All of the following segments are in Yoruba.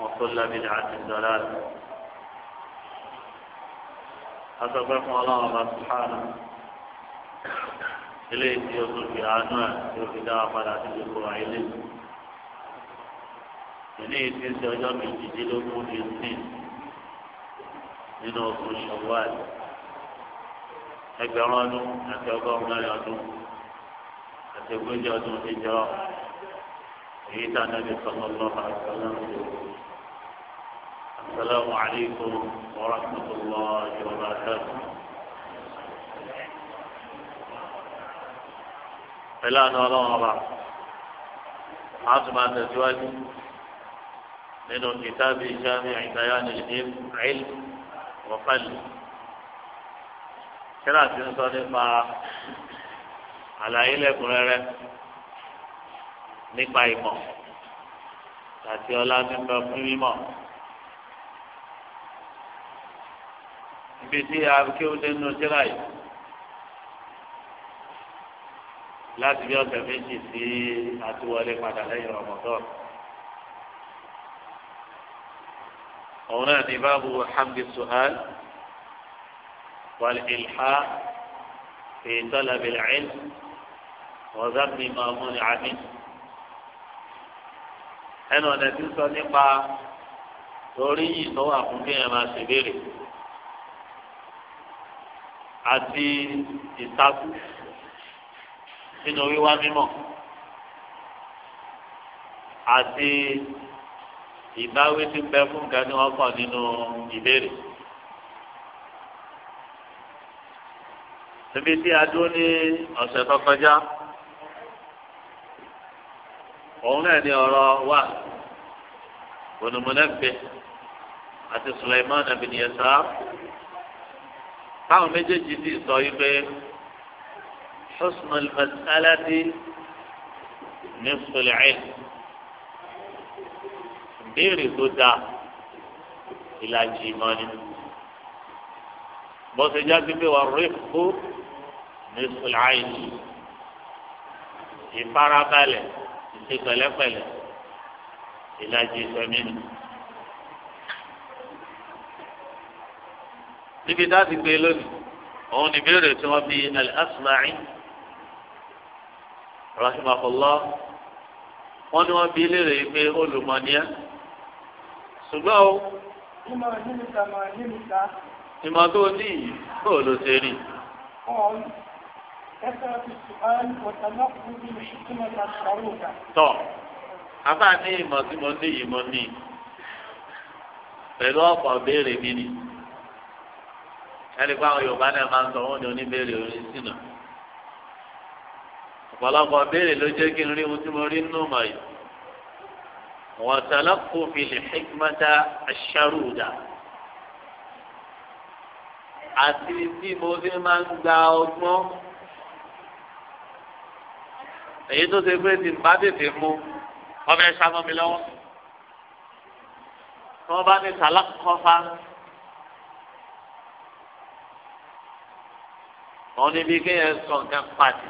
وكل بدعة ضلالة أتبعكم الله سبحانه إليه يوصل في عنوان في دعا فلا تجدوا عليه إليه تنسى يوم الجديد ومود الدين من وصول شوال ẹgbẹ̀rún ọdún àti ọgọ́rùn-ún mẹ́rin ọdún àti ogójì ọdún ìjọ èyí السلام عليكم ورحمة الله وبركاته pẹ̀lú àná ọlọ́run ọba a tún máa tẹ̀síwájú nínú kìtàbí ìjáàmì àìdáyà ní ìlú wọ́pẹ́lì kíláà ti ń sọ nípa àlàyé lẹ́kùnrẹ́rẹ́ nípa ìmọ̀ àti ọlá nípa fún mímọ̀. ibi tí akéwòdé nù síra yìí láti bí ọ̀sẹ̀ méjì sí àtiwọlé padà lẹ́yìn Ramadan. òun náà ní báàbù hamdi suhal wàlẹ̀ ilha fi talabil ilm wàzámi mamun amin. ẹnu ọ̀nà tí sọ nípa torí yìí tó wà fún kéèyàn máa ṣèbéèrè àti ìtakú nínú wíwá mímọ́ àti ìbáwí tí ń bẹ fún nǹkan tí wọ́n kọ̀ nínú ìbéèrè. níbi tí a dúró ní ọ̀sẹ̀ tó kọjá òun náà ní ọ̀rọ̀ wà gbọ̀nùmọ̀nà àti Sulaiman ibn Yasar táwọn méjèèjì sì sọ yìí pé husnul masalati nisful ilm ìbéèrè tó dáa ìlàjì ìmọ̀ ni bó ṣe jáde pé wà rìfù nisful ilm ìfarabalẹ̀ ìṣe ìlàjì ìsẹ̀mí níbi tá a ti gbé lónìí òun ni béèrè tí wọ́n fi al-Asma'i rahimahullah wọ́n ní wọ́n fi léèrè pé olùmọ̀nìyà ṣùgbọ́n o. ìmọ̀ nílùta mọ̀ nílùta. ìmọ̀ tó ní yìí ló ṣe rí. tọ́ àbá ní ìmọ̀ tí mo ní yìí ní pẹ̀lú ọ̀pọ̀ béèrè mi ni ẹni pé àwọn yorùbá náà máa ń sọ wọn ní oníbèrè orin sínú ọ̀pọ̀lọpọ̀ béèrè ló jẹ́ kí n rí ohun tí mo rí nínú mọ̀ yìí wọ́n tẹ̀lé kó fi lè hikmata aṣáruda àti tí mo fi máa ń gba ọgbọ́n èyí tó ṣe pé tí n bá tètè mú ọbẹ̀ sámọ́ mi lọ́wọ́ tí wọ́n bá ní sàlákọ́fà. òun níbi kéèyàn sọ nǹkan pàtì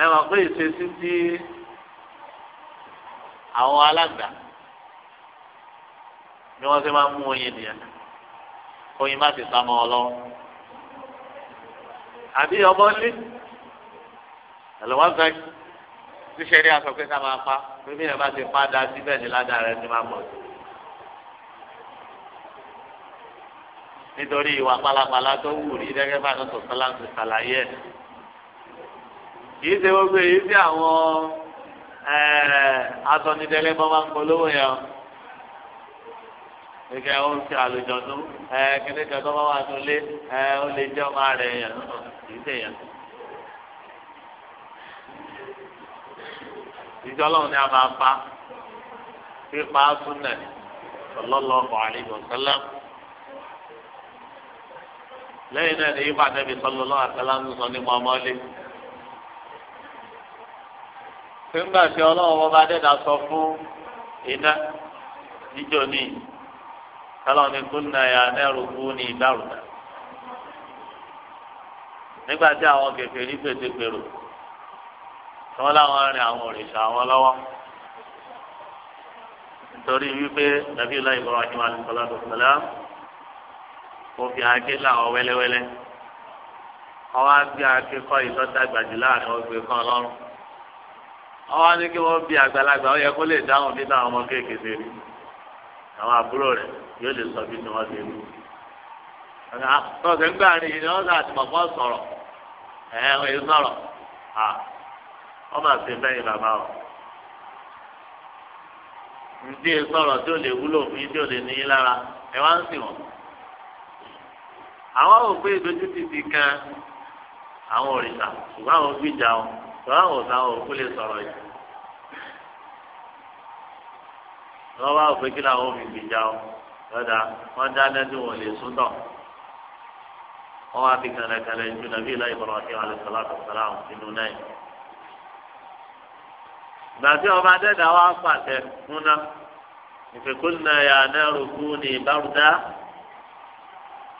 ẹ mọ̀ pé ìṣesí tí àwọn alága ni wọ́n ti máa ń mú oyin nìyẹn oyin má ti sámọ́ ọ lọ́wọ́ àbí ọmọ lé ẹlòmọ́sẹ̀ tíṣẹ́ ní aṣọ pé ká máa pa pé bí ẹ bá ti pa dá síbẹ̀ ní ládàá rẹ ti máa mọ̀ sí. nítorí ìwà pálapàla tó wù ní gẹ́gẹ́ bá tó sọ̀tọ́lá ti ṣàlàyé ẹ̀. kìí ṣe gbogbo èyí tí àwọn atọ́nidẹ́lẹ́ bọ́ máa ń polówó yẹn o. gẹ́gẹ́ ó ń ṣe àlùjọ̀dún kíndé kan tó bá wà tó lé ó lè jẹ́ ọmọ rẹ̀ yẹn kìí ṣe yẹn. ìjọ ọlọ́run ni a máa pa pípa súnlẹ̀ sallallahu alaihi wasallam lẹ́yìn náà ní ipa nẹ́bí sallallahu alaihi wasallam ń sọ nípa ọmọlé. nígbà tí ọlọ́run bọ́ bá dẹ́ta sọ fún iná níjọ ní kálọ̀ ní kúnnà yà nẹ́rù kú ní ìdárùdà. nígbà tí àwọn kẹfẹ́ rí pèsè pèrò tí wọ́n láwọn àwọn òrìṣà wọn lọ́wọ́ nítorí wípé nàbí ilá Ibrahim alayhi salatu wassalam. kó fi àáké làwọn wẹ́lẹ́wẹ́lẹ́ ọwọ́ agbé àáké kọ́ ìtọ́dàgbà jù láàrin ọgbẹ́ kan ní kí wọ́n bí àgbàlagbà ó yẹ kó lè dáhùn bí ọmọ kéékèèké rí àwọn àbúrò yóò lè sọ bí rí ń gbà rí ni ń bàbá o tí ò lè wúlò fún yín tí ò lè ní yín lára wá ń àwọn ò pé ìdójú ti ti kan àwọn òrìṣà ṣùgbọ́n àwọn gbìjà wọn ṣùgbọ́n àwọn òsà wọn ò kú lè sọ̀rọ̀ yìí. wọ́n bá wò pé kí làwọn ò fi gbìjà wọn lọ́dà wọ́n dá lẹ́sìn wọn lè sútọ̀ wọ́n wá fi kànlẹ̀kànlẹ̀ ju nàbí ìlà ìbọ̀rọ̀ àti àlùsọ̀lá àtọ̀sọ̀lá nínú náà yìí. gbàtí ọba adẹ́dàá wa pàṣẹ fúnná ìfẹ́kùn náà yà náà rògbò ní ìbárúdá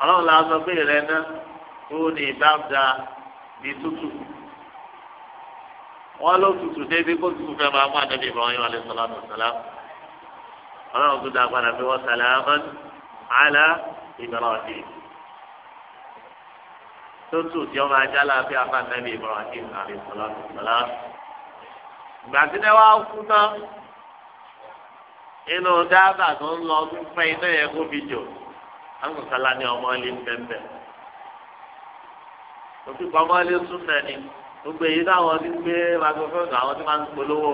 ọlọ́run la sọ pé rẹ ná tó ní ìbáàdà ní tútù wọn ló tútù débi kó tútù fẹ́ máa mú àdébí Ibrahim alayhi salatu wassalam ọlọ́run tó dáa padà pé wọ́n salaman ala Ibrahim tótó tí ọmọ ajá la fi afa nàbí Ibrahim alayhi salatu wassalam gbàtí náà wá kú tán inú dábàá tó ń lọ fún fẹ́ iná yẹn kó fi jò àwọn kala ní ọmọ ilé pẹpẹ òfin kan ilé sún ni gbogbo èyí táwọn ti gbé magbẹfẹsọ àwọn ti máa ń polówó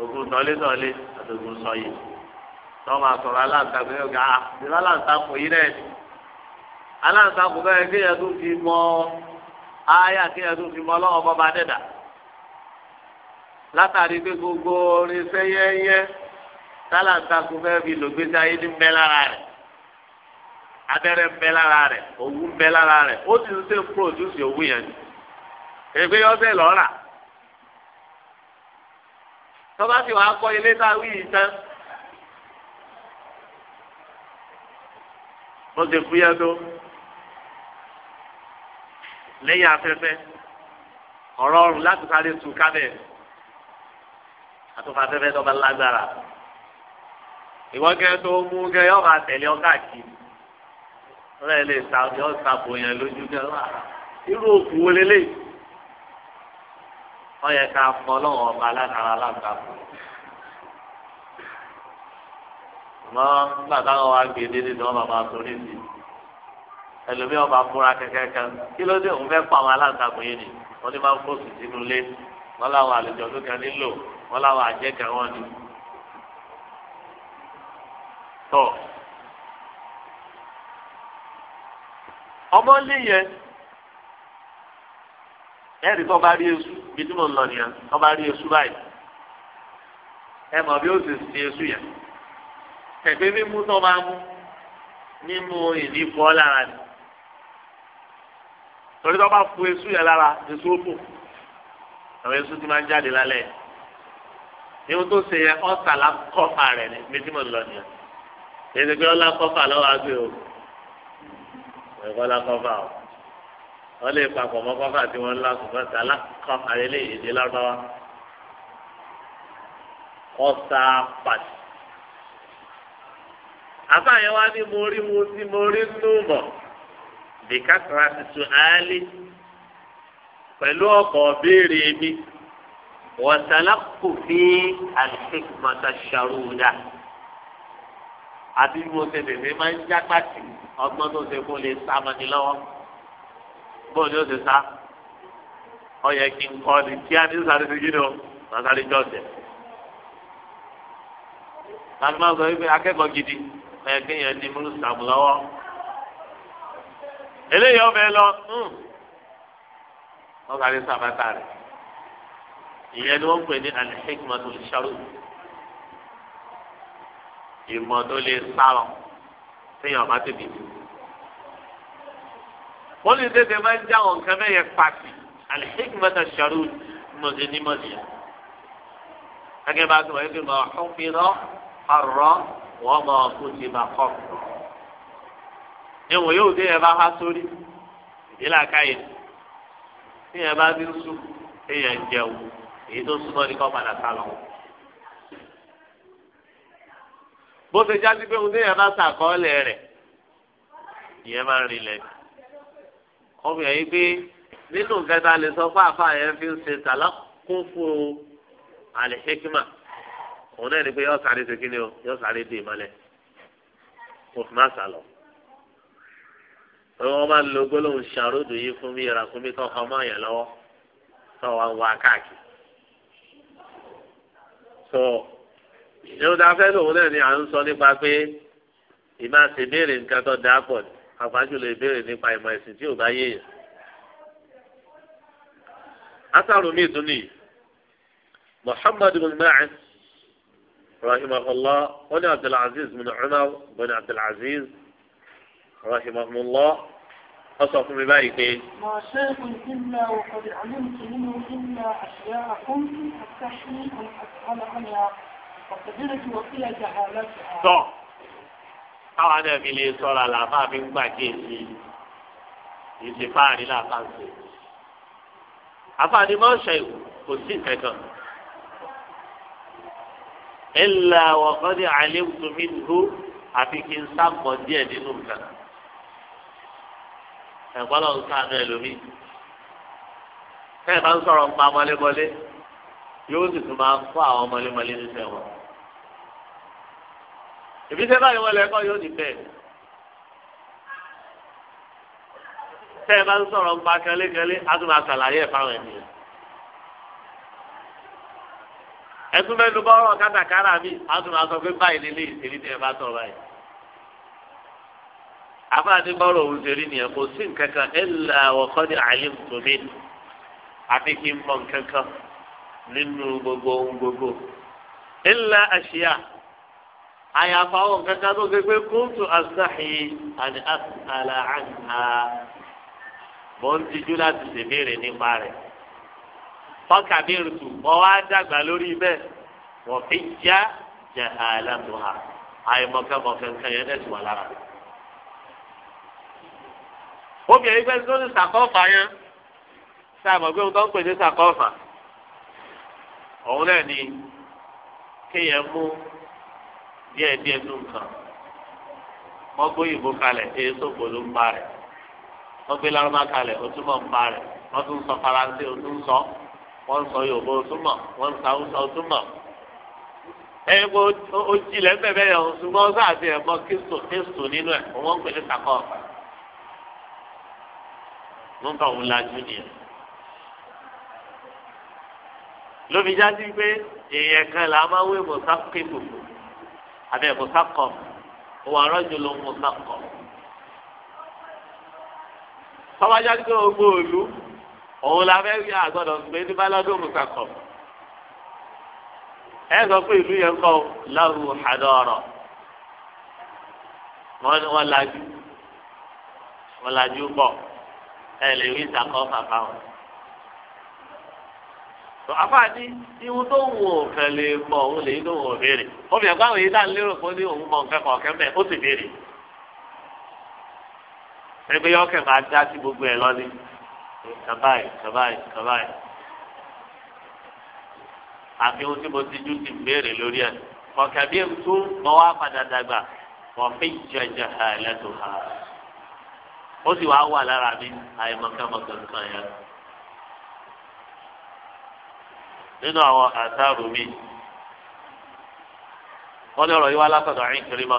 ògùn tọ́lé-tọ́lé àti ògùn sọyè tọ́ máa sọ̀rọ̀ aláǹtakùn yóò gbà á ìlú aláǹtakùn yìí náà ni aláǹtakùn bẹ́ẹ̀ kéèyàn tó fi mọ ááyà kéèyàn tó fi mọ ọlọ́wọ́ bọ́ba dẹ́dà látàrí pé gbogbo orin sẹ́yẹ́yẹ́ táláǹtakùn bẹ́ẹ̀ fi lògbèsè ayé ní mẹ́lára rẹ̀ abẹ́rẹ́ ń bẹ lára rẹ̀ òwú ń bẹ lára rẹ̀ ó sì ń ṣe produce òwú yẹn ni ègbé ọbẹ̀ lọ́ra tọ́ba sì wàá kọ́ ilé tá a wí yìí tán mo ti fúyẹ́ tó lẹ́yìn afẹ́fẹ́ ọ̀rọ̀ ọ̀rùn láti sáré tu kábẹ̀ àtúfà afẹ́fẹ́ tọ́ba lágbára ìwọ́n kẹ́ tó mú kẹ́ yọ̀ọ́ máa tẹ̀lé ọ káàkiri ọlọ́run yẹn lè sa yọ sàbò yẹn lójú kẹ wá irú òkú wo lélẹ̀ wọ́n yẹ ká fọ́ ọlọ́run ọba alákàrà alágbàfọ́ mọ́ nígbà táwọn wá gbé dé nínú ọba máa torí sí ẹlòmíì ọba fúnra kẹkẹkẹ kí ló dé òun fẹ́ pa àwọn alágbàfọ́ yẹn ni wọ́n ní máa ń fòsì sínú ilé wọ́n láwọn àlejò tó kẹ nílò wọ́n láwọn àjẹkẹ wọn ni. ọmọ lé yẹn ẹ̀rí tó bá rí esu bí tí mo lọ nìyẹn tó bá rí esu báyìí ẹ mọ̀ bí ó sì sin esu yẹn tẹ̀gbẹ́ mímú tó máa mú mímú ìdí fọ́ lára ni torí tó bá fu esu yẹn lára esu ó bò àwọn esu ti máa ń jáde lálẹ́ ihun tó ṣe yẹn ọ̀sà lákọ́fà rẹ̀ ni bí tí mo lọ nìyẹn èdè pé ọ̀là kọ́fà lọ́wọ́ àgbẹ̀ o ẹ̀kọ́ lákọ́fà o wọ́n lè papọ̀ mọ́ kọ́fà tí wọ́n lá ṣùgbọ́n sàlá kọ́fà ilé èdè lárúbáwá ọ̀sà pàṣẹ. àbáyẹn wá ní mo rí mo sí mo rí túbọ̀ bìkátàrà tuntun áálí pẹ̀lú ọkọ̀ béèrè mi wọ́n sàlákùfín àti ìgbọ̀nsá ṣàrúdà àti bí mo ṣe tètè máa ń jágbá tì ọgbọ́n tó ṣe kó lè sá mọ́ni lọ́wọ́ bóun ni ó ṣe sá ọ yẹ kí n kọ́ ni kí á ní sáré sí gíní o màá sáré jọ̀ọ̀jẹ̀. láti máa sọ wípé akẹ́kọ̀ọ́ gidi ọ yẹ kéèyàn ní múlù sàmù lọ́wọ́. eléyìí ọbẹ̀ lọ wọ́n sáré sàmátà rẹ̀ ìyẹn ni wọ́n pè ní alẹ́ hikmatu sharu ìmọ̀ tó lè sárọ̀ téèyàn bá tètè tù. wọ́n lè tètè máa ń já àwọn nǹkan mẹ́yẹ pàtì alhikmata sharu mọ̀sẹ̀ ní mọ̀sẹ̀. gẹ́gẹ́ bá a ti wọ̀ ẹ́gbẹ́ mọ̀ ọ̀hún fi rọ́ ọ̀rọ̀ wọ́n mọ̀ ọ̀kú ti máa kọ́ ọ̀rọ̀. yóò dé ẹ bá há sórí ìdílé àkáyè tí ẹ bá ti ń sùn téèyàn jẹun èyí tó súnmọ́ ní kọ́ padà sálọ̀. bó ṣe jáde pé òun ní ìyàbá sàkọọ́lẹ̀ rẹ̀ ìyẹn máa ń rinlẹ̀ ọbẹ̀ yìí pé nínú kẹta lè sọ fún àfa yẹn fi ń ṣe tàlá kún fún àlẹ́hẹ́kímà òun náà ni pé yọ sáré ṣe kíni o yọ sáré dè mọ́lẹ̀ kò má sàlọ̀ pé wọ́n máa lo gbólóhùn ṣàródù yìí fún mi ìràkúnmí tó kọ́ mọ́ yẹn lọ́wọ́ tó wá káàkiri ìdíwọ́n tá a fẹ́ lòun náà ni à ń sọ nípa pé ìmọ̀ àti ìbéèrè nǹkan tó dáa pọ̀ ní àpájù lè béèrè nípa ìmọ̀ ẹ̀sìn tí ò bá yéèyàn. asaru mi tún nìyí muhammadu bin ma'in rahimahullah wọn ni abdulaziz bin umar bin abdulaziz rahimahullah wọ́n sọ fún mi báyìí pé. màá ṣe é ìlà òkòdì àlùmí nínú ìlà àṣìyá àkóńtì àtàṣí àlàáfíà tọ́ káwa náà fi lè sọ̀rọ̀ àlàáfà fi ń gbà kéèsì ìsìnfààrí làbá ń sè. àfààní máa ń ṣe ìwò kò sí ìfẹ́kàn. ìlà wọ̀kọ́dé àlékùnmí dúró àfi kí n sábọ̀ díẹ̀ nínú nǹkan. ẹ̀gbọ́n lọ́n sàánú ẹlòmíì. ẹ bá ń sọ̀rọ̀ ń pa mọ́lémọ́lé yóò sì tún máa kó àwọn mọlẹ́mọlẹ́ níṣẹ́ wọn. ìbísẹ́ báyìí wọ́n lẹ́kọ́ yóò di bẹ́ẹ̀. tẹ́ ẹ bá ń sọ̀rọ̀ nípa kẹlékẹlé a tún máa ṣàlàyé ẹ̀ fáwọn ènìyàn. ẹtún mẹ́nu bá ọ̀rọ̀ kátàkárà mi a tún máa sọ pé báyìí nílé ìṣèlú tẹ́ ẹ bá sọ̀rọ̀ báyìí. àbáàdé bọ́rọ̀ òun ṣe nìyẹn kò sí nǹkan kan ẹ̀ là wọ́kọ́ ní àlè àti kí n mọ nǹkan kan nínú gbogbo ohun gbogbo illa àṣìyà àyàfà àwọn kankan tó ṣe pé kóńtù àṣàhì àti àṣàlà àǹkà mò ń tijú láti ṣèbéèrè nípa rẹ̀ fọkà bí rùtù mọ wá dàgbà lórí bẹ́ẹ̀ wọ́n fi já jàhálà tó hà àìmọ̀kẹ́mọ̀kẹ́ nǹkan yẹn dẹ̀ tù lára obìnrin gbẹ́sí tó ní sàkọ́fà yẹn sáà òun tó ń pè ní sàkọ́fà òun náà ni kéèyàn mú díẹ̀ díẹ̀ tó nǹkan wọ́n gbé òyìnbó kalẹ̀ èyí tó gbòòló ń bá rẹ̀ wọ́n gbé lárúbá kalẹ̀ ó ń bá rẹ̀ wọ́n tún sọ faransé ó tún sọ wọ́n sọ yorùbá ó túmọ̀ wọ́n sọ haúsá ó ẹ̀yin kò ó jilẹ̀ bẹ́ẹ̀ yẹn ṣùgbọ́n sáà ti ẹ̀ mọ́ kristo nínú ẹ̀ wọ́n ń pè ní sakọ́ọ̀fà nǹkan òun lajú nìyẹn lómi jáde pé èèyàn kan là máa ń wé mọ̀sákìkù àbẹ̀ mọ̀sákọ̀ òun àrọ́jò ló mọ̀sákọ̀. tọ́wájá ní pé ogbó òlu òun la fẹ́ rí àgbọ̀dọ̀ pé ní bálọ́dún mọ̀sákọ̀. ẹ sọ pé ìlú yẹn kọ́ láwù àdọ́rọ̀ wọ́n lajú wọ́n lajú bọ̀ ẹ lè rí ìsàkọ́ fàfà wọn àfààní ihun tó wù ọ́ kàn lè mọ̀ òun lè inú òun béèrè obìnrin àgbà òye dáa lérò pé ní òun mọ̀ nǹkan kan ọ̀kẹ́ mẹ́ ó sì béèrè ẹgbẹ́ yọ ọkẹ́ máa dá sí gbogbo ẹ̀ lọ́ní kàbáyì kàbáyì kàbáyì àfi ohun tí mo ti jú ti béèrè lórí ẹ̀ ọ̀kẹ́ bí ewu tó mọ wá padà dàgbà wọ́n fi jẹjẹ ẹ̀ lẹ́tọ̀ọ́ ó sì wá wà lára mi àìmọ̀kẹ́mọ̀kẹ́ nǹkan yẹn. nínú àwọn àtàrù mi wọ́n ní ọ̀rọ̀ yìí wá látọ̀dọ̀ àyìn kiri ní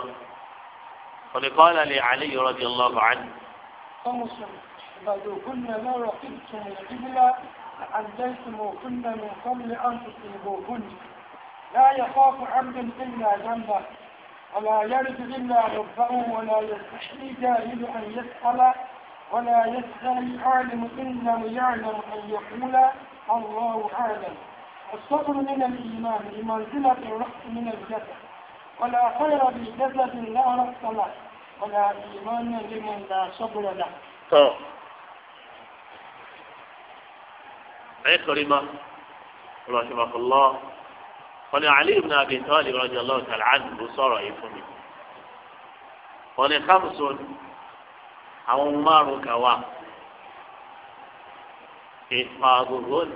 ọ̀nìkan lè àlẹ́ yìí rọ́bì ọlọ́ọ̀bà àní. أنزلتموهن من قبل أن تصيبوهن لا يخاف عبد إلا ذنبه ولا يرد إلا ربه ولا يستحيي جاهل أن يسأل ولا يستحيي عالم إنه يعلم أن يقول الله أعلم الصبر من الإيمان بمنزلة الرأس من الجسد ولا خير بجسد لا رأس له ولا إيمان لمن لا صبر له عكرمة رحمه الله wọ́n ní Ali ibn Abi Talib radiyallahu ta'ala anhu ló sọ̀rọ̀ yìí fún mi wọ́n ní kamsun àwọn márùn kan wà ìfàgùgùn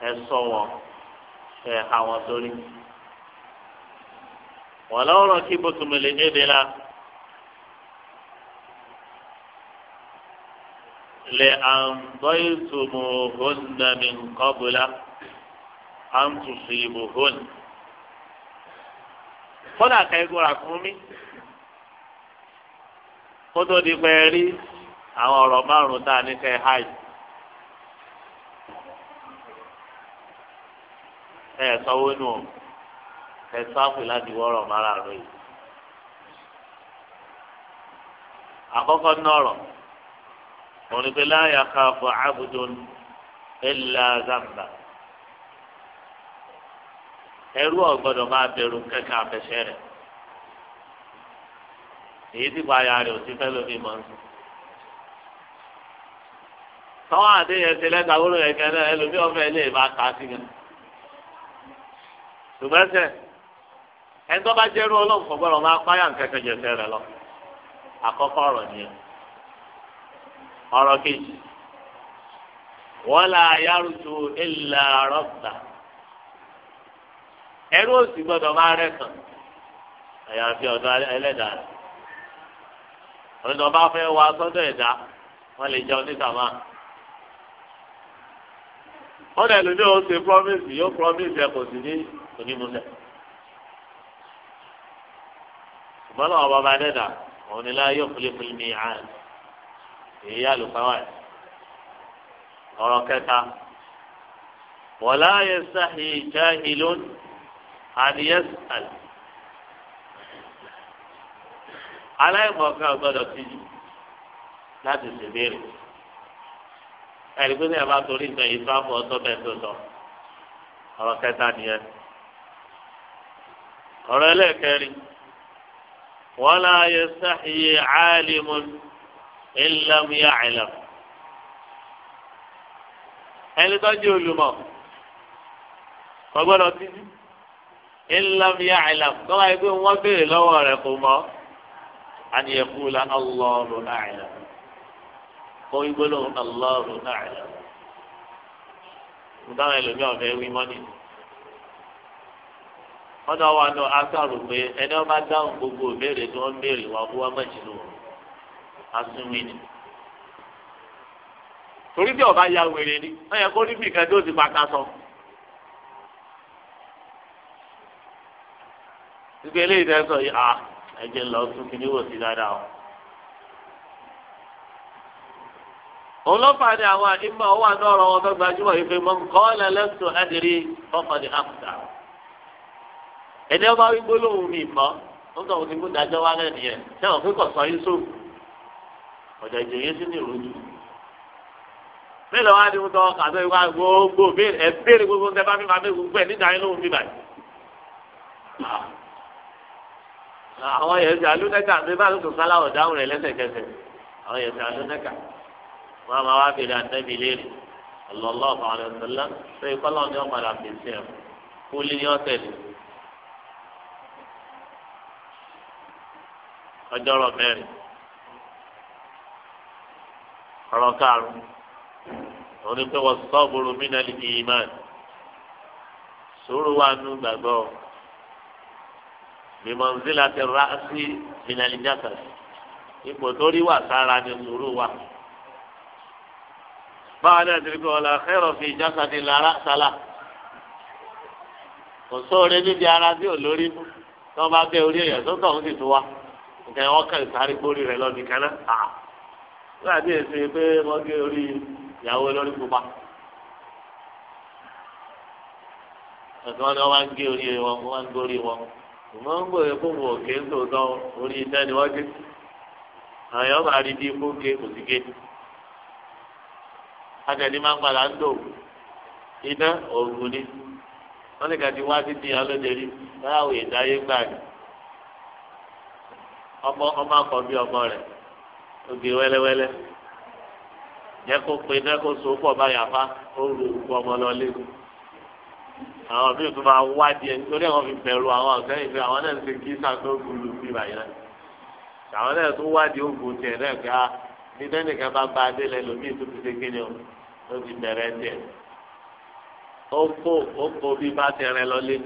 ẹ sọ wọn ẹ ha wọn sórí. wọn lọ́rọ̀ kí bótumìlì ébi la lè àǹbọ̀ ìtumù hón nàmi nkọ́bùlà àǹtùsù ìbò hón. kódà kẹ́gùn rà fún mi kótó di pẹ́ẹ́rí àwọn ọ̀rọ̀ márùn-ún tá a ní kẹ́ hajj. ẹ sanwó nù ẹ sáfù láti wọ́rọ̀ mara rẹ̀ yìí. àkọ́kọ́ nọ̀rọ̀ ònìpẹ̀lá yàtọ̀ àbọ̀ àbùdùn ẹ̀là zamba ẹrú ọ̀gbọ́dọ̀ máa bẹ̀rù kẹ́kẹ́ àfẹsẹ̀ rẹ̀ èyí tí pa ara rẹ̀ ò lómi mọ́ ní. tọ́wọ́ àdéhùn ẹsẹ̀ lẹ́ta wúlò ẹ̀kẹ́ náà ẹlòmíọ́ lè máa kà sí gan ṣùgbọ́n sẹ́ ẹni tó bá jẹ́rú ọlọ́run kò gbọ́dọ̀ máa páyà nkẹ́kẹ́ jẹsẹ̀ rẹ lọ àkọ́kọ́ ọ̀rọ̀ nìyẹn ọ̀rọ̀ kejì wala yarju illa rabba ẹrú òsì gbọ́dọ̀ máa rẹ̀ kàn àyàfi ọ̀dọ̀ ẹlẹ́dàá rẹ̀ ọ̀dọ̀ bá fẹ́ wá sọ́dọ̀ ẹ̀dá wọ́n lè jẹun níta máa wọ́n dẹ̀ lóde ó ṣe promise yóò promise ẹ̀ kò sí ní onímúlẹ̀. ṣùgbọ́n lọ́wọ́ bàbá dẹ́dà òun ni láyé òkúlẹ̀kúlẹ̀ ní àn èyí àlùkáwà ẹ̀. ọ̀rọ̀ kẹta wọ̀lá yẹ sáhì jáhìlún àdìyẹ́sàl. aláìmọ̀ọ́ká gbọ́dọ̀ tìjú láti ṣèbéèrè ẹ̀rí pé ní ẹ̀ bá torí ìgbà yìí tó á bẹ́ẹ̀ tó sọ ọ̀rọ̀ kẹta nìyẹn. ọ̀rọ̀ ẹlẹ́ẹ̀kẹrin wala yastahi alimun illam ya'lam ẹni tó jẹ́ olùmọ̀ kò gbọ́dọ̀ títí illam ya'lam tó wáyé pé wọ́n béèrè lọ́wọ́ rẹ̀ kò mọ̀ àni yaqula Allahu a'lam kó gbólóhùn Allahu a'lam nígbà ọ ẹlòmíràn fẹ́ wí mọ́nì. wọn wa wà ní akárò pé ẹni ọba bá dáhùn gbogbo ìbéèrè tí wọn béèrè wọn bú wọn mẹjìlú ni. torí ọba ya wèrè ni wọn yẹ kó tó ti pàtà sọ. gbogbo eléyìí sọ yìí ah ẹjẹ lọ tún kíní wò sí dáadáa o. òun ló fà ní àwọn àdìmọ̀ wọn tó gbajúmọ̀ yìí pé mọ̀ ẹni ọba wí gbólóhùn mi mọ ó ń tọ́ òsì kó dájọ́ wá lẹ́nu yẹn sẹ́wọ̀n pé kọ̀sọ́ yín sóògùn ọ̀dọ̀ ìjòyè sí ní ìrújú. mélòó wá ní wútọ́ kàtó ìwà gbogbo ẹ béèrè gbogbo ẹ bá mi máa bẹ gbogbo ẹ nígbà yín lóhùn mi báyìí. Ah. Ah, àwọn yẹn ti alúnẹ́kà mi bá lóṣù sáláwọ̀ dáhùn rẹ̀ lẹ́sẹ̀kẹsẹ̀ àwọn yẹn ti alúnẹ́kà wọn máa wá béèrè àtẹ́bí léèrè ọlọ́ọ̀lọ́ọ̀ ọjọ́ ọ̀rọ̀ mẹ́rin ọ̀rọ̀ karùn-ún òun ni pé wọ́n sọ́ọ̀bùrù mínàlì ìmán sùúrù wà nù gbàgbọ́ bimanzila ti ra'asi mínàlì jasad ipò tó rí wà sára ni sùúrù wà. báwa náà ti rí pé ọ̀la khairu fi jasadi la ra'sala kò sóore níbi ara tí ò mú tí wọ́n bá bẹ́ orí èèyàn tó ń sì tún wá nǹkan yẹn wọ́n kàn sáré gbórí rẹ̀ lọ nìkan náà à ah. nígbà tí èsì pé wọ́n gé orí ìyàwó lórí pupa ẹ̀sìn wọn ni wọ́n máa ń gé orí wọn wọ́n máa ń gbórí wọn ìmọ̀ ń gbòòrè fún wọn òkè ń orí iná ni wọ́n gé àwọn èèyàn máa rí bí ikú gé kò sí gé atẹ̀lé máa ń padà ń dò iná òògùn ni wọ́n lè ka ti wá títí alóde rí báwo ìdáyé gbà ní ọmọ ọmọ akọ bí ọmọ rẹ̀ obì wẹ́lẹ́wẹ́lẹ́ jẹ́ kó pe náà kó so pọ̀ báyà fa ó lu òkú ọmọ lọ lé àwọn míì tó máa wá díẹ̀ nítorí àwọn fi bẹ̀rù àwọn ọ̀sẹ̀ ìfẹ́ àwọn náà ń ṣe kí sàtó gbùlù bí báyìí náà àwọn náà tó wá di ògùn tiẹ̀ náà kí á ah, ní tẹ́nìkan bá ba adé lẹ lómi tó ti ṣe kéde o ó ti bẹ̀rẹ̀ tiẹ̀ ó kó ó kó bí bá tẹ̀rẹ̀ lọ lé.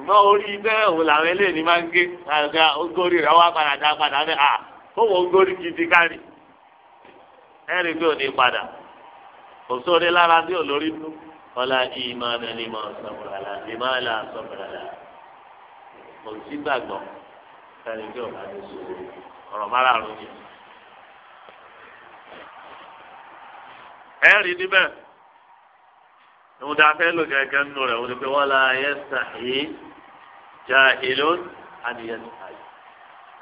ṣùgbọ́n orí bẹ́ẹ̀ òun làwọn eléyìí máa ń gé àgbà ogórí rẹ̀ wá padà dá padà mẹ́ à fóun ogórí gidi kárì ẹ̀rí pé òní padà kò sóore lára bí olórí nù ọlá ìmọ̀ ẹni mọ̀ sọ̀bùràlà ìmọ̀ ẹ̀là sọ̀bùràlà kò sí gbàgbọ́ ẹ̀rí pé òun àti sòrò ọ̀rọ̀ mara rò ní. ẹ̀rí níbẹ̀ ìwọ̀n tá a nù rẹ̀ wọ́n ti pé wọ́n la yẹ sàyé jahilun àníyàn àyè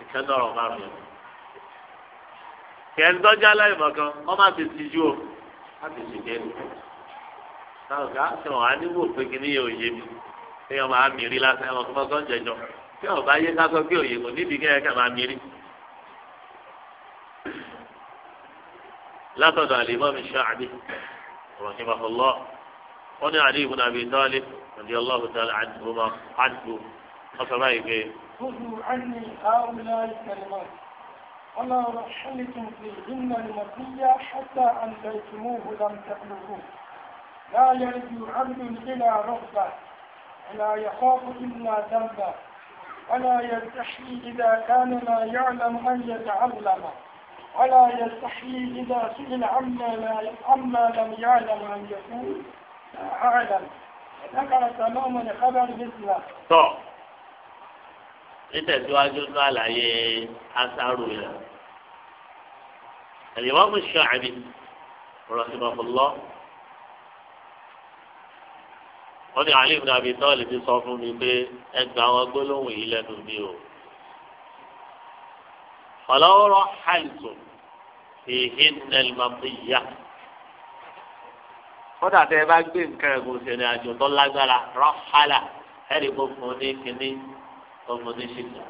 ìkẹ́ lọ́rọ̀ márùn yẹn. kẹ́ni tọ́jà láìmọ̀ kan wọ́n má fi tijú o má fi ṣèké ni. táwọn ká ṣe wọn á níwò pé kí ni yóò yé mi kí wọn máa mìírí lásán ẹwọn tó mọ sọ́n jẹjọ kí wọn bá yé ká sọ pé òye kò níbi kí ẹ kà máa mìírí. látọ̀dọ̀ àlèmọ́ mi ṣọ́ àdé rahimahullah wọ́n ní àdé ibùdó àbí dọ́ọ̀lì ọ̀dí ọlọ́ọ̀bù tààlà wọ́n sọ báyìí pé. kúrú àní àwùlá ìkàlùmọ̀ ọ̀nà ọ̀rọ̀ ṣẹlẹ̀tùn fi ìnà ìmọ̀bíyá ṣẹ́ta àǹtà ìtìmú òhùdàm tẹ̀lùkù láàyè ju àdùn ìlà rọ̀gbà ìlà yàkọ́kù ìlà dàmbà ولا يستحي إذا كان لا يعلم أن يتعلم ولا يستحي إذا سئل عما لم يعلم أن يقول أعلم ذكر تماما خبر مثله nítẹ̀síwájú ní àlàyé asáru yẹn. Al-Imam Ash-Sha'bi rahimahullah wọ́n ní Ali ibn Abi Talib sọ fún mi pé ẹgbẹ́ àwọn gbólóhùn yìí lẹ́nu mi o. ọlọ́wọ́rọ́ hàìsùn fìhín nàìjíríà kódà tẹ ẹ bá gbé nǹkan ẹ̀gùn sẹ́ni àjò tó lágbára rọ́hálà ẹ̀rí gbogbo ní kínní ọmọ ní ṣìkà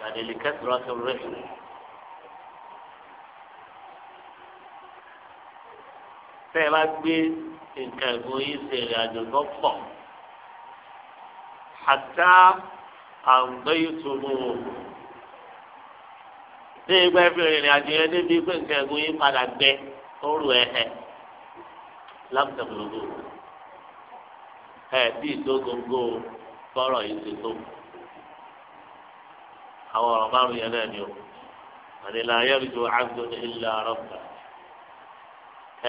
yàtìlì kẹsìrọ tó rẹ. tẹ́ ẹ bá gbé nǹkan ẹ̀gbọ́n yìí ṣe ìrìn àjò tó pọ̀ àtà àgbẹ̀yìntòmù ní ìgbà fi ìrìn àjò yẹn débi pé nǹkan ẹ̀gbọ́n yìí padà gbẹ ó rù ẹ̀hẹ̀ lápútọ̀pù lógo ẹ̀ bí ìdógógó bọ́rọ̀ yìí ti tó àwọn ọ̀rọ̀ márùn yẹn náà ni o àdìlà ayélujú àgbo ilẹ̀ arọ́gbà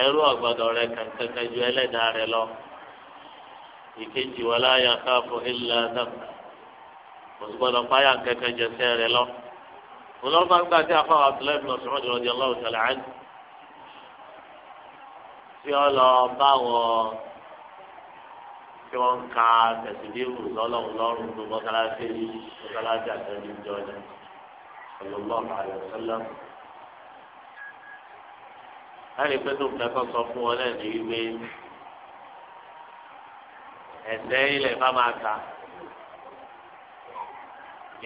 ẹrú ọ̀gbọ́dọ̀ rẹ kankankan ju ẹlẹ́dàá rẹ lọ ìkejì wọn láyà káfọ ilẹ̀ adàmà òṣùgbọ́dọ̀ páyà kankan jẹ sẹ́ rẹ lọ olóòfà ń gbà tí a fọwọ́ abdullahi bin ọ̀sùnmọ́ di ọlọ́run tẹ̀lé àjù tí ọ lọ bá tí wọ́n ń ka tẹ̀sídéwù lọ́lọ́run lọ́rùn tó mọ́kálásí mọ́kálásí àtẹ̀lé ìjọba ọlọ́lọ́run àyọ̀sọ́lá. láti pẹ́ tó ń kẹ́kọ̀ọ́ sọ fún wọn náà ní wípé ẹ̀sẹ̀ ilẹ̀ bá máa ta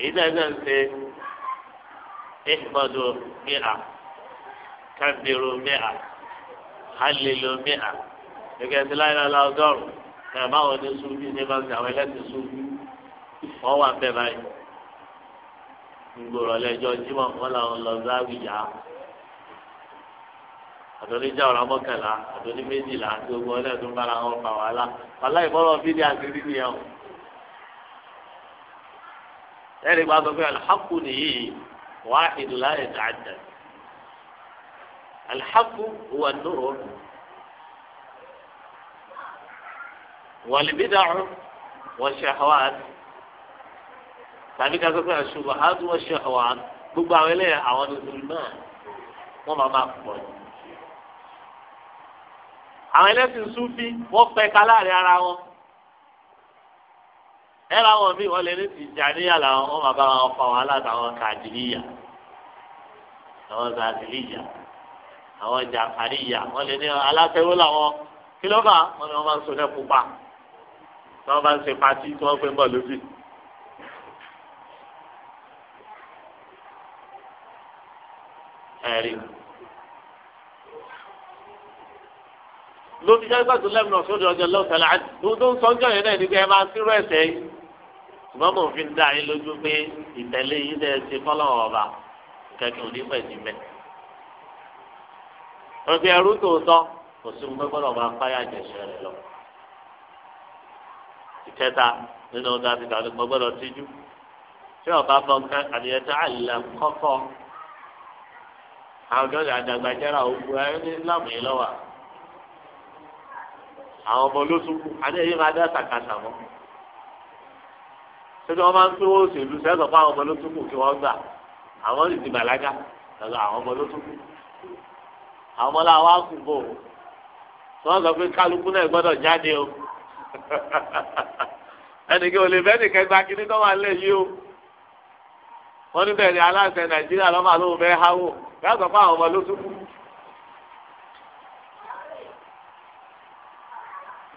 èyí náà ń ṣe ìgbọ́dọ̀ mìíràn kábírù mìíràn hálìlú mìíràn gẹ́gẹ́ bí láyé lọ́la ọgọ́rùn-ún ẹ báwọn ní sunjú ní bá ń ṣe àwọn ẹlẹ́sìn sunjú wọ́n wà bẹ́ẹ̀ báyìí gbòòrò lẹ́jọ́ jímọ̀ wọn làwọn lọ záwì yá àtọ́níjà ọ̀rọ̀ mọ́kànlá àtọ́ní méjìlá gbogbo ọlẹ́dún bára wọn fà wàhálà wàhálà ìbọ́lọ̀ fídíà ti rí nìyẹn o ẹ̀rí bá pé alihaku nìyí wàá ìdúlá ẹ̀dá àdá alihaku wà nùrù والبدع والشهوات tàbí ká sọ́kọ́ àṣùbọ̀ àádùn ọ̀ṣẹ́ ọ̀wà gbogbo àwọn ẹlẹ́yà àwọn ọdún náà wọ́n máa máa pọ̀ ní. àwọn ẹlẹ́sìn súnfí wọ́n pẹ́ ká láàrin ara wọn. ẹ láwọn míì wọ́n lè ní ti jà níyà làwọn wọ́n máa bá wọn fa wàhálà táwọn kàdìlíyà àwọn kàdìlíyà àwọn jàǹfààníyà wọ́n lè ní aláfẹ́wọ́ làwọn kí ló bá wọn ni wọ́n máa ń so tí wọ́n bá ń ṣe patí tí wọ́n pè ń bọ̀ lójú. ẹ̀rí lóbi jẹ́ gbàgbọ́ lẹ́mìnà sódì ọjọ́ lọ́sẹ̀ láti tó ń sọ́jọ́ yẹn náà níbi ẹ máa ń sírò ẹ̀sẹ̀ yìí ṣùgbọ́n mò ń fi dá yín lójú pé ìtẹ̀lé yín dẹ̀ ṣe fọ́lọ́wọ́ ọba kẹ̀kẹ́ òní pẹ̀lú mẹ́. ọ̀gbìn ẹrú tòótọ́ kò sí mú gbọ́dọ̀ máa fáyà jẹ̀ṣẹ̀ rẹ̀ lọ ìkẹta nínú ọdún àti ìdàlú mo gbọ́dọ̀ tíjú tí ọba bọ nǹkan àdìyẹn tó àlìlà kọkọ àwọn ọjọ́ àdàgbàjára òkú ẹ ní láàmú yìí lọ́wọ́ àwọn ọmọ olóṣùkú àti èyí máa dá sàkàtà mọ́ sọ́dọ̀ wọn máa ń pín owó òṣèlú sẹ́sọ̀ fún àwọn ọmọ olóṣùkú kí wọ́n gbà àwọn sì ti bàlágà lọ́dọ̀ àwọn ọmọ olóṣùkú àwọn ọmọ làwọn bò wọ́n sọ pé kálukú náà gbọ́dọ̀ jáde o ẹnìkan ò lè bẹ́ẹ̀ nìkan gba kíní tó wà ń lẹ̀ yìí o wọ́n níbẹ̀ ni aláṣẹ nàìjíríà lọ́mọ àlóhùn bẹ́ẹ̀ háwò yàtọ̀ fún àwọn ọmọ ló tún kú.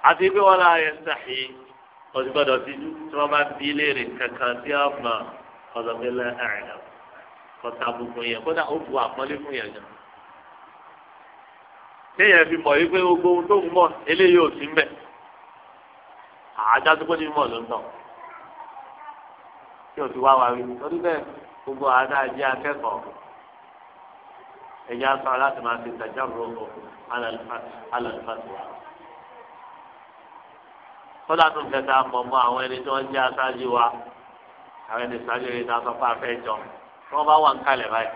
àti pé wọn láàyè ń sàhí ọtí gbọ́dọ̀ síjú tí wọn bá bí léèrè kankan tí wọn mọ ọlọmọlẹ àrẹlẹ kọta gbogbo yẹn kódà ó bu àpọ́nlé fún yẹn gan. téèyàn fi mọ̀ yí gbogbo ohun tó ń mọ̀ eléyìí ò sí mbẹ̀ àjá tó kó mọ̀ ló tí o ti wá wa rí torí bẹ́ẹ̀ gbogbo àdá jẹ́ akẹ́kọ̀ọ́ ẹ̀yà sọ láti máa ti tàjà rògbò alàlùfàtì wa. kódà tó ń kẹta mọ̀ àwọn ẹni tí wọ́n jẹ́ aṣáájú wa àwọn ẹni ṣáájú rẹ̀ ta sọ fún tí wọ́n bá wà ń kalẹ̀ báyìí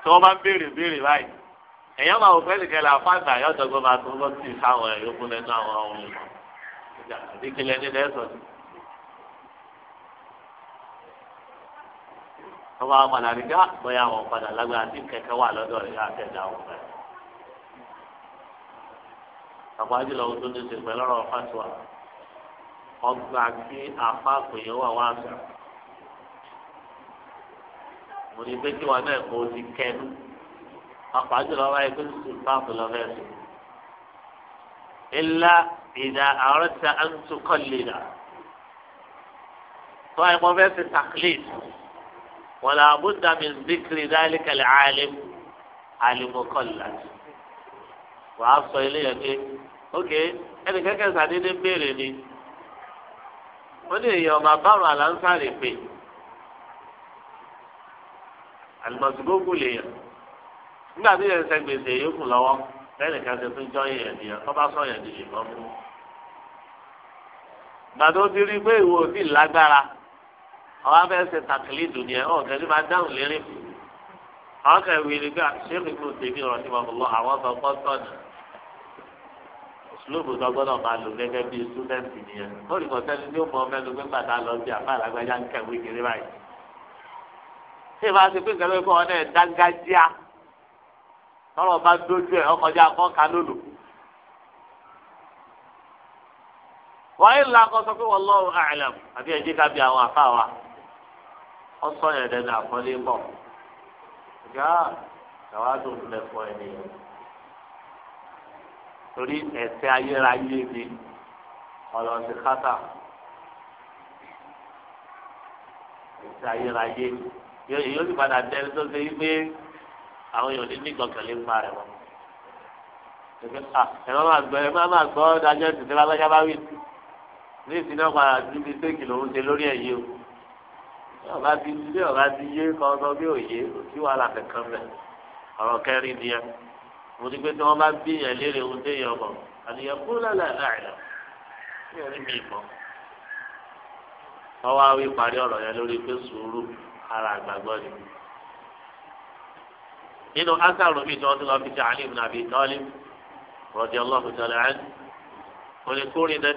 tí wọ́n bá ń béèrè béèrè báyìí èèyàn máa wò pé nìkan là fáàgbà yóò dọ́gbọ́n máa tó lọ sí sáwọn ẹ̀yọ́kú lẹ́nu àwọn ọmọ ìdíkìlẹ̀ ní lẹ́sọ̀ sí. wọ́n máa padà rí ah, bóyá àwọn padà lágbára tí kẹ̀kẹ́ wà lọ́dọ̀ rẹ̀ yóò àtẹ̀dá àwọn ọ̀gá rẹ̀. àpá jùlọ tó ní ṣe pẹ̀lú ọ̀rọ̀ fásitì ọgbà kí apá àpèyẹ wà wá àgbà. mo ní pé kí wọn náà kó o ti kẹnu ọ̀pá jùlọ wáyé pé tuntun páàpù lọ fẹ́ sùn. ilá ìdá àrọ́tà àǹtukọ̀ lìlà tó wáyé pọ́n fẹ́ fi taklid wọn là bùdà mi zikiri dálíkà lè àlìm àlìmọ̀kọ̀lá wàá sọ ilé yẹn pé ok ẹnì kẹ́kẹ́ sàdédé béèrè ni wọ́n ní èèyàn ọba bárùn àlàǹsà rè pé àlùmọ̀sùgbógù lèèyàn nígbà tí yẹn sẹ gbèsè yókù lọ́wọ́ lẹ́yìn kan ṣe fún jọ́yìn yẹn nìyẹn tó bá sọ yẹn nìyí mọ́ fún. ìgbà tó ti rí pé ìwọ ò lágbára àwọn abẹ́ ṣe tàkìlìdù ni ẹ ọ̀ tẹ́lẹ̀ máa dáhùn lérí fún un. àwọn kan wí ni pé àṣírí inú tèmi ọ̀rọ̀ tí wọ́n lọ àwọn sọ bọ́sọ̀nù. sùlùmù tó gbọ́dọ̀ máa lò gẹ́gẹ́ bí sùdẹ́ǹtì nìyẹn. ó rí kọ́sẹ́ni ní ó mọ mẹ́nu pé gbàdá lọ tọrọ bá dójú ẹ ọkọjá kọka lólu. wàá ìlà kan sọ pé wallahu a'lam àbí ẹjẹ ká bí àwọn afá wa ọ sọ yẹn dẹnu àkọlé bọ ìyá tàwa dùn lẹfọ ẹ nìyẹn torí ẹsẹ ayérayé ni ọ̀rọ̀ kátà ẹsẹ ayérayé yóò sì padà dẹni tó ṣe yí pé àwọn èèyàn ní nígbàkànlé ń pa rẹ̀ wọ́n. ẹ má máa gbọ́ ẹ má máa gbọ́ dájọ́ ìsìn nípa lọ́jà bá wí ní ìsìn náà padà ju bí séèkì lòún ṣe lórí ẹ̀yẹ o. bí ọba ti bí ọba ti yé kọ́ ọ bí òye kí wàhálà kankan bẹ̀ ọ̀rọ̀ kẹrin nìyẹn. mo ti pé tí wọ́n bá bí yẹn léèrè ohun tó yẹ ọmọ àníyàn kú lálẹ́ àìlọ́ kí ẹni mi mọ̀. wọ́n wá nínú asáàrò mi tí wọ́n ti lọ fi ṣe àlè ibùdó àbí tọ́lé rọ̀dí ọlọ́run tọ́lẹ̀ ẹ̀ kò lè kórè náà.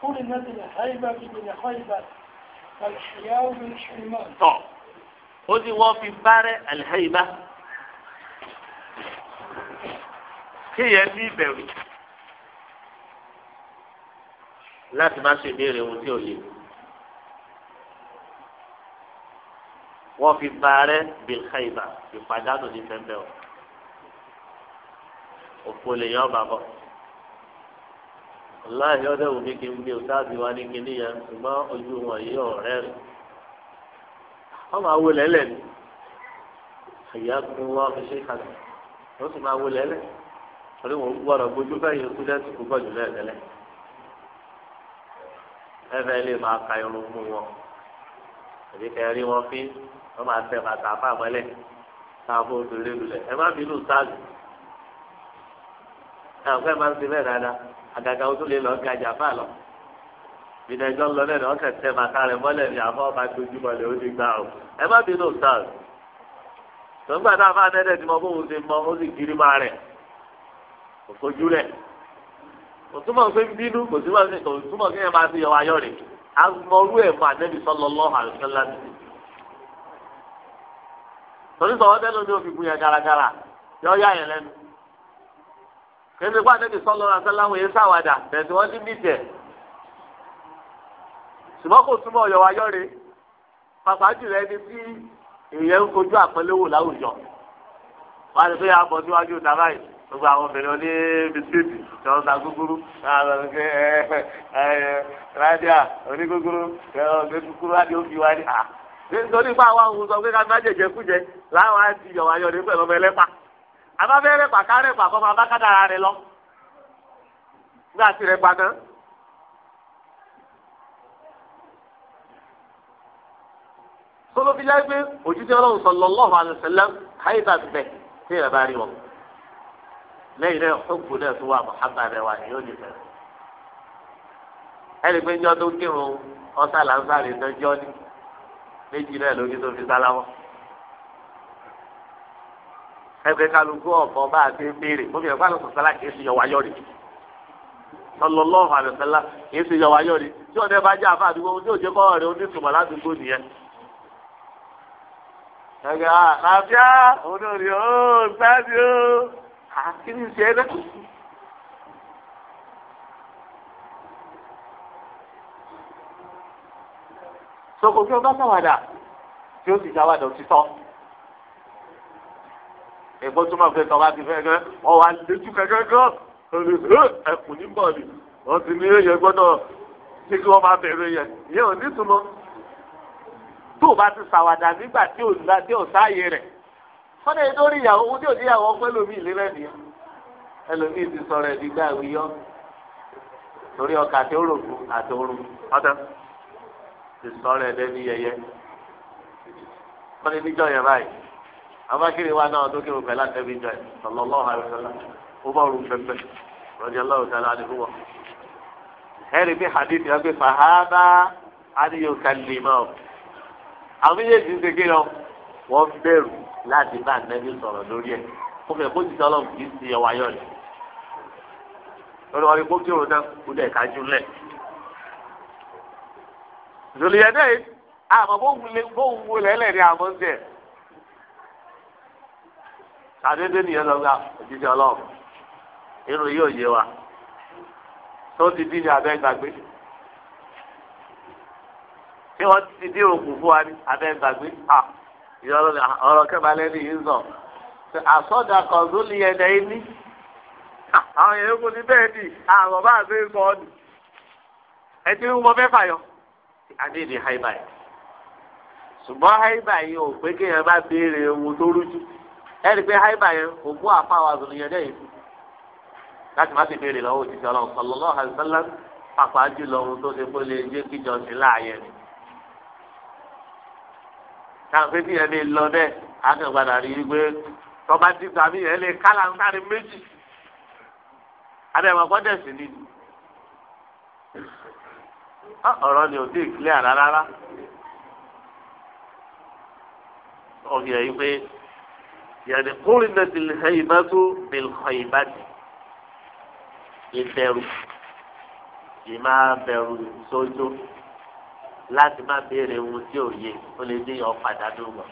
kórè náà ti lè haiba bí mi lè haiba alìṣìyàwó mi ṣùgbọ́n. tọ́ ó ti wọ́n fi bárẹ̀ alìhaiba kéèyàn ní ìbẹ̀rù láti má ṣe béèrè ohun tí ò lè mú. wọ́n fi ba rẹ bilkhaiba ìpàdánù ní pẹ́ńpẹ́ o òpó lè yàn bàbọ̀ láàyè ọdẹ wò mí kí n bí o sáàbì wá ní kíní yẹn ṣùgbọ́n ojú wọn yìí ọ̀rẹ́ rẹ wọ́n máa wo lẹ́lẹ̀ ni àyà kún wọn fi ṣe kalẹ̀ wọ́n sì máa wo lẹ́lẹ̀ torí wọn gbọ́dọ̀ gbójú báyìí kú dẹ́sí kú bọ́jú lẹ́ẹ̀lẹ́lẹ̀ ẹ̀fẹ̀ lè máa ka irun mú wọn àbí kẹrin wọn fi. wọ́n máa tẹ bàtà àpamọ́lẹ̀ káàbọ̀ n'afọ lulẹ̀ ẹ má bínú sáàgì náà fẹ́ máa ń ṣe bẹ́ẹ̀ dáadáa àgàgà ó tún lè lọ́ọ́ gajà fà lọ ìdájọ́ bàtà rẹ̀ mọ́lẹ̀ ní ọba dojú mọ́lẹ̀ ó ti gbà ó ẹ má bínú sáàgì tọ́gbà tá a fà tẹ́lẹ̀ tí mo bó mọ ó sì kiri máa rẹ̀ rẹ̀ kò túmọ̀ bínú kò túmọ̀ kò torí sọ ọdẹ lómi òfin bu yẹn garagara yọ ya yẹn lẹ́nu kéde kó àtẹ́tì sọlọ náà sẹláwó yẹn sáwàdà bẹ̀sẹ̀ wọ́n ti mí tiẹ̀ ṣùgbọ́n kò túmọ̀ ọ̀yọ̀ wa yọ̀re pàpà jùlọ ẹni tí èèyàn ń kojú àpẹlẹwò láwùjọ wọ́n á lè fẹ́ yà bọ̀ níwájú dàbá yìí gbogbo àwọn obìnrin oní bisikíìtì tí wọ́n ta gúgúrú ráàdíà oní gúgúrú kúkúrú ráàdíà ó wá ní à nítorí pé àwa òun sọ pé ká má jẹjẹ kújẹ láwọn á ti yọ̀wá yọ̀dé pẹ̀lú ọmọ ẹlẹ́pà àbáfẹ́ rẹ̀pà ká rẹ̀pà máa bá kádàrà rẹ̀ lọ nígbà tí rẹ̀pà náà. sọlọ́bí láì pé òjijì ọlọ́run sallallahu alaihi wasallam káyíta bẹ̀ tí ìrẹ̀ bá rí wọn lẹ́yìn náà ọ̀gbọ́n náà tó wà mọ̀hábà rẹ̀ wà ní òní bẹ̀rẹ̀ ẹ̀rí pé ń jọ́ tó kírun ọ̀sán làǹsàrè náà jọ́ ní méjì náà lójú tó fi sálámọ́ ẹgbẹ́ kálukú ọ̀bọ bá a ti ń béèrè bóbi ẹ̀fọ́ àlùkò sálá kìí ṣe yọ̀wá yọ̀rì sọlọ́lọ́ọ̀hún àlùsálá kìí ṣe yọ̀wá yọ̀rì tí ọ̀dẹ́ bá jẹ́ àfa àdúgbò tí òjò kọ́ ọ̀rẹ́ onítùmọ̀ ládùúgbò nìyẹn. ẹgbẹ́ àlàáfíà onórí sáájú ó àkíní sọkò kí o bá tí o sì ṣàwàdà o ẹ̀gbọ́n tó máa fẹ́ tọ́ bá ti fẹ́ gẹ́ ọ wà lójú kẹ́kẹ́ gan ẹkùn ní bọ̀ wọ́n ti ní èyẹ gbọ́dọ̀ tí kí wọ́n máa bẹ̀rẹ̀ yẹ ìyẹn ò ní túmọ̀ tó o bá ti ṣàwàdà nígbà tí o la tí o sáàyè rẹ̀ sọ́dọ̀ yìí lórí ìyàwó owó tí o ní ìyàwó ọpẹ́ lómi ìlera nìyẹn ẹlòmíì ti sọ̀rọ̀ ẹ̀ nígbà ìwé torí ọkà àti orògùn àti orun ọ̀tẹ̀ ti sọ̀rọ̀ ẹ̀ lẹ́ni yẹyẹ wọ́n ní níjọ́ yẹn báyìí abákiri wa náà tó kí wọn pẹ̀lú àtẹ́bí jẹ sallallahu alaihi wasallam ó bá rú pẹpẹ radiyallahu ta'ala anhu wọ. ẹ̀rí bí hadith yẹn pé fàhádà adìyẹ kàlí mọ́ ọ. àwọn méjèèjì ń ṣe kí wọn wọ́n bẹ̀rù láti bá àtẹ́bí sọ̀rọ̀ lórí ẹ̀ kó fẹ́ kó ti sọ́lọ́ kì í ṣe ẹwà yọ̀ lẹ̀. lórí wọn ni kó kí wọn náà kú zòlìyẹdẹ yìí àmọ́ bóun wo lẹlẹ ni àmọ́ ń tẹ sàdédé nìyẹn lọ gba òjijì Ọlọ́run irun yóò wa tó ti dín ní abẹ gbàgbé tí wọn ti dín òkú fún wa ní abẹ gbàgbé à ọ̀rọ̀ kẹbalẹ ní yìí ń sọ àsọdà kan zòlìyẹdẹ yìí ní àwọn yẹn kò ní bẹ́ẹ̀ di àwọn bá a ṣe ń sọ ọ ni ẹ ti ń mọ fẹ́ adéèdè haiba yìí ṣùgbọ́n haiba yìí ò pé kéèyàn bá béèrè ewu tó rújú ẹni pé haiba yẹn òkú àfáwà zòlìyàn dẹ́ yìí láti má ti béèrè lọ́wọ́ òjijì ọlọ́run sallallahu alaihi jùlọ ohun tó ṣe kíjọ sí láàyè ni. yẹn lè lọ bẹ́ẹ̀ akẹ́gbàdà rí i pé tọ́ba ti yẹn lè ń sáré méjì ọ̀rọ̀ ni ò tí ì clear rárá ọ̀gbìn ẹ̀yìn pé yàrá kúrin náà ti lè hẹ́ ìbá tó bẹ̀rẹ̀ ìbá tì ìbẹ̀rù ìmá bẹ̀rù sójó láti má béèrè ohun tí ò yẹ ó lè dín ọ̀padà dùnmọ̀.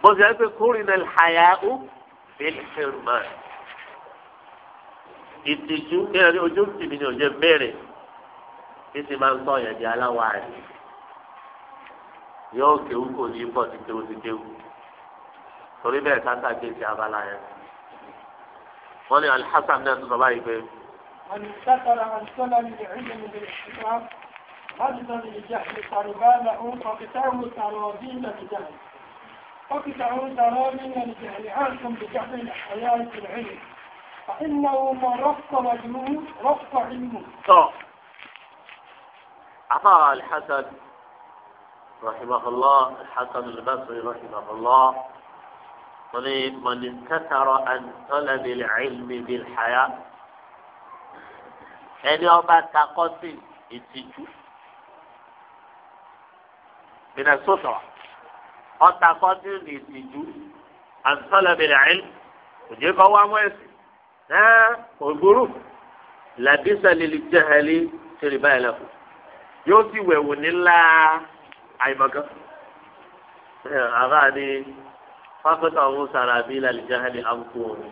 mo sì ẹ́ pé kúrin náà hàyà ó bẹ̀rẹ̀ fẹ́rù mọ́ ìtìjú ojú tìmí ni ò jẹ́ bẹ̀rẹ̀ títí máa ń tọ́ yẹn di aláwa rẹ̀ yóò kéwú kò ní bọ̀ ti kéwú ti kéwú torí bẹ́ẹ̀ káta gbé ti abala yẹn. wọ́n ní alhassan náà tó sọ báyìí pé. والسفر عن سلم العلم بالاحتكام أجدر لجهل سربانه فقطعه سرابين لجهل فقطعه سرابين لجهل عنكم بجهل الحياة العلم فإنه من رفق وجهه رفق علمه. عطاء الحسن رحمه الله الحسن البصري رحمه الله قليل من انتثر عن طلب العلم بالحياة ẹni ọba takọsí ìtìjú minnesota ọtakọsí ìtìjú àtọlẹbìnrin àìl òjò kọ wá mọ ẹsìn náà ògbúrú làbísà lè jẹ ẹlí tìrìbá ẹlẹkùn yóò sì wẹ̀wò nílá àìmọ̀kan. àbá ni fákòtà ọ̀hún sara bí lálejò hàn ní àbùkù òní.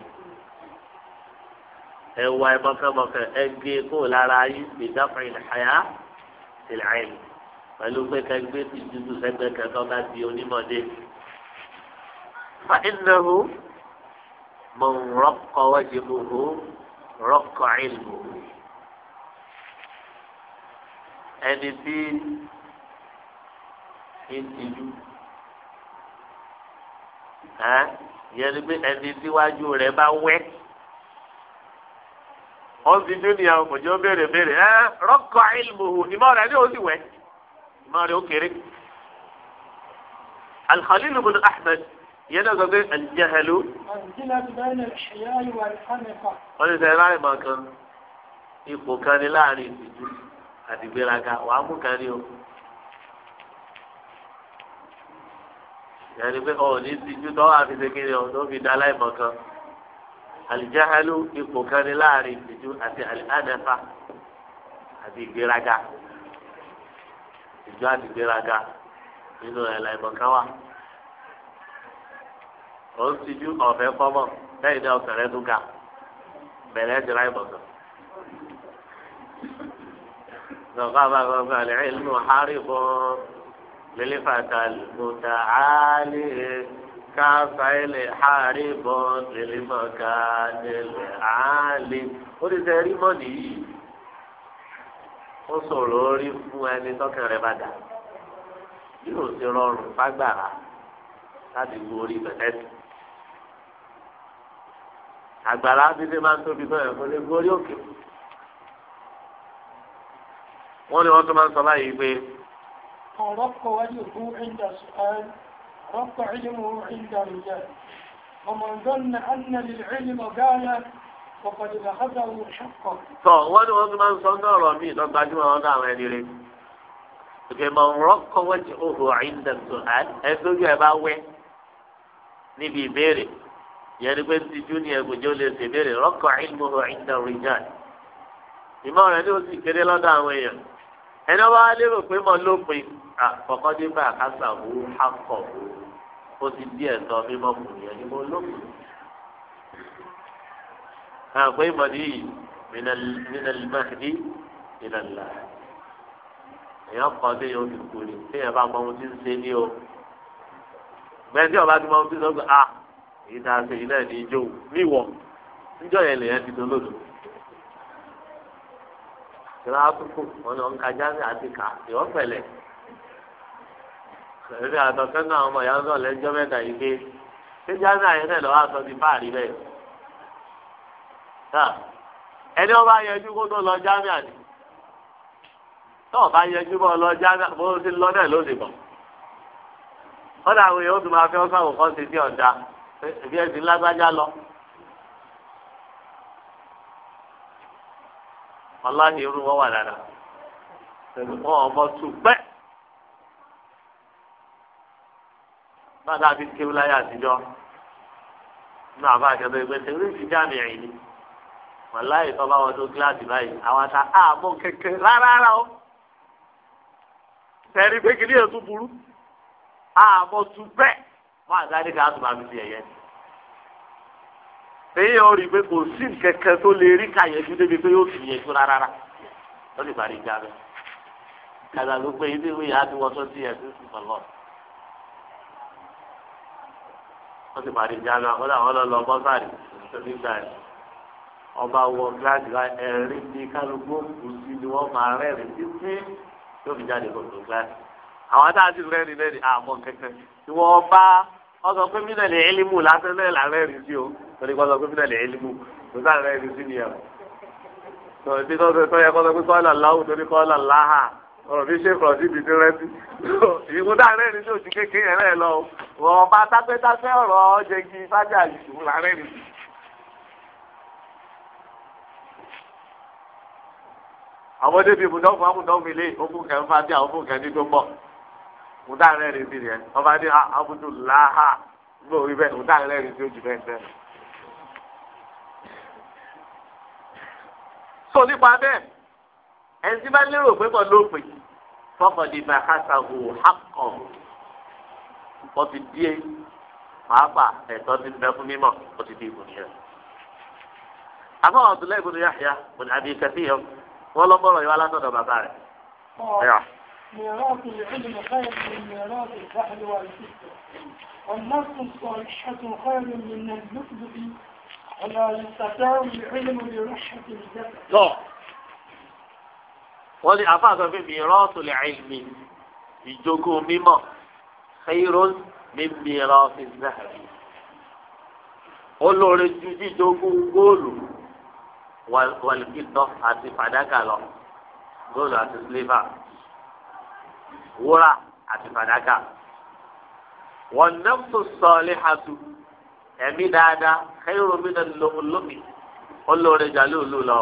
ẹ̀wà àìmọ̀kànmọ̀kàn ẹgbẹ́ e kó lára yìí fi dáfẹ́ ìlàyà ìlàyà pẹ̀lú pé kẹgbẹ́ ti dúdú sẹ́gbẹ́ kẹtọ́ bá di onímọ̀dé. fa ìnáwó mọ̀ ń rọ́kọ̀ wájú gbogbo rọ́kọ̀ ìlú ẹni tí ń tijú yẹn ni pé ẹni tí wájú rẹ̀ bá wẹ́ wọ́n ti dún ní àwọn òjò béèrè béèrè ẹ rọ́kọ̀ ìlmùhù ìmọ̀ rẹ̀ ní oṣù wẹ̀ ìmọ̀ rẹ̀ ó kéré. alḥalilu bin ahmed yẹn náà sọ pé aljahalu. wọ́n ti láì mọ̀ kan ipò kan ní láàrin ìtìjú àti gbéraga wàá mú kan ní o. yẹni pé ọ̀ ní ti ju tọ́ àfi ṣèkiri ọ̀ tó fi da aláìmọ̀ kan alijahalu ipò kan ní láàrin ìtìjú àti àdẹ́fà àti ìgbéraga ìjọ àti ìgbéraga nínú àìláìmọ̀ kan wà ó ń tijú ọ̀fẹ́ fọ́mọ̀ lẹ́yìn náà ọ̀sẹ̀ rẹ̀ tún ga bẹ̀rẹ̀ ẹ̀jẹ̀ láìmọ̀ kan lọ́kàbà gbọ́gbà lẹ́yìn muharibu lílífàtà lùtà áálí káfáìlì haribu lílímọ̀ká nílẹ̀ áálí. ó ti sẹ́ rí mọ́nì yìí ó sọ̀rọ̀ orí fún ẹni tọ́kàn rẹ̀ bàdà yóò ti rọrùn fágbára láti gbó orí bẹ̀tẹ́tì àgbàrá bíbí máa ń tóbi bẹ́ẹ̀ kó lè gbórí òkè wọ́n ní wọ́n tún máa ń sọ báyìí pé. ọ̀rọ̀ kọ̀ wáyé òkú ẹ̀ńdà sùkárì rọ́pò ìlú ẹ̀ńdà rìjà ọmọ ìdánná àná lílẹ̀ ìlú gáyà ọ̀pọ̀lọpọ̀ ìlàkọ́tà òun ṣọ́kọ̀. tọ́ wọ́n ní wọ́n tún máa ń sọ ní ọ̀rọ̀ míì lọ́gbàdúrà ọ̀dà àwọn ẹni rẹ̀ òkè mọ̀ rọ́pò wáyé òkú ẹ̀ńdà sùkárì ẹ̀ tójú ni ó sì kéré lọ́dọ̀ àwọn èèyàn ẹni wọn wá lérò pé mo lópin àkọ́kọ́ nígbà kásà wò akọ ó ti di ẹ̀tọ́ mímọ́ kùnìyàn ni mo lópin. àgbẹ̀ ìmọ̀lẹ́ yìí minal mahdi minal la èèyàn kọ́ sí yóò fi kú ni téèyàn bá mọ ohun tí ń ṣe ní o gbẹ̀ndé ọba tí mo ti sọ pé ah èyí ṣe yìí náà ní ijó níwọ̀ níjọ́ yẹn lèèyàn ti dolódò ìrọ̀ àkókò ọ̀nà òǹkàjá àti kà ìwọ́ pẹ̀lẹ́. Èmi àtọ̀kẹ́ náà ọmọ ìyá ọ̀dọ́ lẹ́jọ́ mẹ́ta yìí pé ṣé jáde àyẹ̀ náà lọ́wọ́ àtọ́ ti báàrí bẹ́ẹ̀. Ẹni ọba yẹjú kó tó lọ jámíà ni. Tọ́ọ̀ bá yẹjú bọ́ lọ jámíà bó ti lọ náà lóde bọ̀. Kọ́dà àwọn èèyàn ó tún máa fi ọ́ sáwọn kan ṣe sí ọ̀dà. Ìbí ẹ̀sìn lágbájá lọ. aláhi irú wọn wà dáadáa pẹ̀lú wọn ọmọ tù pẹ́. bàtà àti kéwù láyé àtijọ́ nínú àbá àkẹ́tọ̀ ìgbẹ́ tẹ̀wé ti jáàmì ẹ̀yìn ni wàláyé tó bá wọn tó gíláàsì báyìí àwọn àtà àmọ́ kékeré rárá o tẹ̀rí pé kìnìyàn burú àmọ́ tù pẹ́ wọn àgbáyé ká tó máa fi fi ni èyàn ò rí i pé kò sí kẹ̀kẹ́ tó lè rí kàyẹ́jú débi pé yóò fi yẹjú rárá ó lè parí gbà bẹ́ẹ̀ kàdà ló pé ilé ìwé yàrá tí wọ́n tó tiẹ̀ tó sì pọ̀lọ́ wọ́n ti parí gbà náà kódà wọ́n lọ lọ bọ́sàrì tó ní gbà yẹn ọba wọ gíláàsì wa ẹ̀rín ní kálukú kù sí ni wọ́n máa rẹ́rìn títí yóò fi jáde kòtò gíláàsì àwọn táà ti rẹ́rìn àmọ́ kẹ̀kẹ́ tí wọ́n bá wọ́n sọ pé mílẹ̀ lè élimu lásán náà làárẹ̀ rí sí o torí wọ́n sọ pé mílẹ̀ lè élimu kò sáré rí sí nìyẹn tó ibi tó ṣe tó yẹ kó sọ pé kọ́lá láwù torí kọ́lá láhà ọ̀rọ̀ mi ṣe kọ̀ síbi tí rẹ́sí ìwọ sáré rí sí òjú kékeré yẹn rẹ̀ lọ wọ́n bá tápẹ́tápẹ́ ọ̀rọ̀ jẹ́gi fájà yìí làárẹ̀ rí sí. àwọn débi ibùdókòwò òtá rẹ rè ti rẹ ọba ah, ní abudu làhà gbọ orí bẹ́ẹ̀ òtá rẹ rè ti so bẹ́ẹ̀ bẹ́ẹ̀. sọ nípa bẹ́ẹ̀ ẹni tí bá lérò pé kò lópin fọkàn ní bàkàtàwò akọ wọn ti díẹ̀ pàápàá ẹ̀tọ́ ti bẹ fún mímọ́ wọn ti di ìbò nìyẹn. àbáwọn Abdullahi ibùdó Yahya ibùdó Abi Kathir wọn lọ bọrọ ìwà látọ̀dọ̀ bàbá rẹ̀. ميراث العلم خير من ميراث الفحل والفكر والنفس الصالحة خير من اللؤلؤ ولا يستطاع العلم برحة الجسد wọ́n ní afa sọ pé mìíràn tó lè àìmì ìjókòó mímọ́ xeyrón ní mìíràn fi zahari olórí ju jíjógún góòlù wàlùkìtọ́ àti fàdákà lọ góòlù àti sílífà wúrà àti fàdákà wọn nẹ́fù sọ̀lẹ̀ hàtú ẹ̀mí dáadáa kẹ́rù mi náà ló lómi olóore jàlú òlu lọ.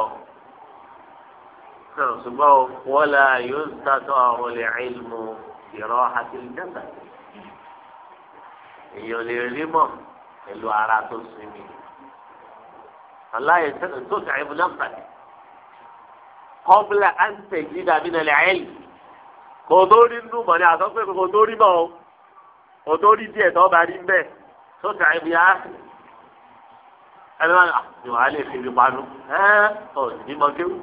ṣùgbọ́n wọ́n la yóò sàtọ̀ àwọn olè ìlmù ìrọ̀ àti ìjọba èèyàn lè rí mọ̀ pẹ̀lú ara tó sinmi aláyẹ sẹ́nu tó kà ébùnà pàdé kọ́bùlà àǹtẹ̀ jídà mí nàlẹ́ àyẹ̀lì kò tó mọ̀ ní àsọ́pẹ́ kò mọ̀ o kò díẹ̀ tó rí bẹ́ẹ̀ tó tà ẹ̀mí á ẹ̀mí wà ní wàá lè fi ibi panu ọ̀ ní mọ̀ kéwù.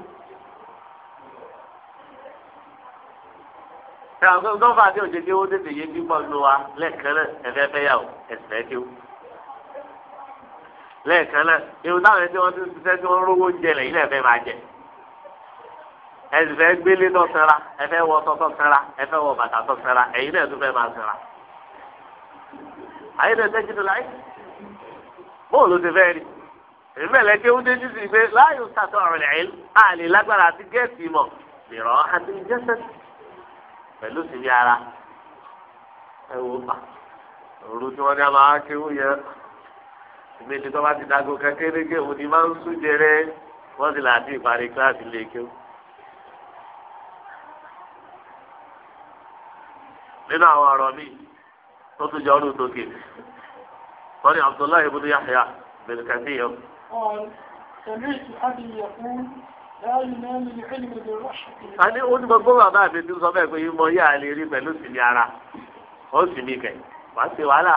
ẹ̀ àwọn tó ń tí òjèjì ó tètè yé bímọ nù wa lẹ́ẹ̀kan náà ẹ̀fẹ́ fẹ́ yà ó ẹ̀sẹ̀ kéwù. lẹ́ẹ̀kan náà ìwọ táwọn ẹni tí wọ́n ti ń ṣiṣẹ́ tí wọ́n rówó ń jẹ lẹ́yìn náà máa jẹ. ẹsẹ̀ gbélé tó sẹ́ra ẹfẹ́ wọ tọ́tọ́ sẹ́ra ẹfẹ́ wọ bàtà tó sẹ́ra ẹ̀yin náà tún fẹ́ máa sẹ́ra. ayé náà tẹ́jú tó láyé bóòlù ló ti fẹ́ rí èmi mẹ́lẹ̀ kí ó déjú sí pé láàyò sàtọ̀ àlè lágbára àti gẹ́ẹ̀sì mọ̀ àti jẹ́sẹ̀ pẹ̀lú síbi ara ẹ wo pa òru tí wọ́n ní a máa kéwú yẹ ìmẹ̀lẹ̀ bá ti dago kékeré kéwú ni máa ń sún nínú àwọn ọ̀rọ̀ mi tó tún jọ ọdún tókè sọ́ni abdullahi ibùdó yahya bin kathir. a ní ojú gbogbo bàbá mi ti sọ bẹ́ẹ̀ pé yín mọ yí àlè rí pẹ̀lú sinmi ara ó sì mí kẹ̀ wá sí wàhálà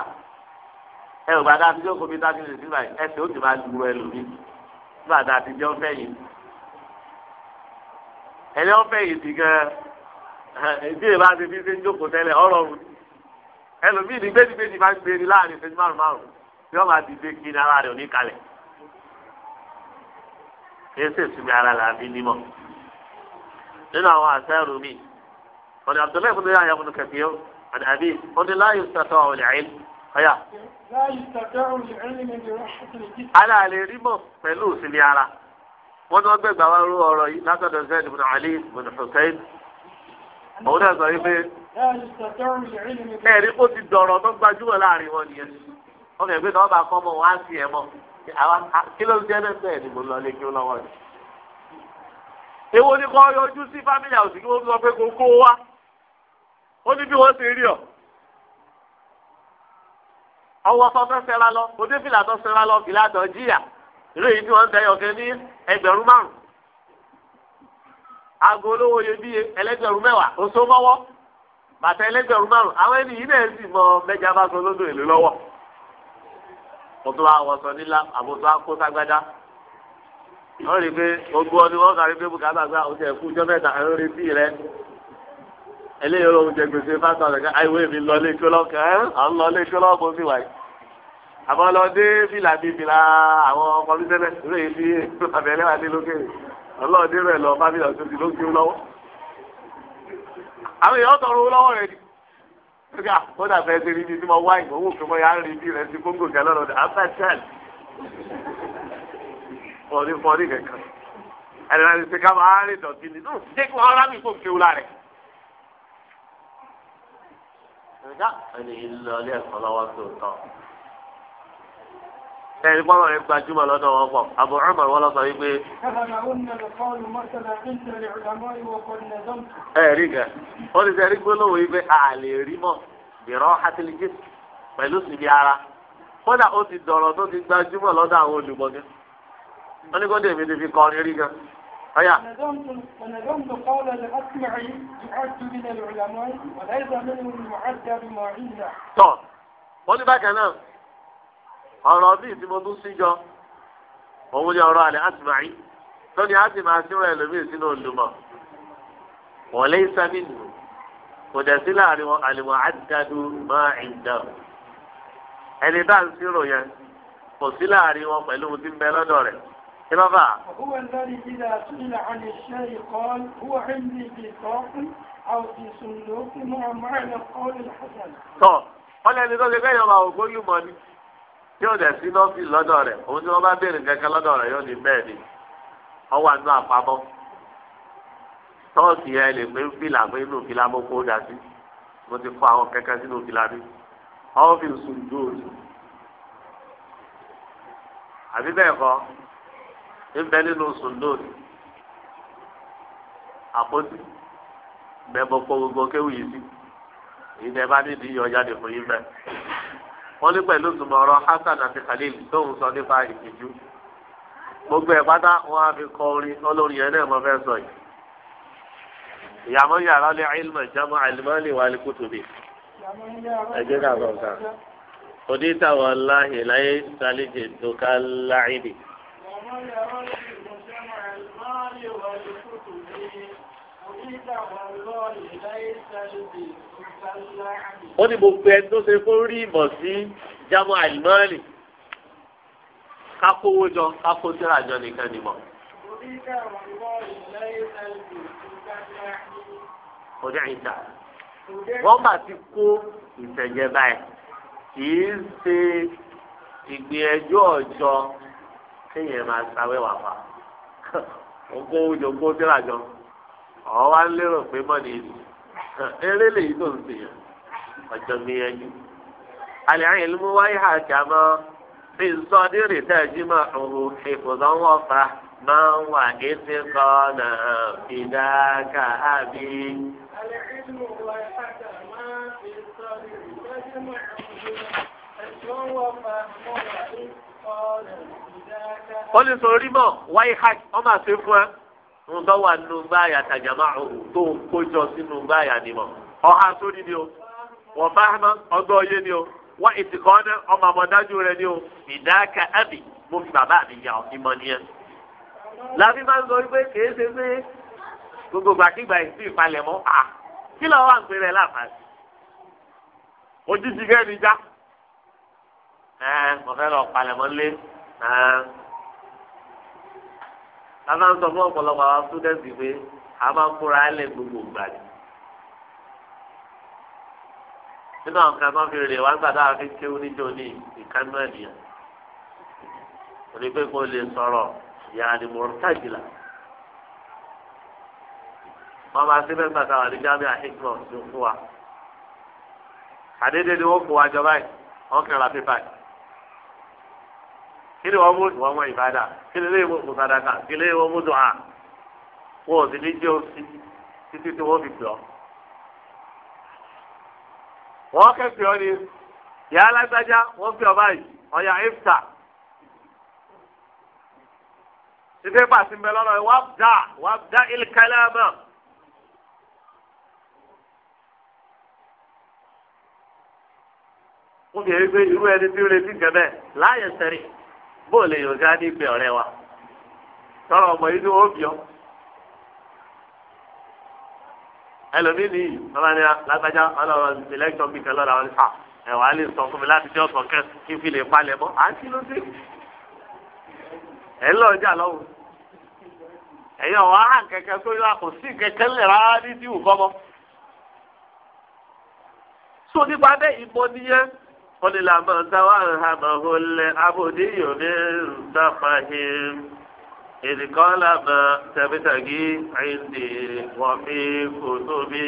ẹ ò bá dá àtijọ́ kó mi dá kí n lè sí báyìí ẹsẹ̀ ó ti máa lu ẹlòmíì nígbà tá àtijọ́ fẹ́ yìí ẹni ọ̀fẹ́ yìí ti gan ìdí èbá ti fi ṣe ń jókòó tẹ́lẹ̀ ọ̀rọ̀ ọ̀run ẹlòmíì ní gbèdégbèdé máa ń gbèrè láàrin ìṣẹ́jú márùn márùn tí wọ́n máa dìde kí ní ara rẹ̀ òní kalẹ̀ kí ẹ sì sinmi ara rẹ̀ àbí nímọ̀ nínú àwọn àṣẹ́rù mi ọ̀nà Abdullahi fúnni yà yàgùn kẹfì ó àti àbí ó ní láàyè sọ̀tọ̀ ọ̀lẹ̀ ẹ̀yìn ọ̀yà. láàyè sọ̀tọ̀ ọ̀lẹ̀ ẹ̀yìn ara rẹ̀ rí mọ̀ pẹ̀lú òsì òun náà sọ yìí ẹ̀rí kó ti dọ̀rọ̀ tó gbajúmọ̀ láàrin wọn nìyẹn ọmọ ẹgbẹ́ náà bá kọ́ mọ́ wọn á sì ẹ̀ mọ́ kí ló ń jẹ́ bẹ́ẹ̀ ni mo lọ lé kí ó lọ́wọ́ rẹ̀. èwo ni kò yọjú sí family house kí wọ́n sọ pé kò kó wa ó ní bí wọ́n ti rí ọ. ọwọ́ sọ sẹ́ra lọ òde tó sẹ́ra lọ fìlà tó jìyà ìlú yìí wọ́n ń tẹ́yọ̀ kẹ́ ní ẹgbẹ̀rún márùn-ún aago olówó iyebíye ẹlẹ́gbẹ̀rún mẹ́wàá oṣù mọ́wọ́ bàtà ẹlẹ́gbẹ̀rún márùn àwọn ènìyàn náà sì mọ mẹ́jà bá sọ lódò èlò lọ́wọ́ mo tún wá wọṣọ nílá àbò tún wá kó ságbádá wọ́n rí i pé gbogbo ọdún wọ́n kàrí pé bùkátà gba oṣù ẹ̀kú ọjọ́ mẹ́ta ẹ̀rọ rí sí rẹ eléyìí olóhùn jẹ gbèsè fásitì ọ̀sẹ̀ká àìwé mi lọ lé kílọ̀kẹ́ à ń lọ lé kílọ̀kù sí wáyé àmọ́ lọ dé fìlà bíi fìlà àwọn kọmíṣẹ́lẹ̀ lóye sí abẹ́lẹ́wà dé lókèrè ọlọ́ọ̀dé rẹ̀ lọ fábílà tó ti ló ń lọ́wọ́. àwọn èèyàn tọrọ owó lọ́wọ́ rẹ̀ ni. nígbà ó dà fẹ́ níbi tí mo wá ìgbà owó fún ọyà rìn bí rẹ̀ ti kóńgò kẹ lọ́rọ̀ dà áfẹ́ tẹ́lẹ̀. fọdí fọdí kankan. ẹ̀rọ àti sika máa ń dọ̀tí ni tó ṣe kí wọ́n rámì fún kí wúlà rẹ̀. ẹni ìlọlẹ́ ẹ̀kọ́ lọ́wọ́ tó tán ẹni pọ́nmọ́ rẹ̀ gbajúmọ̀ lọ́dọ̀ wọn pọ̀ Abu Umar wọn lọ sọ wípé. ẹ rí gan ó ti sẹ́ rí gbólóhùn wípé a lè rí mọ̀ bìrọ̀ hatilijì pẹ̀lú síbi ara kódà ó ti dọ̀rọ̀ tó ti gbajúmọ̀ lọ́dọ̀ àwọn olùgbọ̀ngẹ́ wọ́n ní kó dèmi ti fi kọrin rí gan. أيا ونظمت قول الأسمعي يعد من العلماء وليس منهم المعدى بما عندنا. طب قول ọ̀rọ̀ bíi tí mo tún síjọ òun ni ọ̀rọ̀ àlẹ́ àtìmáyé lónìí àti máa sínú ẹlòmíì sínú olùmọ̀ wọ́n lé sami nù kò dẹ̀ sí láàrin wọn àlùmọ̀ àdìdàdù máa ń dà ẹni bá ń sírò yẹn kò sí láàrin wọn pẹ̀lú ohun tí ń bẹ lọ́dọ̀ rẹ̀ kí ló fà. هو الذي إذا سئل عن الشيء قال هو عندي في ساق أو في صندوق مع معنى القول الحسن. tọ́ ọ lẹ́ni tó ṣe fẹ́ yọ̀ọ́ máa ni. yóò dẹ̀ sí nọ́ọ̀sì lọ́dọ̀ rẹ̀ òun ni wọ́n bá béèrè kankan lọ́dọ̀ rẹ̀ yóò ní bẹ́ẹ̀ ni ọwọ́ àánú àpamọ́ tọ́ọ̀sì yẹn lè pé fìlà pé inú fìlà mo kó dà sí mo ti kọ́ àwọn kankan sínú fìlà mi ọwọ́ fi sùn dóòlù àbí bẹ́ẹ̀ kọ́ ń bẹ nínú sùn dóòlù àpótí bẹ́ẹ̀ mo kó gbogbo kéwì yìí sí wọ́n ní pẹ̀lú ìtumọ̀ ọ̀rọ̀ Hasan àti Khalil tóun sọ nípa ìtìjú gbogbo ẹ̀ pátá wọ́n á fi kọ orin olórin yẹn náà mo fẹ́ sọ yìí ìyàmọ́ yàrá lè ilmọ̀ ìjàmọ́ àlùmọ́ọ́lì wà lẹ́kùtùbí ẹ̀jẹ̀ náà kọ̀ kan odita wàllahi láyé sálíjì dùkà láìdì. Odita wàllahi láyé sálíjì dùkà láìdì ó ní gbogbo ẹni tó ṣe kó rí ìmọ̀ sí jámọ́ àlùmọ́ọ́nì kákówó jọ kákó tíra jọ nìkan ni mọ̀. ọdẹ ìta wọ́n bá ti kó ìtẹ̀jẹ̀ báyìí kì í ṣe ìgbìyànjú ọjọ́ kéèyàn máa sáwẹ́wà pa ogún ojogún tíra jọ ọ̀ wá lérò pé mọ́ ni eré lèyí tó ń sèyàn ọjọ́ gbìyànjú. àlẹ́ àyè ló mú wáyé àjàmọ́ bí sọdírì tẹ̀jú máa òhun ìfòsàn wọ́n fa máa ń wà ètè kọ́nà fìdákà àbí. àlẹ́ àyè ló mú wáyé àjàmọ́ bí sọdírì tẹ̀jú máa òhun ìfòsàn wọ́n fa máa ń wà ètè kọ́nà fìdákà ọmọ àti fún ẹ. ń tọ́ wà nínú báyà tàjàmá òhùn tó ń kójọ sínú báyà nìmọ̀ ọ̀há sórí ni o wọ́n bá ọgbọ́n yé ni o wọ́n ìtìkọ́ ní ọmọ ọmọdájú rẹ ni o ìdáka àbí mo fi bàbá mi yà ọ́ ìmọ̀ nìyẹn. làbí máa ń sọ wípé kèé ṣe pé gbogbo gbàkigbà ìsìn ìpalẹ̀ mọ́ à kí lọ́wọ́ à ń pè rẹ̀ láǹfààní. ojúṣe kẹ́ni já ẹ mo fẹ́ lọ palẹ̀ lé a máa ń sọ fún ọ̀pọ̀lọpọ̀ àwọn students pé a máa ń kóra ẹlẹ́ gbogbo ìgbà ni. nínú àwọn kan tó ń fi rè wá nígbà táwọn fi ń kéwú níjó ní ìkánú ènìyàn òní pé kó lè sọ̀rọ̀ ìyára ni mo tàjìlá. wọ́n máa ṣe mẹ́gbà táwọn àdéjáde àhíkmọ̀ ló fún wa. àdédé ni wọ́n kó wa báyìí wọ́n kẹ́ra pé báyìí kí ni wọ́n mú ìwọ́n mọ ìbádà kí ni lè mú mùsàdàkà kí lè wọ́n mú dùhà wọn ò sì ní jẹ́ òsì títí tí wọ́n fi pè ọ́. wọ́n kẹ́kẹ́ ọ ni ìyá alágbájá wọ́n fi ọba yìí ọ̀yà ifta. títí pàṣẹ ń bẹ lọ́nà wà á dá wà á dá ilkálẹ́ àmà. wọ́n fi èyí pé irú ẹni tí ó retí gẹ̀mẹ́ láàyè sẹ́rìn bó lè yòó já nígbè ọ̀rẹ́ wa tọrọ ọmọ yìí ni wọ́n bí ọ. ẹlòmíì nìyí bàbá ni lágbájá ọlọ́run ìlẹ́kítọ̀ bíi kan lọ́la wọn ṣá ẹ̀wà á lè sọ fún mi láti jẹ́ ọ̀sán kẹ́ kí n fi lè palẹ̀ mọ́ à ń kí ló dé. ẹ̀ ń lọ ọjà lọ́wọ́ ẹ̀yin ọ̀wọ́ á kẹ̀kẹ́ tó yọ kò sí kẹ̀kẹ́ lẹ̀ rárá ní díwù kọ́mọ́. sódì bá bẹ́ẹ̀ ìbọn nìyẹn kọ́lélà máa dáwà hàmàhó lẹ abòdì yòmí ntàfàhì ìdíkọ́lá máa tẹ̀mítàgì àyíǹdì wọ́n fi kò tóbi.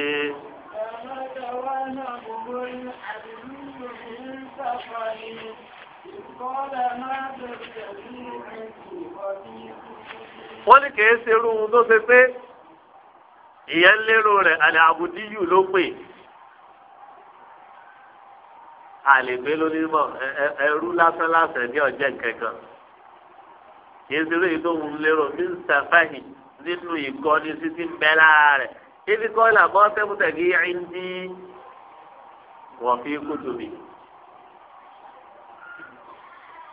wọ́n ní kìí ṣerú ohun tó ṣe pé ìyẹn lérò rẹ̀ àlẹ́ àbùdíyù ló pè é àlègbé lónímọ̀ ẹrú lásán lásán ní ọjọ́ kankan yézúrò yìí tó ń lérò ní sàfàhì nínú ìkọ́ni títí mẹ́lá rẹ̀ ibi kọ́ ilà bọ́ tẹ́kùtẹ̀ kí ẹ̀ǹdí wọ́n fi kútu mi.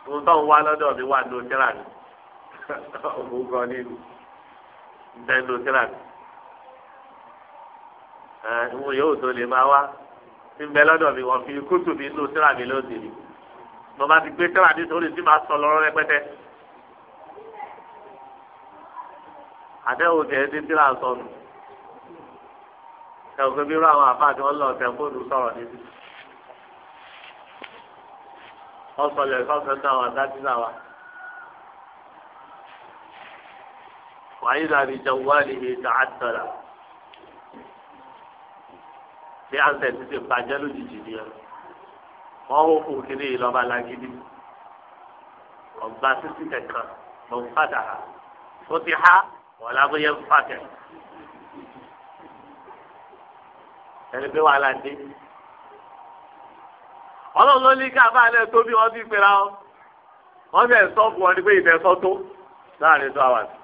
Mo tọ́ ń wá lọ́dọ̀ mi wà ní òtẹ́rà mi. Òun gan ni bẹ́ẹ̀ ní òtẹ́rà mi. Ìwọ̀n yóò tó lè máa wá ti ń bẹ lọ́dọ̀ mi wọ́n fi kútù mi nù tíra mi lóde ni mo máa ti gbé tíra mi sórí tí màá sọ lọ́rọ́ rẹpẹtẹ. àtẹ̀wò tẹ̀ ẹ́ tíra sọnù ẹ̀wọ̀n pé bí àwọn àbá àti wọn lọ tẹ̀ fóònù sọ̀rọ̀ níbi. wọ́n sọ lẹ̀ sọ́sẹ̀ ní náà wa. wàyí làbí jẹun wá lè ṣe àtọ̀là bí àǹtẹ̀ ti ti bàjẹ́ lójijì ni ọ wọ́n wò fún kiri ìlọ́ba lágídí ọ̀gbà títí kẹ̀kan ló ń padà hà ó ti há wọ́n lábóyè ń fàkẹ́ ẹni pé wàhálà dé ọlọ́run ló ní ká bá alẹ́ tó bí wọ́n ti pera ọ wọ́n fẹ́ sọ fún ọ ní pé ìfẹ́sọ́ tó láàrin tó àwọn àti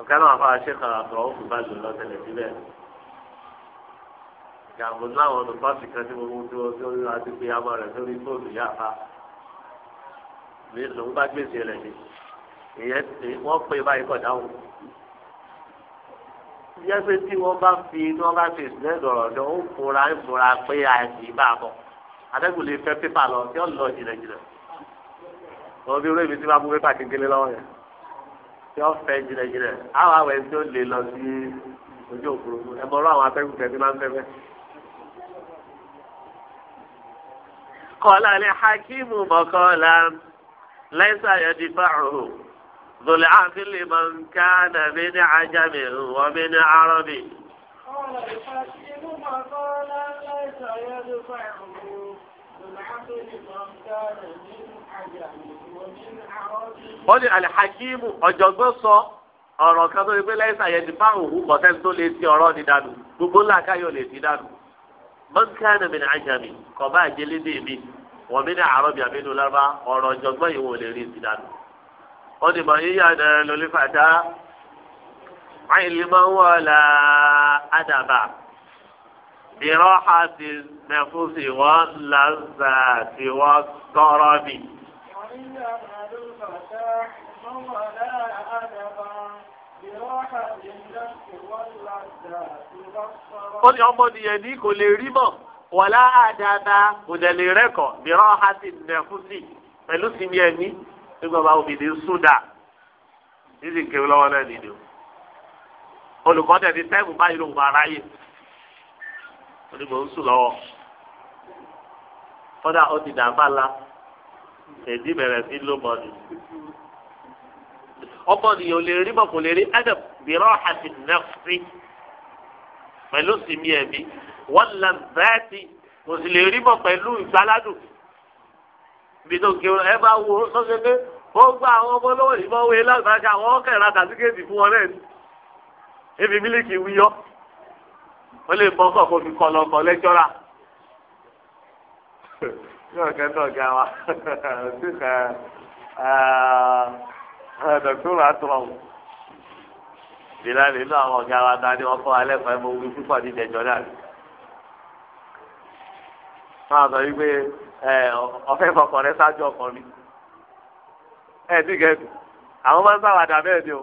ọ̀kẹ́ náà fà ṣe àtọ̀ ó kù bá jù lọ síbẹ̀ yàgò láwọn olùkọ́sì kan tí mo mú tí wọ́n tí wọ́n láti pé amọ̀ rẹ̀ sórí fóònù yá fa mi lòún bá gbèsè rẹ̀ ni ìyẹn wọ́n pè báyìí kọ̀ dáhùn. yẹ pé tí wọ́n bá fi tí wọ́n bá fi ìsìlẹ̀ dọ̀rọ̀ dọ̀ ó fura ń fura pé àìsí bá a bọ̀ adẹ́gùn lè fẹ́ pépà lọ tí ó lọ jìnnà jìnnà bí olóyè mi ti máa mú pépà kékeré lọ́wọ́ yẹn tí ó fẹ́ jìnnà jìnnà àwọn àwẹ̀ tí ó lè lọ sí ojú òfurufú ẹ̀ mọ̀ ọ́ àwọn atẹ́gùn tẹ̀ kọ́lá lè hakimu mọ́kọ́lá lẹ́sà yẹn ti fà ọ̀hún. ذو العقل من كان من عجم ومن عربي قال الحكيم مقالا ليس يدفعه ذو ní الحكيم ọ̀jọ̀gbọ́n sọ ọ̀rọ̀ kan tó yẹ pé tó lè ti ọ̀rọ̀ ní dànù gbogbo ńlá káyọ̀ lè ti dànù. mọ́ńkánà mi ní ajami kọ̀ọ̀bá àjẹlédè mi wọ́n mi ní àárọ̀ bíi àbínú lára ọ̀rọ̀ ọ̀jọ̀gbọ́n yìí wọ́n lè rí ìsìdánù. ó ní mọ̀ yíyá náà lórí fàtà àìlímọ̀ wọ́n la àdàbà ìrọ̀ àti mẹ́fúsì wọ́n làǹzà tí wọ́n tọrọ mi. wọ́n yíyá náà lórí fàtà ó ní ọmọnìyàn ní kò lè rí mọ̀ wàlá àdáadáa kò dẹ̀ lè rẹ́kọ̀ mìíràn á sì nẹ̀kú sí pẹ̀lú sinmi ẹ̀mí nígbà bá obìnrin súdà níbi kéwù lọ́wọ́ náà nìyẹn olùkọ́ tẹ̀ ní sẹ́ẹ̀mù báyìí ló ń bá aráyè onígbò ń sùn lọ́wọ́ kọ́dà ó ti dàgbà la èdè bẹ̀rẹ̀ sí ló ọmọ nìyẹn ò lè rí mọ̀ kò lè rí adam bìrọ̀ àti nẹ́fì pẹ̀lú sìmí ẹ̀mí wọ́n lọ bẹ́ẹ̀tì kò sì lè rí mọ̀ pẹ̀lú ìgbàládùn bìtò kéwù ẹ bá wo sọ́sẹ́ pé ó gba àwọn ọmọ lọ́wọ́ ìmọ̀ wé lágbàájà àwọn kẹrìnà tàbíkẹ́ẹ̀tì fún wọn náà ni ebi mílíkì wíyọ́ ó lè bọ́ kọ̀ kó fi kọ́ lọ́kọ̀ lẹ́jọ́ra yóò kẹ́ tọ̀ gá wa dọ̀tún àtúrọ̀m bíláàlì inú àwọn ọ̀gá wa dání wọn kọ́ alẹ́ fún ẹ mo wí púpọ̀ ní ìdẹ̀jọ́ náà máa sọ wípé ọ̀fẹ́ fọkàn rẹ ṣáájú ọkàn mi ẹ̀ tí kẹ́ẹ̀tì àwọn máa ń sáwàdà bẹ́ẹ̀ ni o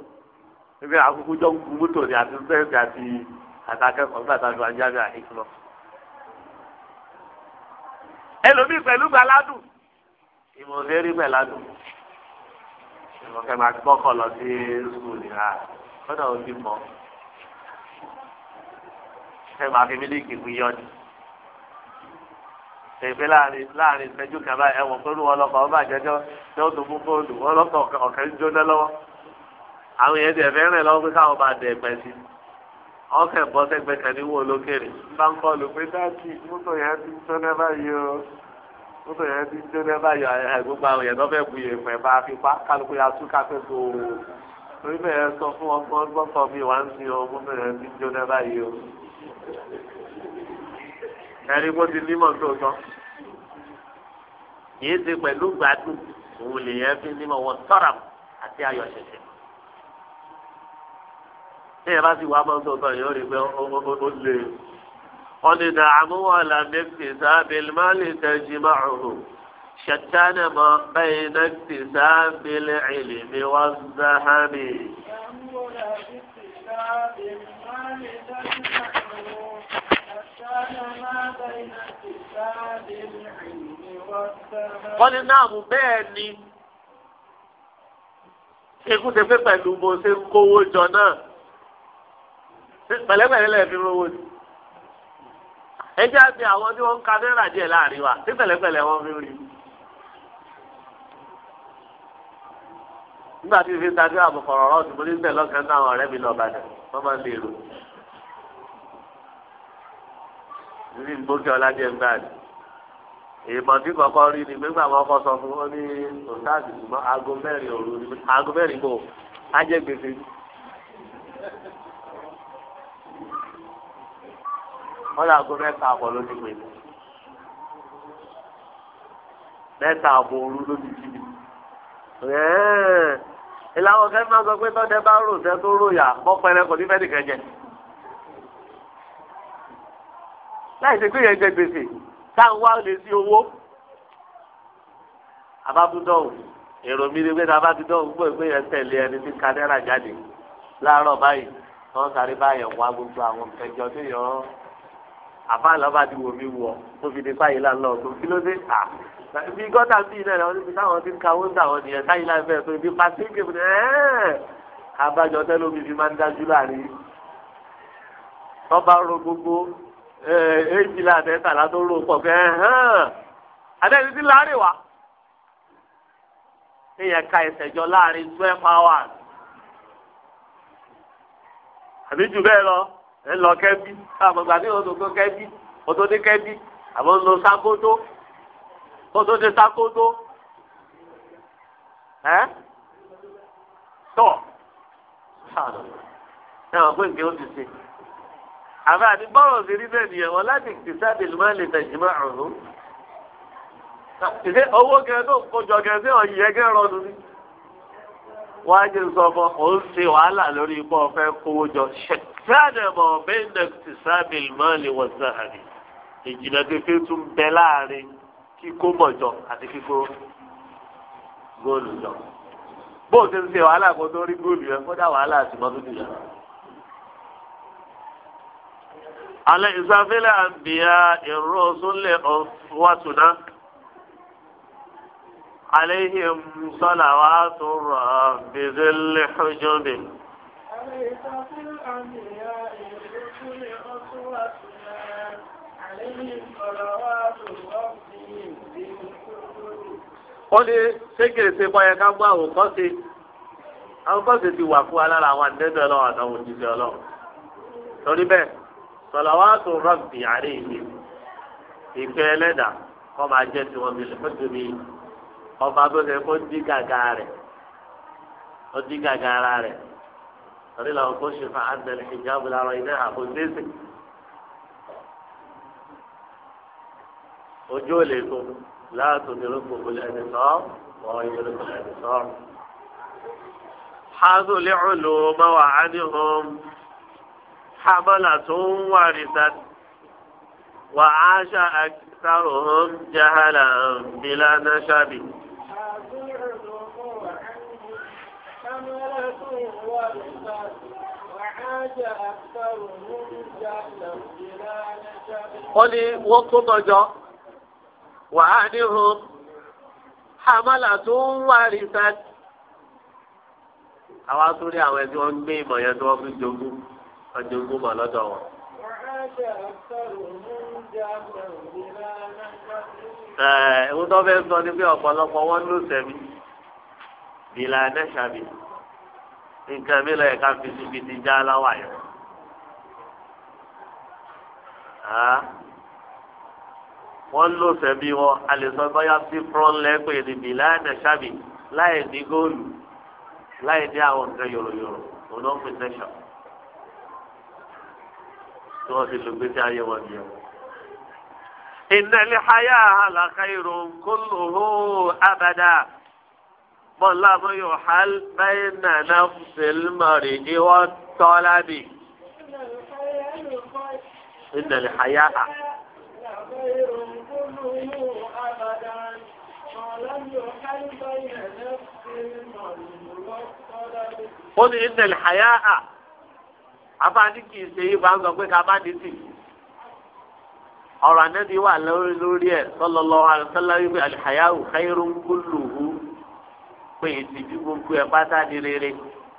ebi akuku jọ ŋku moto ni ati sẹnsi ati atakẹ́kọ̀ọ́ nígbà tá a lọ ajá mi àhíkù lọ. ẹlòmíì pẹ̀lú gbàládùn ìmọ̀ òfin rí pẹ̀ládùn mo fẹ́ máa gbọ́kọ̀ lọ sí skul ní ra lọ́dọ̀ ó ti mọ̀ máa fi mílíkì fún yọ́ọ̀dì. Èpè láàrin láàrin ìṣẹ́jú kan báyìí ẹ̀wọ̀n pẹ̀lú ọlọ́kọ̀ ọba àjẹjọ́ tí ó tún fún fóònù ọlọ́kọ̀ ọ̀kẹ́ ń jóná lọ́wọ́. Àwọn èèyàn ti ẹ̀fẹ́ rìn lọ́wọ́ pé káwọn bá dẹ̀ ẹ̀pẹ́ sí. Ọkẹ́ bọ́ sẹ́gbẹ̀ẹ́ kan ní wo olókèrè. Bá pé dáàtì ó bẹ̀rẹ̀ ẹ́ ti jóná báyọ̀ gbogbo àwọn èèyàn lọ́fẹ̀ẹ́ bu iye fẹ̀ bá a fi pa kálukú ya tú kápẹ́ tó o torí bẹ̀rẹ̀ sọ fún ọgbọ́n gbọ́tọ̀ mi wá ń sin ọ mo bẹ̀rẹ̀ ẹ́ ti jóná báyìí o. ẹni bó ti nímọ̀ tó tán kì í ṣe pẹ̀lú gbádùn òun lè yẹn fi nímọ̀ wọn tọ́ra àti ayọ̀ ṣẹ̀ṣẹ̀. ṣé ẹ bá ti wá bọ́ tó tán yóò rí pé ó lè. قد دعموا لم اكتساب المال تجمعه شتان ما بين اكتساب العلم والذهب wọ́n ní náà mú bẹ́ẹ̀ ni ikú ti pé pẹ̀lú bó ṣe ń kówó jọ náà pẹ̀lẹ́pẹ̀lẹ́ lẹ́ẹ̀fi rówó ni ẹ jẹ́ àti àwọn tí wọ́n ń ka náírà díẹ̀ láàrin wa tí pẹ̀lẹ́pẹ̀lẹ́ wọn fi rí. nígbà tí fífi tajú àbùkọ̀rọ̀ ọ̀rọ̀ ti borí bẹ̀ lọ́kàn náà àwọn ọ̀rẹ́ mi lọ bàdàn wọ́n máa ń lè rò. níbi ìgbókè ọlájẹ ń gbà ní. èèmọ̀ tí kọ̀ọ̀kan rí ni nígbà wọn kọ́ sọ fún wọn ní òtáàdì ṣùgbọ́n aago mẹ́rin òru ni aago mẹ́rin bò á kọ́lá aago mẹ́ta àbọ̀ ló ti pè mí mẹ́ta àbọ̀ òru ló ti jí mi. ìlànà ọ̀gá mi máa sọ pé tọ́jà bá rò tẹ́ tó rò yà mọ́ pẹrẹ kò ní fẹ́ nìkan jẹ. láì ṣe pé yẹn jẹ gbèsè táwọn wá lè sí owó. àbábúdọ̀wò èrò mi ni pé tá a bá ti dọ̀wò pé yẹn tẹ̀lé ẹni tí kadẹ́rà jáde láàárọ̀ báyìí wọ́n sáré báyẹn wá gbogbo àwọn ìfẹ̀jọ́ tó yọ ọ́ àfa lọ́ba ti wò mí wọ̀ tó fi di fáyìí là ń lọ tó kí ló dé à bí gọ́tà bí iná ẹ̀ ọ́n ti táwọn ti ń kawó ń tàwọn nìyẹn táyìí là ń fẹ́ tó ibi pàṣẹ kékeré ẹ́ẹ́ abájọ tẹ́lómi fi máa ń dájú láàrin tọ́ba ro gbogbo èjìlá àtẹ́tàlá tó ro pọ̀ kẹ́ hàn àtẹ́tí ti láàrin wa èèyàn ka ìṣẹ̀jọ láàrin twelve hours àbí jù bẹ́ẹ̀ lọ ẹ lọ kẹbi àgbàgbà ní òdòdó kẹbi òdòdó kẹbi àbọ̀ ń lo sakoto òdòdó sakoto ẹ tọ ẹ wọn pé nǹkan ó ti ṣe àbẹ àti bọ́rọ̀ sí rí bẹ́ẹ̀ nìyẹn wọn láti ìtìsáàdì ló máa lè tẹ̀síwá ọ̀hún. ìṣe owó kẹrin tó kojọ kẹrin sí ọ̀yìn yẹn kẹrin rọdùn ní. wọ́n á jẹ́ sọ fún ọ ń ṣe wàhálà lórí ikú ọ̀fẹ́ kówó ṣẹ́k kánà mọ̀ bẹ́ẹ̀nà ti sábìl mọ́ọ̀lì wọ́n sáhàbì ìjìnlẹ̀ pépé tún bẹ láàrin kíkó mọ̀jọ àti kíkó góòlù jọ bó o ti ń ṣe wàhálà kó tó rí góòlù yẹn kó dá wàhálà àti mọ́tò nìyà. alẹ́ ìsàfilẹ̀ àǹbíyá ìró súnlẹ̀ ọ̀wátúná àléhìn sọ́là wàá tó rọ̀ bìdìlì xujúbi. ليس في الأنبياء الرسل أسوتنا عليهم صلوات ká gbọ́ àwọn kọ́sì àwọn kọ́sì ti wà fún alára àwọn àdéhùn ọlọ́run àtàwọn òjijì ọlọ́run torí bẹ́ẹ̀ sọ̀làwátò rọ́bì àárẹ̀ yìí ìfẹ́ ẹlẹ́dà kọ́ máa jẹ́ tiwọn mi lẹ́fẹ̀ẹ́ mi ọba tó ṣe kó dí rẹ̀ ó dí ara rẹ̀. فريلا وكشف عند الحجاب لا رينها خذيت وجوليكم لا تدركه الانصار وغيركم الانصار حاذوا لعلوم وعدهم حملة ورثت وعاش أكثرهم جهلا بلا نشب wọ́n ní wọ́n kó mọ́jọ́ wàá níhun hamala tó ń wárí sáà àwa tó rí àwọn ẹbí wọn gbé ìmọ̀ yẹn tó wọ́n fi jogún wọ́n jogún mọ̀ lọ́dọ̀ wọn. ẹ̀ẹ́dùn sọ ni pé ọ̀pọ̀lọpọ̀ wọn ló sẹ́mi bìlà nẹ́sàbì nǹkan mi lọ́yẹ̀ ká fi síbi ti já láwà yọ. wọ́n lò sẹ́bí wọn a lè sọ bóyá sí front lẹ́gbẹ̀ẹ́ níbi láì nà sábì láì ní góòlù láì ní àwọn nǹkan yòròyòrò òun náà fi tẹ̀sán tí wọ́n ti lò gbé sí ayé wọn nìyẹn. ìnàlẹ́ hayá àlàkà ìrònkólòó abada mọ̀láàmú yóò hàl báyìí nàná fìlmọ̀rì ni wọ́n tọ́lá bì. ìnàlẹ̀ àyà à. ó ní ìnàlẹ̀ àyà à. abáni kì í ṣe yí bá ń sọ pé ká bá ní sí. ọ̀rọ̀ ànẹ́bí wà lórí ẹ̀ sallallahu alaihi wasallam wípé àlìhàyà ò khairu kulluhu pé ìtìjú gbogbo ẹ̀ pátá di rere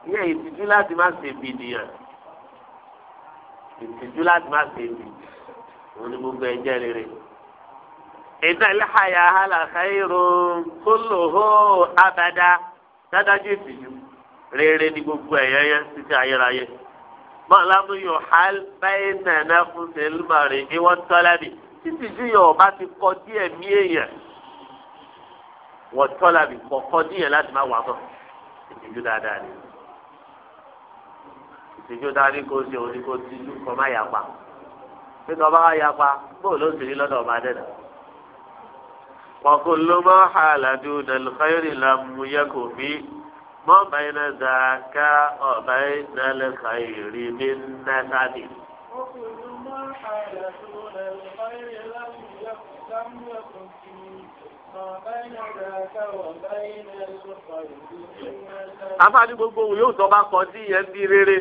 ní ìtìjú láti má ṣe bìdìyàn ìtìjú láti má ṣe bì wọn ni gbogbo ẹ̀ jẹ́ rere. ìdá ìlàhàyà alàkàìrò kólòhó abada dádájú ìtìjú rere ni gbogbo ẹ̀ yẹn yẹn títí ayérayé mọ̀lámú yóò há báyìí nàná fún sèlmọ̀rì ìwọ́n tọ́lá bì títí ju yóò bá ti kọ díẹ̀ mí èèyàn wọ́n tọ́lá mi kọ̀ọ̀kan díyẹn láti má wà bọ̀ ìtìjú dáadáa ni ìtìjú dáadáa ni kò ṣe òní kò tìjú kọ́ má yapa nígbà bá wà yapa bóò ló sì rí lọ́dọ̀ ọba dẹ́nà. kọ̀ọ̀kan ló máa ha àlàdù nàlùkọ́yìnrì làmú yẹ́kọ̀ bí mọ́ báyìí náà zàkà ọ̀báyìí nàlùkọ́yìnrì mi nàkàdì. kọ̀ọ̀kan ló máa ha àlàdù nàlùkọ́yìnrì làmú yẹ́kọ̀ bí afáàní gbogbo òun yóò tọ́ba kọ sí yẹn bí rere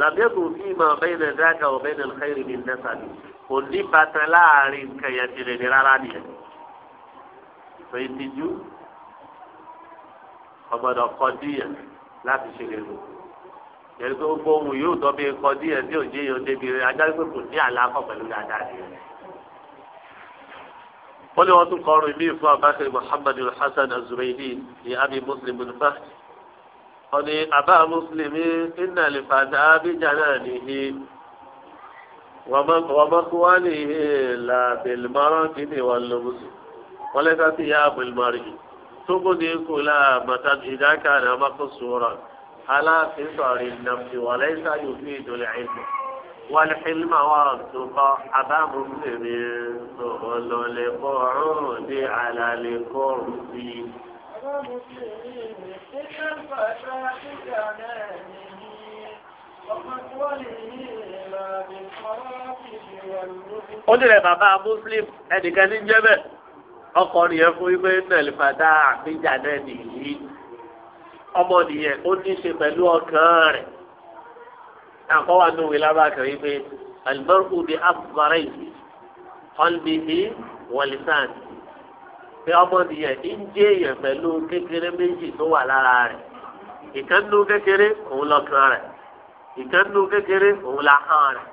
làbẹ́kùn fi mọ̀ bẹ́ẹ̀ nà dáka ọ̀bẹ́ nà káyìrì ní nẹ́sàdì kò ní bàtà láàrin kẹyà tìrẹ̀ ní rárá nìyẹn. sọ ìtìjú ọgbọ́dọ̀ kọ díyẹn láti ṣe lè lò yẹn òun yóò tọ́ bí kọ díyẹn tí òjì yóò débi rẹ̀ ajá pé ní àlàkọ̀ pẹ̀lú dáadáa nìyẹn wọ́n ní wọ́n tún kọ́ orin bíi fún abakar muhammad hasan azureidi ní abi muslim bin fahd wọ́n ní abá muslim iná lè fàdá abíjà náà nìyí wọ́n mọ́kúwá nìyí làbẹ̀lmọ́rán kìíní wọn lọ́mùsùn wọ́n lẹ́ka sí ya abẹ̀lmọ́rán yìí tó gbóni kò là mọ̀tà ìdáka náà mọ́kú sùúrọ̀ aláàfin sọ̀rọ̀ ìnàmùsùn wọ́n lẹ́ka yóò fi ìdòlẹ̀ àìsàn. والحلم والتقى أبا مسلم سهل لقعود على الكرسي ó nílẹ̀ bàbá muslim ẹnìkan ní jẹ́bẹ̀ ọkùnrin yẹn fún wípé nàìjíríà fàdá àbíjà náà nìyí ọmọ nìyẹn ó ní í ṣe pẹ̀lú ọkàn rẹ̀ àkọ́ wa nù wílá bá kẹ́ wípé albaru bi akbarẹ́ qalbihi wa lisani pé ọmọ nìyẹn ń jẹ́ èèyàn pẹ̀lú kékeré méjì tó wà lára rẹ̀ ìkànnù kékeré òun lọ́kàn rẹ̀ ìkànnù kékeré òun la hàn rẹ̀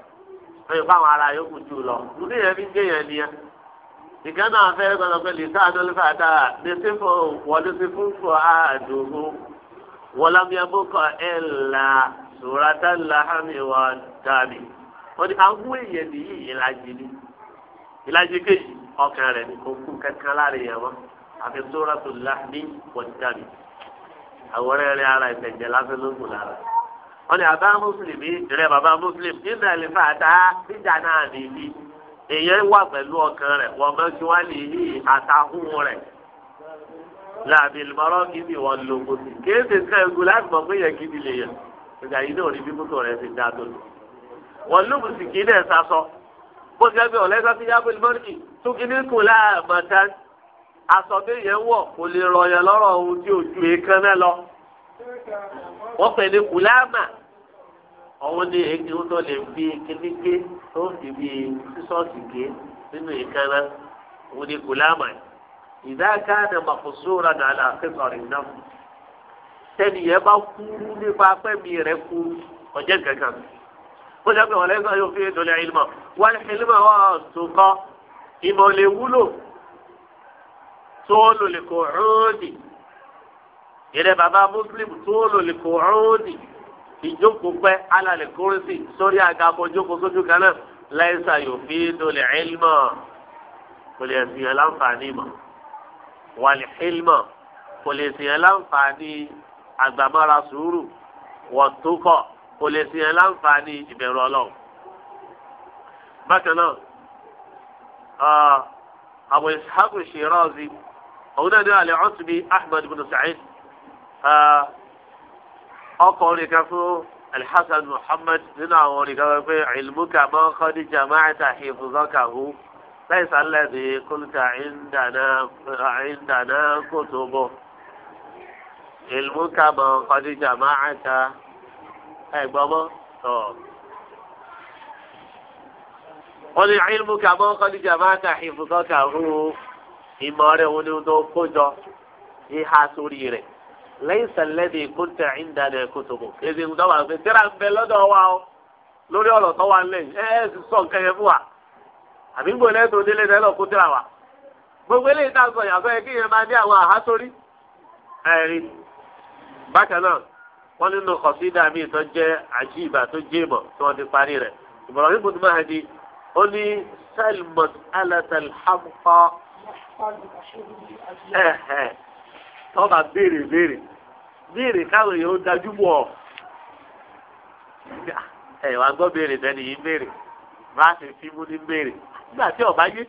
fẹ́ẹ́ fáwọn ará yòókù jù lọ lórí yẹn fi ń jẹ́ yẹn nìyẹn ìkànnù àfẹ́ gbọ́dọ̀ pé lìtá àdólífà dára ní sífò wọlé sí fún fò àdùnkù wọlámiẹ́bùkọ̀ ẹ̀ sùràtà làhámi wà dàbí wọ́n ní àwọn èèyàn nìyí ìlàjì ni ìlàjì kejì ọkàn rẹ̀ ní kò kú kankan láàrin yẹn mọ́ àfi sùràtà làhámi wà dàbí àwòrán rẹ̀ ara ìtẹ̀jẹ̀ lásán ló kù lára wọ́n ní àbá mùsùlùmí rẹ̀ bàbá mùsùlùmí nínú àlefa àtà níjà náà nìyí èèyàn wà pẹ̀lú ọkàn rẹ̀ wọ́n mọ̀ kí wọ́n lè àtàkùn rẹ̀ láàbí ìmọ̀ràn kìíní wọn lò kò sí kéèsì sẹ́gun láti mọ̀ pé yẹn kìíní lè yẹn ìgbà yìí náà rí bí mọ́tò rẹ̀ ti dá tó lò. wọ́n lùmù sì kí náà sasọ bó ti gbàgbé ọ̀lẹ́sà sí yàgò ìmọ̀nìkì tó kí ní kù láàmọ̀tá aṣọ tó yẹ ń wọ̀ kò lè rọyàn lọ́rọ̀ ohun tí ojú èèkan náà lọ. wọ́n pè ní kù láàmà ọ̀hún ní èké tó lè fi kíní tó fi bí sísọ́ọ̀sì gé nínú èèkan náà òun ní kù láàmà ìdá káàdà màkùsùn rà nàlà àkẹ́sọ̀rì náà tẹ́ni yẹn bá kúrú nípa fẹ́mi rẹ̀ kúrú ọ̀jẹ̀ kankan ó jẹ́ pé wọ́n lẹ́sọ̀ yóò fi ètò ilẹ̀ ìlmọ̀ wọ́n lè ìlmọ̀ wọ́n tó kọ́ ìmọ̀ lè wúlò tó lò lè kó rúdì ìrẹ́ bàbá mùsùlùmí tó lò lè kó rúdì ìjókòó pẹ́ alàlẹ́ kórìsì sórí àga àbọ̀jókòó sójú kan náà lẹ́sà yóò fi ètò ilẹ̀ ìlmọ̀ kò lè sìn láǹfààní mọ̀ wọ́n lè ìlmọ̀ láǹfààní mọ̀ àgbàmọ́ra sùúrù wọ̀túkọ̀ kò lè sí yẹn láǹfààní ìbẹ̀rù ọlọ́run. bákan náà Abu Ishaq Shirazi òun náà ní alẹ́ ọ̀túnbí Ahmad bin Sa'id ọkùnrin kan fún Al-Hasan Muhammad nínú àwọn orin kan pé ilmuka mọ́ kọ́díjà máa ta hifzaka hu láìsàn lẹ́bi kúlùkà ìndàná kòtò bọ̀ èlùmú kàmọ́ kọ́díjà máa ń ta ẹ̀gbọ́n mọ́ tọ̀. wọ́n ní ìlmú kàmọ́ kọ́díjà máa ń ta ìfúkọ́kà hù ìmọ̀ rẹ̀ wọn ni tó kójọ ìhà sórí rẹ̀ lẹ́yìn sẹ́lẹ̀dì kúntẹ̀ ìdánilẹ̀ kótóbù. èdè ń dọ́wà pé tíra ń bẹ lọ́dọ̀ wa o lórí ọ̀rọ̀ tó wà ẹ ẹ sì sọ nǹkan yẹn fún wa àbí gbọ́n lẹ́tọ̀ délé lẹ́lọ́ kó tíra wa. gbogbo eléyìí tá a sọ yàtọ̀ yẹ kí yẹn máa ní àwọn àhá sórí. ẹ̀rí bákan náà wọ́n nínú kọ̀sídà míì tó jẹ́ àjíìbà tó jẹ́ tí wọ́n ti parí rẹ Ibrahim ibn Mahdi ó ní salmon alatalhamqa tọ́ba béèrè béèrè béèrè káwọn èèyàn dájú mọ́ ọ. ẹ wàá gbọ́ béèrè tẹ́lẹ̀ yìí béèrè bá a fi mú ní béèrè nígbà tí ọba yé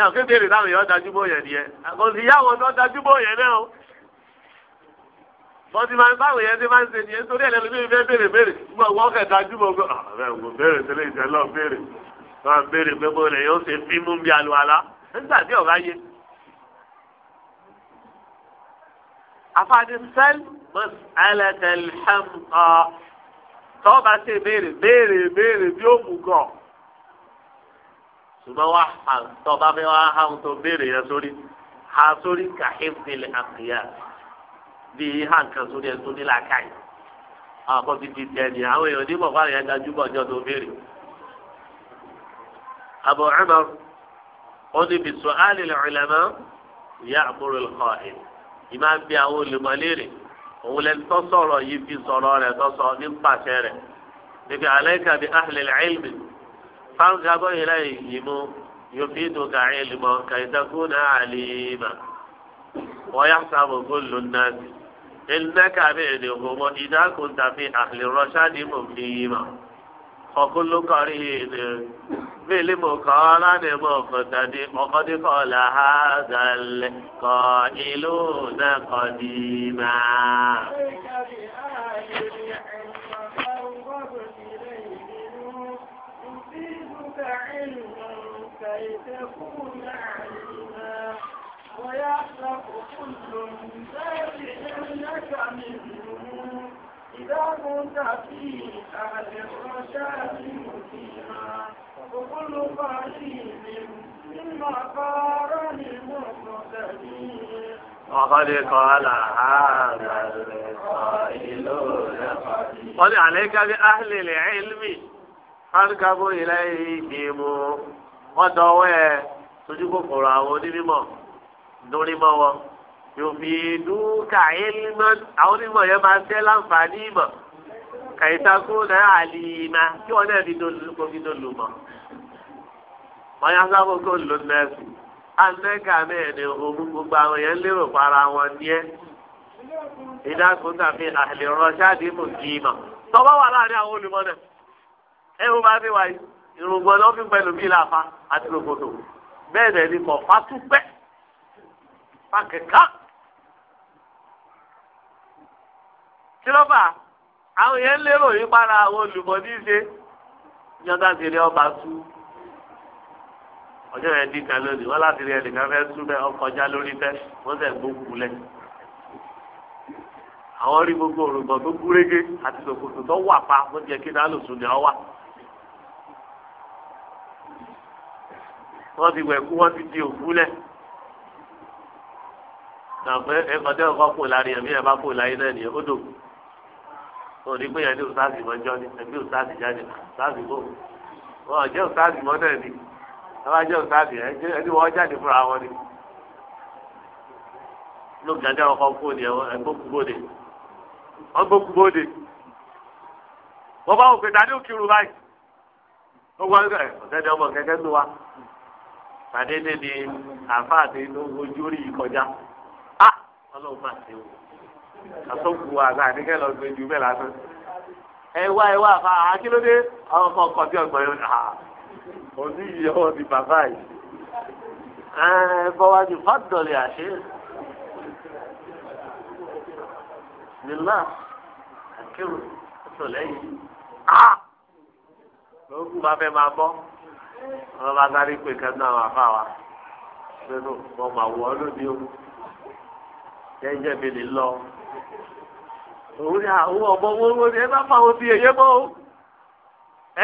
ẹ béèrè èèyàn dájú yẹn nìyẹn ìyá wọn dájú yẹn náà. wọ́n ti máa ń báwo yẹn ti máa ń ṣe nìyẹn torí ẹ̀lẹ́nu bí mi fẹ́ béèrè béèrè gbọ́ wọ́n kẹ̀ dájú mọ́ gbọ́ ah, àbẹ̀ wò béèrè tẹ́lẹ̀ ìṣẹ́ lọ béèrè máa béèrè pé bó lè yóò ṣe fímú bí aluwala nígbà tí ọ̀gá yé. àfàdé sẹ́l ẹlẹ́tẹ̀lẹ́m tọ́ bá ṣe béèrè béèrè béèrè bí ó mú gọ̀ ṣùgbọ́n wá tọ́ bá fẹ́ wá hàn tó béèrè yẹn sórí bí ihà nǹkan sórí ẹ̀ tó ní làákàyè àwọn kan ti di tiẹ̀ ní àwọn èèyàn ní bọ̀fà yẹn dájú bọ̀ ọjọ́ tó béèrè. Abu Umar wọn ní bisu ali ulama ìyá àbúrò ìkọ́ ẹ̀ ìmá bí àwọn olùmọ̀lérè òun lẹni tó sọ̀rọ̀ yìí fi sọ̀rọ̀ rẹ̀ tó sọ ní pàṣẹ rẹ̀ níbi alayka bi ahli al-ilmi fáńgàbọ̀ ìlà ìyìmú يفيدك علما كي تكون عليما ويحسب كل الناس إنك بينهم إذا كنت في أهل الرشاد مقيما وكل قرين بالمقارن مقتدي وقد قال هذا القائلون قديما كي تكون ويحلق كل ذات إنك منه إذا كنت في أهل الرشاد مقيما وكل قليل من مقارن مقتدير وقد قال هذا القائل قل عليك بأهل العلم فاركبوا إليهم ودواه sojú kòkòrò àwọn onímọ̀ lórí mọ́ wọn yòmìnú kàílmán àwọn onímọ̀ yẹn máa ṣe láǹfààní ìmọ̀ kàìtakú náà àlìmá kí wọ́n náà fi kófí tó lù mọ́. wọ́n yá sábò kó lò nẹ́ẹ̀sì anẹ́gà náà ni òun gbogbo àwọn yẹn lérò para wọn díẹ̀. ìdákun tàbí àlè rọ́ṣáàdì mò kì í mọ̀. tọ́wọ́ wà láàrin àwọn olùmọ̀ náà ẹ wo bá fi wáyé ìrùngbọ̀n lọ́fíìn pẹ̀lú bíi làfa àti rògbòdò bẹ́ẹ̀ kankankan kí ló àwọn yẹn lérò yìí para àwọn olùkọ́ ní í ṣe yọ̀dá ti ọba tú ọjọ́ yẹn di kan lónìí wọ́n láti rí ẹnìkan fẹ́ tú bẹ́ẹ̀ ọkọjá lórí wọ́n sẹ̀ gbógun lẹ̀ àwọn rí gbogbo òrùngbọ̀n tó àti tòkòtò tó wà pa kí lòsùn ni ọ wà. wọ́n ti wẹ̀kú wọ́n ti di òkú lẹ̀ tàbí ẹ̀kọ́ tẹ́ ọkọ̀ kò lárí ẹ̀mí ẹ̀ bá kò láyé náà nìyẹn ó dò wọn ní pé yẹn ní òsáàsì mọ́jọ́ ni ẹ̀mí òsáàsì jáde òsáàsì bò wọn ò jẹ́ òsáàsì mọ́ náà ni ẹ̀wá jẹ́ òsáàsì ẹni wọ́n jáde fúnra wọn ni ló gàdé ọkọ̀ kò ní ẹ̀gbọ́kú bòde ọgbọ́kú bòde wọ́n bá wò pé tàdé òkìrù báyìí wọ́n gbọ́ ọ̀sẹ̀ ọmọ kẹ̀kẹ́ tó wa tàdé dé ni àfáà ti ojú rí kọjá ọlọ́run máa ṣe wò àtọ́kù àgbà àdékẹ́ lọ gbé ju bẹ́ẹ̀ lásán. ẹ wá ẹ wá àfa àkílódé àwọn ọmọ ọkọ tí ọgbọ̀n yóò dà òní yìí ọwọ́ ti bàbá yìí. ẹ bọ́wá ju fàdọ̀lì àṣẹ. nílá àkírò tó lẹ́yìn. lóògùn bá fẹ́ máa bọ́ ọlọ́ba sáré pé kẹ́ńtà àwọn àfa wa. pé mo máa wọ̀ ọ́ lóde òun jẹ́jẹ́ mi lè lọ. Òun ni àwọn ọmọ owó ni ẹ bá fà wọn bí èyẹ o.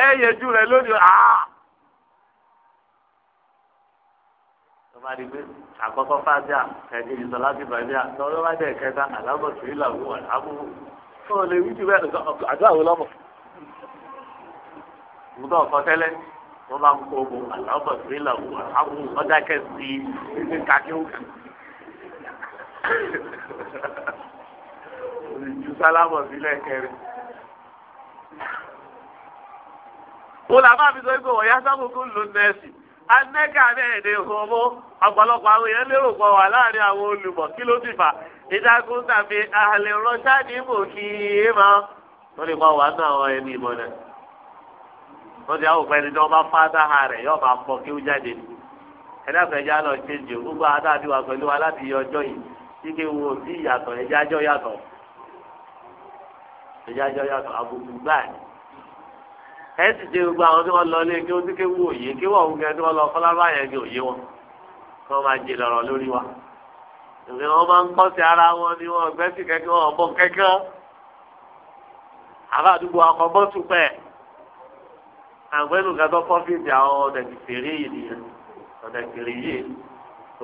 Ẹ yẹjú rẹ lónìí àá. Tọ́ba pé àkọ́kọ́ fájà ẹ̀jẹ̀ ìsọ̀ láti bàjẹ́ àtọ́ bá jẹ́ ìkẹta àlámọ̀ sí ìlàwọ̀ àlámọ̀. Fọ́n lè wí jù bẹ́ẹ̀ àdó àwọn ọlọ́mọ. Ìbùdó ọ̀kan ń kó ogun àlámọ̀ sí ìlàwọ̀ àlámọ̀ ọjà kẹ́sì ní kàkíwù ju sálámọ̀ sílẹ̀ kẹrin. mo là máa fi sọ pé ọ̀yá sábùkù ló nẹ́ẹ̀sì anẹ́gà náà ní ìhòòmó ọ̀pọ̀lọpọ̀ àwọn èèyàn lérò pọ̀ wà láàrin àwọn olùmọ̀ kí ló ti fà ìdágún tàbí àhàlẹ̀ rọ́ṣà ní mò kí é mọ́ wọ́n lè ha rẹ̀ yóò máa pọ̀ kí ó jáde kíkẹ́ wo sí ìyàtọ̀ ẹ̀jẹ̀ ajọ́ yàtọ̀ ẹ̀jẹ̀ ajọ́ yàtọ̀ àbùkù gbáà ẹ sì ṣe gbogbo àwọn tí wọ́n lọ lé kí wọ́n ti ké wo òye kí wọ́n òun kẹ́ tí wọ́n lọ fọlábà yẹn kí òye wọn kí wọ́n máa jẹ lọ́rọ̀ lórí wa ìwé wọn máa ń kọ́ sí ara wọn ni wọn ọ̀gbẹ́ sì kẹ́kẹ́ wọn ọ̀bọ kẹ́kẹ́ àbá àdúgbò akọ bọ́tù pẹ̀ àgbẹ̀nù kẹ́tọ́ kọ́fíìsì àwọn ọ̀dẹ̀kìtìrì yìí nìyẹn ọ̀dẹ̀kìtìrì yìí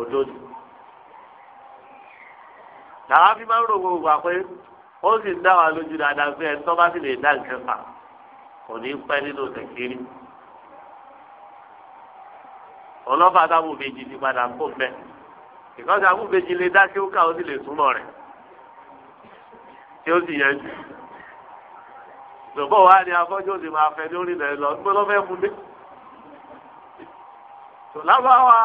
òdòdó làwọn fi máa ń rò gbogbo àpé ó sì ń dá wa lójú dáadáa pé ẹni tó bá sì lè dá nǹkan fà kò ní pẹ́ nínú tẹ̀kírí ọlọ́fà tábùbejì ti padà kó mbẹ́ ìkọ́sí àbùbejì lè dá kí ó kà ó sì lè súnmọ́ rẹ̀ tí ó sì yanjú ṣùgbọ́n wàá ní afọ́jú ó sì máa fẹ́ lórí rẹ̀ lọ gbọ́dọ̀ fẹ́ fún mi tòlábà wa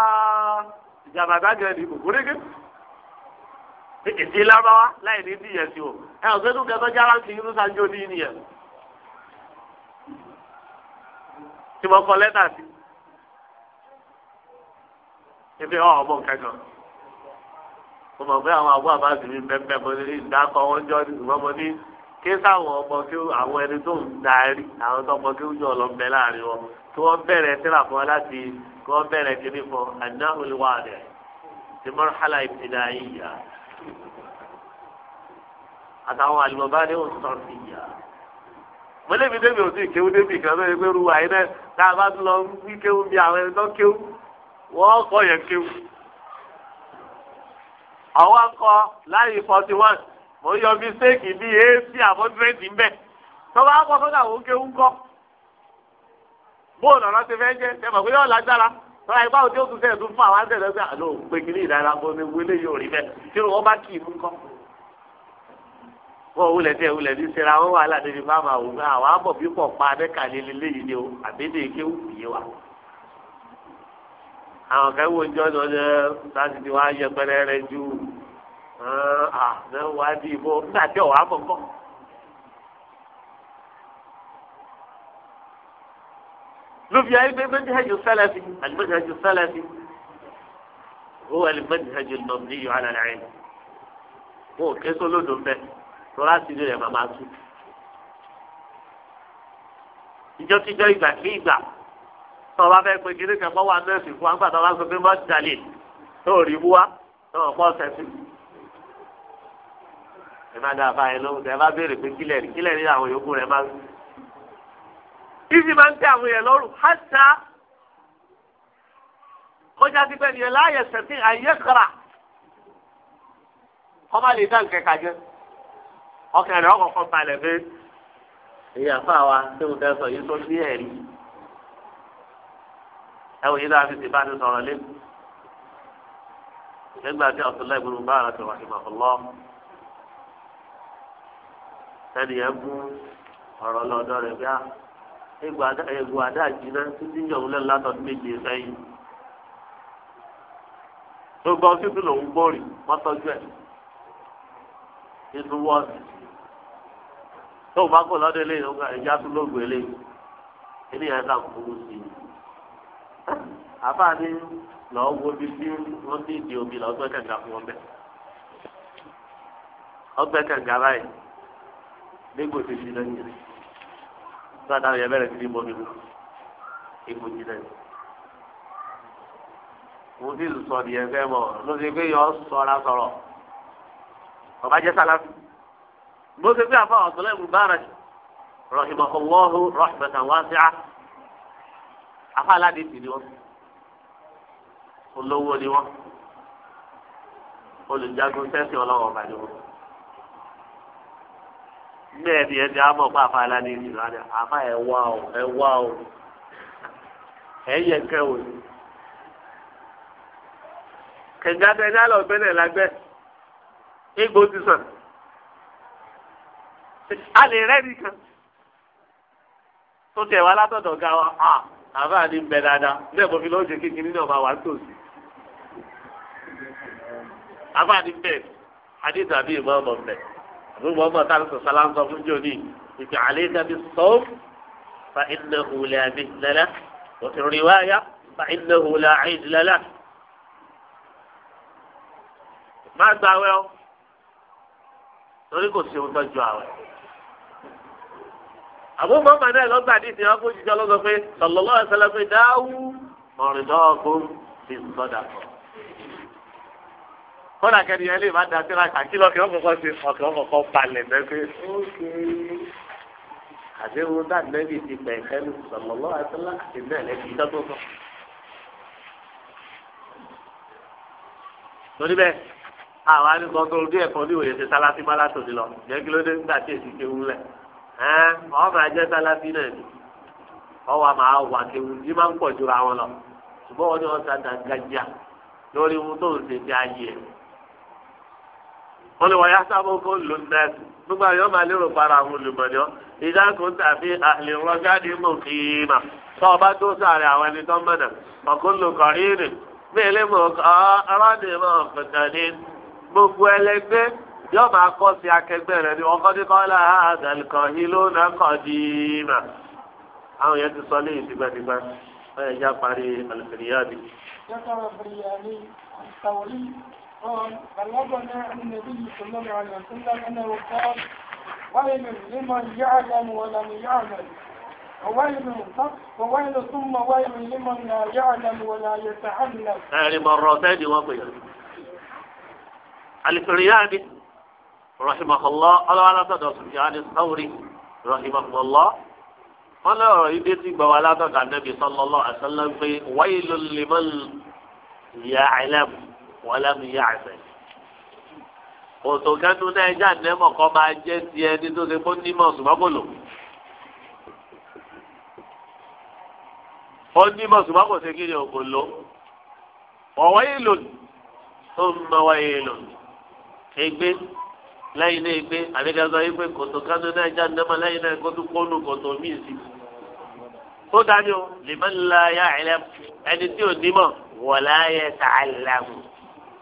ìjàmbá dájọ́ ẹni kò gúrégé èdè lábáwá láì ní díyẹ sí o ẹ ọ̀gbẹ́ tó kẹtọ́ jára ti irú sanjó ní nìyẹn tí mo kọ lẹ́tà sí ebi ọ̀ ọmọ kankan mo mọ̀ pé àwọn àbúrò àbáṣe mi bẹ́ẹ̀ mo ní ìdákọ̀ wọn jọ ní ìgbọ́n mo ní kí sáwọn ọmọ kí àwọn ẹni tó ń darí àwọn tó ọmọ kí ó jọ lọ bẹ láàrin wọn kí wọ́n bẹ̀rẹ̀ sílà fún wa láti kí wọ́n bẹ̀rẹ̀ kíní fún anáhùn wàdẹ̀ tìmọ́rọ̀ hàlà ìpìlẹ̀ ayé yìí yàrá àtàwọn àlùmọ̀bá ni ó sọ sí ìyá. mọ́lẹ́bí débi òsì kéwú débi kan tó yẹ pé ruwa yìí náà tá a bá tún lọ wí kéwú bí àwọn ẹni tó kéwú wọ́n kọ́ yẹn kéwú. àwọn akọ láyé forty one mo yọ mistake bí eighty àbọ̀dúrẹ́tì ń bẹ̀ tó bá kọ́ sọ́dọ̀ àwọn kéwú kọ́. bóòlù ọ̀rọ̀ ti fẹ́ jẹ́ ṣe mọ̀ pé yóò lágbára tọ́lá ìgbà òde òtún sẹ́yìn tún fún àwọn àtẹ̀lẹ́sẹ̀ àlọ́ òpè kìíní ìdára bọ́ ni wọlé yóò rí bẹ́ẹ̀ tí wọ́n bá kì í mú kọ́ wọn ò wulẹ̀ tí ẹ wulẹ̀ ní sẹ́ra wọn wà ládébi bá máa wù mí àwọn abọ̀ bí pọ̀ pa adẹ́ka líle léyìí ni o àbẹ́dẹ́ ike wù yé wa. àwọn kan wo jọ lọ lẹ láti ti wá yẹ pẹrẹ rẹ ju àwọn wá di ìbò nígbà tí ọ̀wá bọ̀ bọ̀. lóbi ayé pé manhaj salafi al-manhaj salafi huwa al-manhaj al-mabni ala al-ilm wọn ò ké sólódò mbẹ́ tọ́lá sí ilé rẹ̀ máa máa tú. ìjọ́kíjọ́ ìgbà kí ìgbà tó o bá fẹ́ pe kiri kan bọ́ wà nọ́ọ̀sì fún wa nígbà tó o bá sọ pé mọ́ọ̀sì dalè tó o rí wú wa tó o pọ̀ sẹ́sì. ẹ má dáa báyìí lóhùn tẹ ẹ bá béèrè pé kílẹ̀ ní kílẹ̀ ní àwọn yòókù rẹ̀ máa ń. ìsì máa ń tẹ àwọn èèyàn lọ́rùn hàtà kọjá sí pé nìyẹn láàyè sẹ́sì àyè kàrà kọ́ ọkàn rẹ̀ ọkọ̀ọ̀kan balẹ̀ pé èyí àfa wa tí mo fẹ́ sọ yìí tó ní ẹ̀rí ẹ wòye náà fi tìbá ti sọ̀rọ̀ lé nígbà tí ọ̀túnlá ìgbìmọ̀ bá ara tó wàhímà fọlọ́ ẹnì yẹn gún ọ̀rọ̀ lọ́dọ̀ rẹ̀ bí a ah, egbò àdá jìnnà títí yọ̀wù lẹ́nu látọ̀dún méje sẹ́yìn gbogbo ọtí tó lòún gbòòrì mọ́tọ́jú ẹ̀ títún wọ́ọ̀sì tó o bá kó lọ́dọ̀ eléyìí ó gba ìjà tó ló gbélé eléyìí ẹ̀ka kúrú sí i. àfáàní lọ wo bí tí wọ́n ti di omi lọ gbẹ́ kànga fún wọn bẹ́ẹ̀. ọgbẹ́ kànga báyìí dégbò ti di lẹ́yìn rẹ̀ tó àdáwọ̀ yẹn bẹ̀rẹ̀ sí ní bọ́mí mu ipò ti lẹ́yìn. mo ti sọ nìyẹn fẹ́ mọ̀ ló ti pé yọ sọ́ra sọ̀rọ̀ ọ̀bá jẹ́ sáláfì. bó ṣe gbé àfa ọ̀sọ̀lẹ̀ mubarak rahimahullahu rahmatan wasi'a àfa aládé sì ni wọn olówó ni wọn olùjagun ni wọn bẹ́ẹ̀ ni ẹni àmọ́ pa àfa aládé sì lọ́wọ́ àfa ẹ̀ wá o ẹ̀ wá a lè rẹ́rìí kan tó tẹ̀ wá látọ̀dọ̀ ga wa àbá ni ń bẹ dáadáa bẹ́ẹ̀ mo fi lọ́ọ́ jẹ́ kékeré náà máa wà nítòsí àbá ni ń bẹ àdéhùn àbí ìmọ̀ ọmọ ń bẹ àbúrò ọmọ tá a sọ sálá ń sọ fún jòní ìpè àlẹ́ ìdábí sọ́ọ́ fa iná òòlà àbí lẹ́lẹ́ òtún fa iná òòlà àìdí lẹ́lẹ́ má gbàwẹ́ o torí kò sí ohun tó ju àwẹ̀ àbú mọ́mọ́ náà lọ́gbà ní ìsìn ọkọ̀ òjijì ọlọ́gbà pé sọlọ́lọ́ ẹ̀sẹ̀lẹ̀ pé dáwù mọ̀rìndọ́ọ̀gùn ti ń sọ́dà kọ́. kọ́nà kẹ́ni yẹn lè má da síra kàkí lọ́kẹ́ ọkọ̀ọ̀kọ́ ti ọkẹ́ ọkọ̀ọ̀kọ́ balẹ̀ mẹ́fẹ́. àdéhùn náà nẹ́bí ti pẹ̀ kẹ́nu sọlọ́lọ́ ẹ̀sẹ̀lẹ̀ àti náà lẹ́bi ìtọ́gbọ́n. torí bẹ́ẹ̀ àwọn àdìgbọ́n tó dé ẹ̀kọ́ ní òye ti sálásí bá látòdì lọ jẹ́ kí ló dé nígbà tí èsì kéwú lẹ̀. ẹ ọ máa jẹ sálábí náà ni ọwọ àmà wà kéwù yìí máa ń pọ̀ jura wọn lọ ṣùgbọ́n wọn ni wọn ta dàgájà lórí ohun tó ń ṣe ti ayé ẹ wọn ni wọn yá kó lò gbogbo àwọn yóò máa lérò para àwọn tàbí àlè tó àwọn ẹni tó yóò máa kọ́ sí akẹgbẹ́ rẹ̀ ni wọ́n kọ́ ní kọ́lá àdàlùkọ́ ìlú náà kọ́ di mà. àwọn yẹn ti sọ ní ìdìgbàdìgbà wọ́n yẹ parí قال بلغنا عن النبي صلى الله عليه وسلم انه قال ويل لمن يعلم ولم يعمل وويل وويل ثم ويل لمن لا يعلم ولا يتعلم. يعني مرتين وقيل. الفريابي rahimahullah ọlọ́wọ́látọ̀dọ̀ sùfìyàn sáwùrì rahimahullah wọn lọ ọ̀rọ̀ yìí dé ti gbà wá النبي صلى الله عليه وسلم في ويل liman يعلم ولم lam ya'lam òtò kẹnu náà ẹjẹ ànẹmọ kọ máa jẹ ti ẹni tó ṣe kó nímọ̀ ṣùgbọ́n ó nímọ̀ ṣùgbọ́n ṣe kí òkò lò wa waylun thumma waylun ẹgbẹ́ lẹ́yìn náà pé àdékàtà yìí pé kòtò kánú náà já nàmà lẹ́yìn náà kótó kónú kòtò míì sí. ó dájú liman la ya'lam ẹni tí ò nímọ̀ wala yata'allam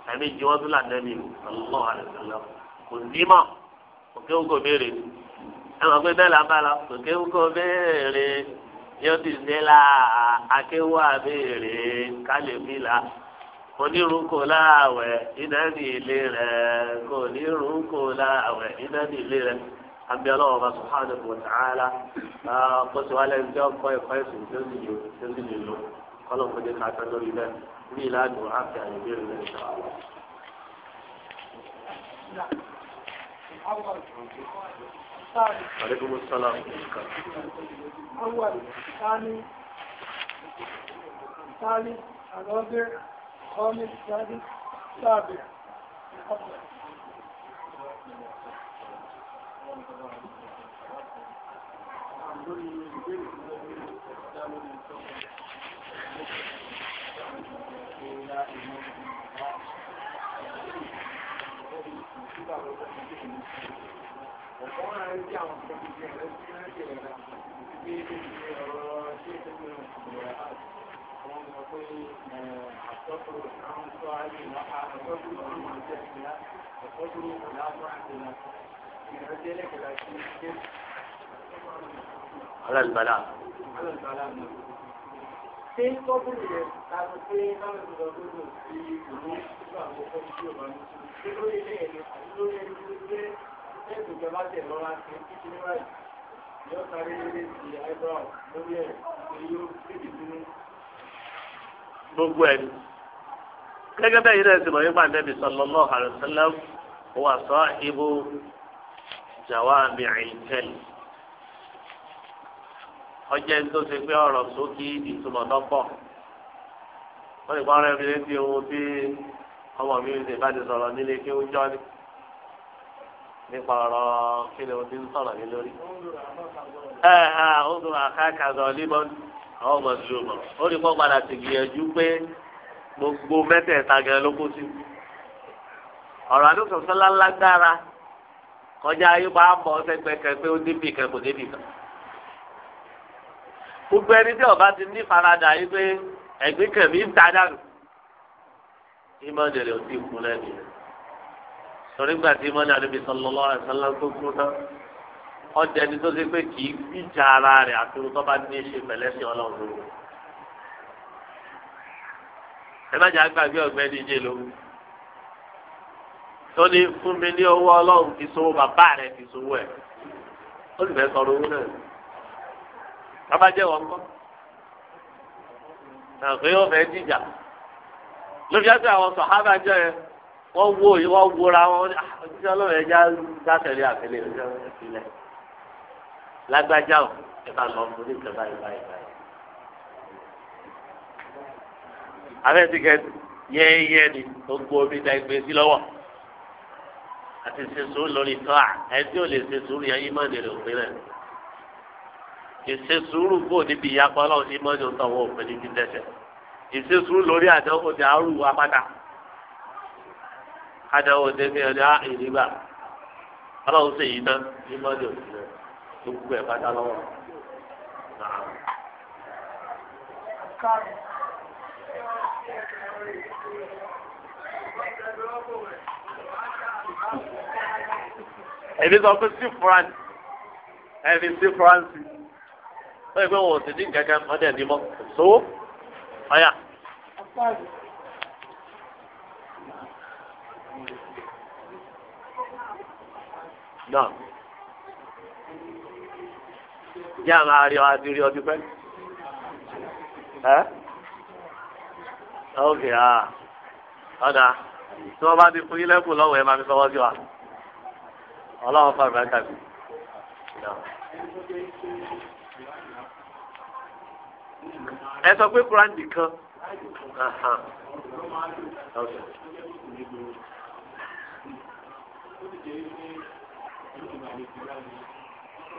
àmì jí wọ́n tún lànà mi ọlọ́wọ́ àdàlọ́ kò nímọ̀ òkè ń béèrè ẹ mọ̀ pé bẹ́ẹ̀ là ń bá lọ òkè ń béèrè yóò ti ṣe akéwà béèrè kálẹ̀ mi là onírun kò láàwẹ̀ iná ní ilé rẹ̀ kò nírun kò láàwẹ̀ iná ní ilé rẹ̀ àbí ọlọ́wọ́ bá subhanahu wa ta'ala kó sì wá lẹ́nu tí ó kọ́ ẹ̀kọ́ ẹ̀sìn tí ó sì lò tí ó sì lè lò kọ́lọ̀ kó dé káàkiri lórí bẹ́ẹ̀ ní ìlànà àti àyèmí rẹ̀ lẹ́yìn tó àwọn. عليكم السلام أول ثاني ثالث الرابع المقام السادس السابع Thank you àwọn sọ pé àtọ́kùrù àwọn sọ ayé lápá àtọ́kùrù àwọn ọmọ ìjẹ́ ìlà àtọ́kùrù lápá àti ìlà ìrántí ẹlẹ́kẹ̀lá sí ṣé. alálùbálà. alálùbálà ni ṣé tọ́kùrù yẹn láti pé láti sọ pé kò sí ìlú nígbà àkọ́kọ́ tí yóò bá ní sùn ṣé lórí ilé ẹ̀mí àti lórí ẹni tó gbé ẹ̀sùn ìjọba tẹ̀ lọ́la ṣe kíkí níwáyìí yóò sáré lórí ti eyebrow lórí ẹ̀ èyí ó kéde sínú gbogbo ẹni gẹ́gẹ́ bẹ́ẹ̀ yìí náà ti mọ̀ nípa nẹ́bí sallallahu alaihi wasallam wà sọ ibo jawami àìtẹ́lì ọjọ́ ẹni tó ṣe pé ọ̀rọ̀ sókè ìtumọ̀ lọ́pọ̀ wọ́n lè gbọ́n rẹ̀ fi létí ohun tí ọmọ mi ń ṣe bá ti sọ̀rọ̀ nílé kí ó jọ́ ni nípa ọ̀rọ̀ kí ni o ti ń sọ̀rọ̀ ní lórí. ẹ ẹ ó dùn àkàkà zọ̀ líbọn àwọn ọmọ ìlú mọ̀ ó rí kọ́ padà sì gbìyànjú pé gbogbo mẹ́tẹ̀ẹ̀ta gan ló kó sí. ọ̀rọ̀ àdókòó sọ́lá lágbára kọjá ayé bá mọ sẹgbẹkẹ pé ó débì kan kò débì kan. gbogbo ẹni tí ọba ti ní faradà yìí pé ẹ̀gbín kẹ̀mí ń ta dànù. ìmọ̀ọ́dẹ̀rẹ̀ ò tí ì kú lẹ́nu. sọ̀rọ̀ ìgbà tí ìmọ̀ọ́dẹ̀ àdébísọ̀ lọ́lọ́ àìsàn lọ́gbọ́n kú náà ọjà ẹni tó ṣe pé kì í gbìjà ara rẹ̀ àti ohun tó bá ní í ṣe pẹ̀lẹ́sìn ọlọ́run ló. ẹ má jà gbàgbé ọ̀gbẹ́ni ìjẹ ló. tó ní fún mi ní owó ọlọ́run fi sowó bàbá rẹ̀ fi sowó ẹ̀ ó sì fẹ́ sọ̀rọ̀ owó náà. bàbá jẹ́ wọn kọ́. àgbẹ̀ yóò fẹ́ jìjà. ló fi á pé àwọn sọ̀hábà ẹ wọ́n wo wọ́n wora wọn ọjọ́ ah, ọlọ́run ẹja dá tẹ̀lé àtẹlẹ́ ọjọ́ ìpínlẹ̀ lágbájá o ẹ bá lọ fún níkan báyìí báyìí báyìí. abẹ́ ti kẹ́ yẹ́yẹ́ ni gbogbo omi ta ẹgbẹ́ sí lọ́wọ́ àti sèso lórí tọ́à ẹ tí ò lè sèso rí ayé má nílò òpin rẹ̀ ìsesùúrù kò níbi ìyapa ọlọ́run ní mọ́ni ọ̀tọ̀ wọn ò pẹ̀lú ti dẹ́sẹ̀ ìsesùúrù lórí àdánwò ah, ti àárù wa padà àdánwò tẹ́lẹ̀ ọ̀dá ìrìbà ọlọ́run sì yí tán ní mọ́ni òsì náà gbogbo ẹ̀ pátá lọ́wọ́. ẹbí sọ pé sí france ẹbí sí france ó yẹ pé wọn ò sì ní kankan wọn dẹ̀ ní mọ́ sówó ọ̀yà. náà. jẹ́ àmà àríọ̀ àti ọdún ok ọ̀dà tí wọ́n bá ti fún lọ́wọ́ ẹ máa fi sí wa ọlọ́run fún àgbà kàbí. ẹ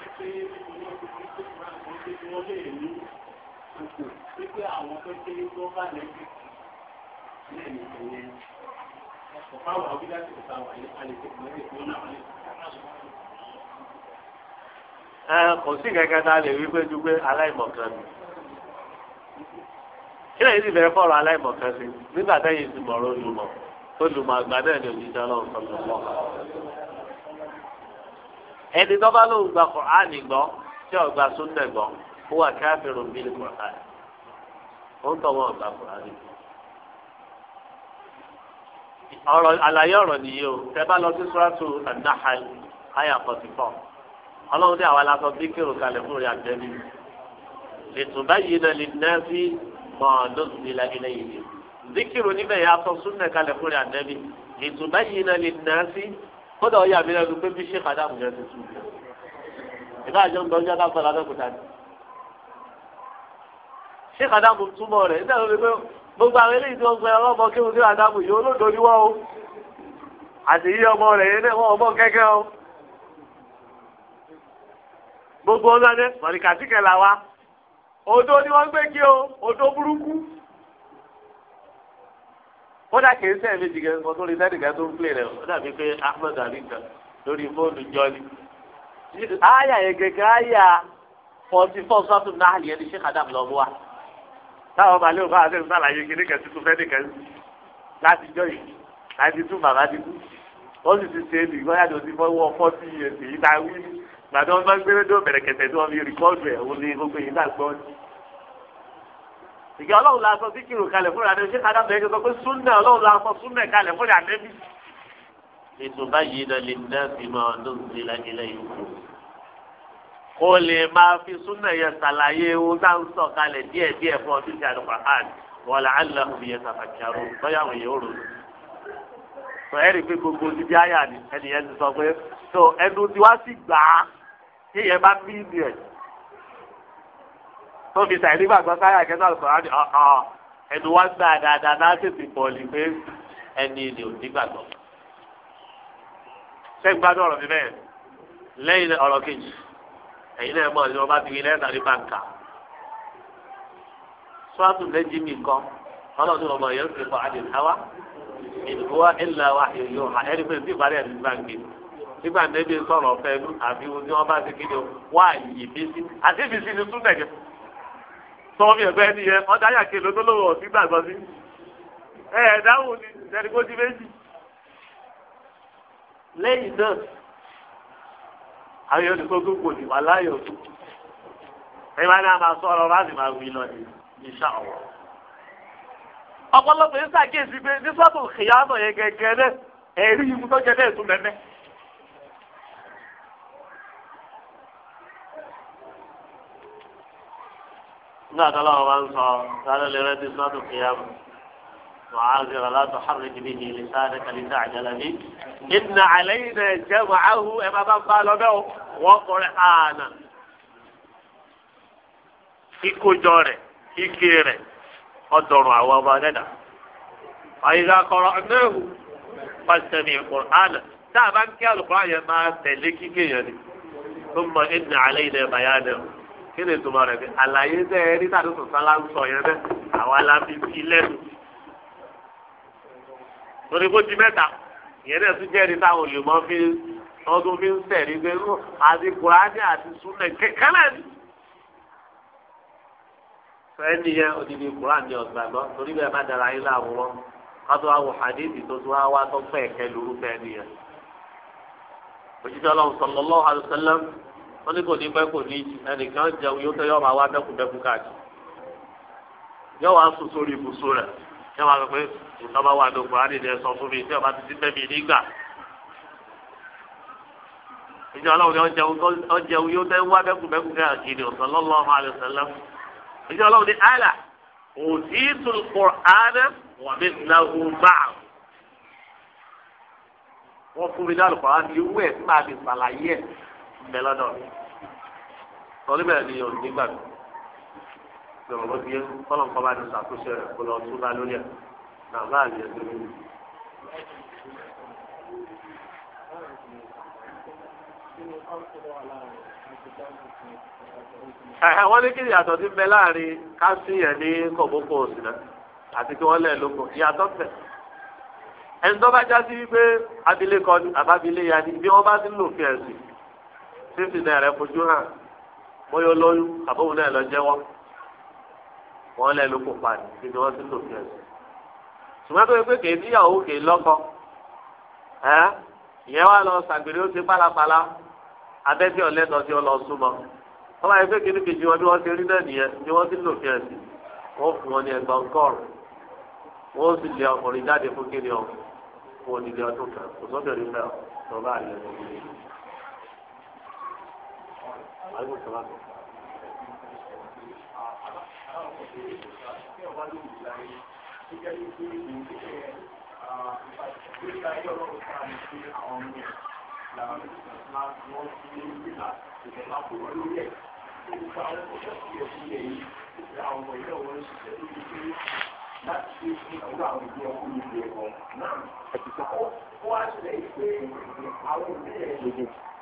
pé wọ́n ti Kò sí kankan tá a lè wí pé ju aláìmọ̀kan ni. Kí lẹ́yìn sì bẹ̀rẹ̀ fọ̀rọ̀ aláìmọ̀kan sí nígbà tẹ́yìn ti mọ̀ ọ́ lùmọ̀. Olùmọ̀ àgbà náà ni òjijì ọlọ́run sọ̀rọ̀ lọ́wọ́. ẹni tó bá lóun gba kùránì gbọ́ tí ò gba súnà gbọ́ ó wà káfíìrù bíi kùránì ó ń tọ́ wọn gba kùránì. ọ̀rọ̀ àlàyé ọ̀rọ̀ nìyí o tẹ́ bá lọ sí sùràtù an-Nahl àyà forty four ọlọ́run dé àwa la bí kírun kalẹ̀ fún rẹ̀ àjẹbí litubayyina lin-nasi ma nuzila ilayhim zikiru níbẹ̀ yà sọ kalẹ̀ fún rẹ̀ àjẹbí litubayyina lin-nasi kódà ọ̀yà mi lẹ́nu pé bí sèkà Adamu yẹn ti sùn ìka àjọ ń gbọ́ ọjọ́ aláfẹ́ lábẹ́kúta ni sèkà Adamu túmọ̀ rẹ̀ nígbà tó fi pé gbogbo àwọn eléyìí tí wọ́n gbẹ ọlọ́mọ kí wọ́n ti Adamu yìí olódò ni wọ́n o àti yí ọmọ rẹ̀ yẹn náà wọ́n ọmọ kẹ́kẹ́ o gbogbo ọlọ́dẹ mọ̀nìkàtìkẹ̀ là wa odò ni wọ́n gbé kí o odò burúkú kódà kìí sẹ́ẹ̀ méjì kẹ́ mo tó lè sẹ́ẹ̀ nìkan tó ń plé rẹ̀ ó dàbí pé ahmed ali kan lórí fóònù jọ́ni. àyà yẹn gẹ́gẹ́ àyà forty four sọ́tún náà yẹn ni sheikh adam lọ́mú wa. táwọn ọba lé òbá àti ìsàlàyé kìíní kan tuntun fẹ́ nìkan láti jọ yìí láti tún bàbá ti kú. wọ́n sì ti ṣe é nìyí wáyà lòdì mọ́ wọ́n forty years èyí tá a wí. gbàdúrà wọn bá gbé rédíò bẹ̀rẹ̀ kẹsẹ̀ tí wọ́n fi rìkọ́ọ̀dù ẹ̀ ìgbà ọlọ́run la sọ síkìrù kalẹ̀ fúnra rẹ̀ ṣé kàdá bẹ̀rẹ̀ sọ pé súnà ọlọ́run la sọ súnà kalẹ̀ fúnra rẹ̀ bí. ètò báyìí náà lè ná sí ma ọdún sí lágilẹ̀ yòókù. kó lè máa fi súnà yẹn ṣàlàyé ohun tá ń sọ kalẹ̀ díẹ̀ díẹ̀ fún ọdún sí àdùkọ àn wọlé aláhùn yẹn sàfàkìyàrò bóyá àwọn èèyàn rò sọ ẹ rí i pé gbogbo títí àyà ni ẹnìyẹn ti sọ pé ẹnu tí wá sì gbà á tó fi sàì nígbàgbọ́ sáyà kẹta àlùkòrán ni ọ̀hán ẹnu wá gbà dáadáa náà sì ti bọ̀ọ̀lì pé ẹni ni ò nígbàgbọ́. ṣé gbádùn ọ̀rọ̀ mi bẹ́ẹ̀ lẹ́yìn ọ̀rọ̀ kejì ẹ̀yin náà mọ̀ ní wọ́n bá ti rí lẹ́sà ní bàǹkà. sọ́ọ́tù lẹ́jì mi kan ọlọ́run ọmọ yẹn ti kọ́ adìr hawa ìdúwọ́ ìlà wa yóò ha ẹni pé sí ìparí ẹ̀sìn gbàǹgbé nígbà nẹ́bí sọ̀rọ̀ fẹ́ẹ́ àfi wọn tí ti kí ni wá ìyèmí sí àti ìbísí ni túnbẹ̀ kẹfù tọ́ mi ẹ̀fẹ́ ni yẹn ọ̀dà yàkè lọ́dọ́lọ́wọ́ ọ̀sìn gbàgbọ́ sí. ẹ ẹ dáhùn ni ìdẹ́rìkó ti méjì. lẹ́yìn náà àwọn olùkọ́ gbogbo ní wà láyọ̀ tó. ẹ máa ní a máa sọ ọ̀rọ̀ láti máa wí lọ ní iṣẹ́ ọ̀wọ́. ọ̀pọ̀lọpọ̀ yín ṣàkíyèsí pé ní sọ́tò kìyàtọ̀ yẹn gẹ́gẹ́ náà ẹ̀rí ìmúdọ́jẹ́ náà tún mẹ́mẹ́. إذا قال الله قال لرد صلاة القيامة معاذر لا تحرك به لسانك لتعجل به إن علينا جمعه إما من قال له وقرآنا إكو جوري إكيري قدر معه وضاننا فإذا قرأناه فاستمع قرآنا تعبان كالقران القرآن ما تلكي كي ثم إن علينا بيانه kí ni ìtumọ̀ rẹ̀ bí àlàyé tẹ́ ẹ rí tàbí tó sálá ń sọ yẹn bẹ́ẹ̀ àwa la fi fi lẹ́nu. torí kó ti mẹ́ta ìyẹn náà tún jẹ́rìí táwọn olùmọ́ fi ọdún fi ń tẹ̀lé pé àti kùránì àti súnlẹ̀ kẹ̀kẹ́ náà ni. fẹ́ẹ́ni yẹn odidi kùránì ọ̀gbàgbọ́ torí bẹ́ẹ̀ má dara yín láwùrọ̀ kátó àwọn hadithi tó tún wá tó fẹ́ẹ̀kẹ́ lórúkọ ẹni yẹn. òjijì wọ́n ní kò ní pẹ́ kò ní jù ẹnìkan jẹun yóò tẹ́ yọ́ máa wá bẹ́kúbẹ́kú káàkiri yọ́ wá sùn sórí ibùsùn rẹ̀ yọ́ máa sọ pé ìtọ́ba wà lóko á nìyẹn sọ fún mi tí ọba ti ti fẹ́mi nígbà. ìjọ ọlọ́run ni ọjẹun yóò tẹ́ wá bẹ́kúbẹ́kú káàkiri ọ̀sán ọmọ bẹ mi ni yóò nígbà mi ló bá ti ṣàkóso rẹ̀ kó lọ tún bá lórí ẹ̀ náà bá wọ́n ní kí yàtọ̀ ti bẹ láàrin káṣí yẹn ní òsì náà àti kí wọ́n lẹ̀ lóko yàtọ̀ tẹ̀ bá já sí wípé abilékọ ni fífi náà rẹ fojú hàn bóyá olóyún àbóhùn náà lọ jẹ́wọ́ wọ́n lẹ́nu kó parí kí ni wọ́n ti lò fi ẹ̀sìn. ṣùgbọ́n tó yẹ pé kèé níyàwó kèé lọ́kọ ẹ́ ìyẹn wà lọ sàgbèrè ó ti pálapàla abẹ́tí ọ̀lẹ́tọ̀ tí ó lọ súnmọ́ wọ́n bá yẹ pé kí ni kejì wọn bí wọ́n ti rí náà nìyẹn ni wọ́n ti lò fi ẹ̀sìn wọ́n fún wọn ní ẹgbọ́n kọ́ọ̀rù wọ́n sì lé ọkùnrin jáde fún kí ni ọ fún onílé ọdún kan kò sọ́dọ̀ algo se va láti fi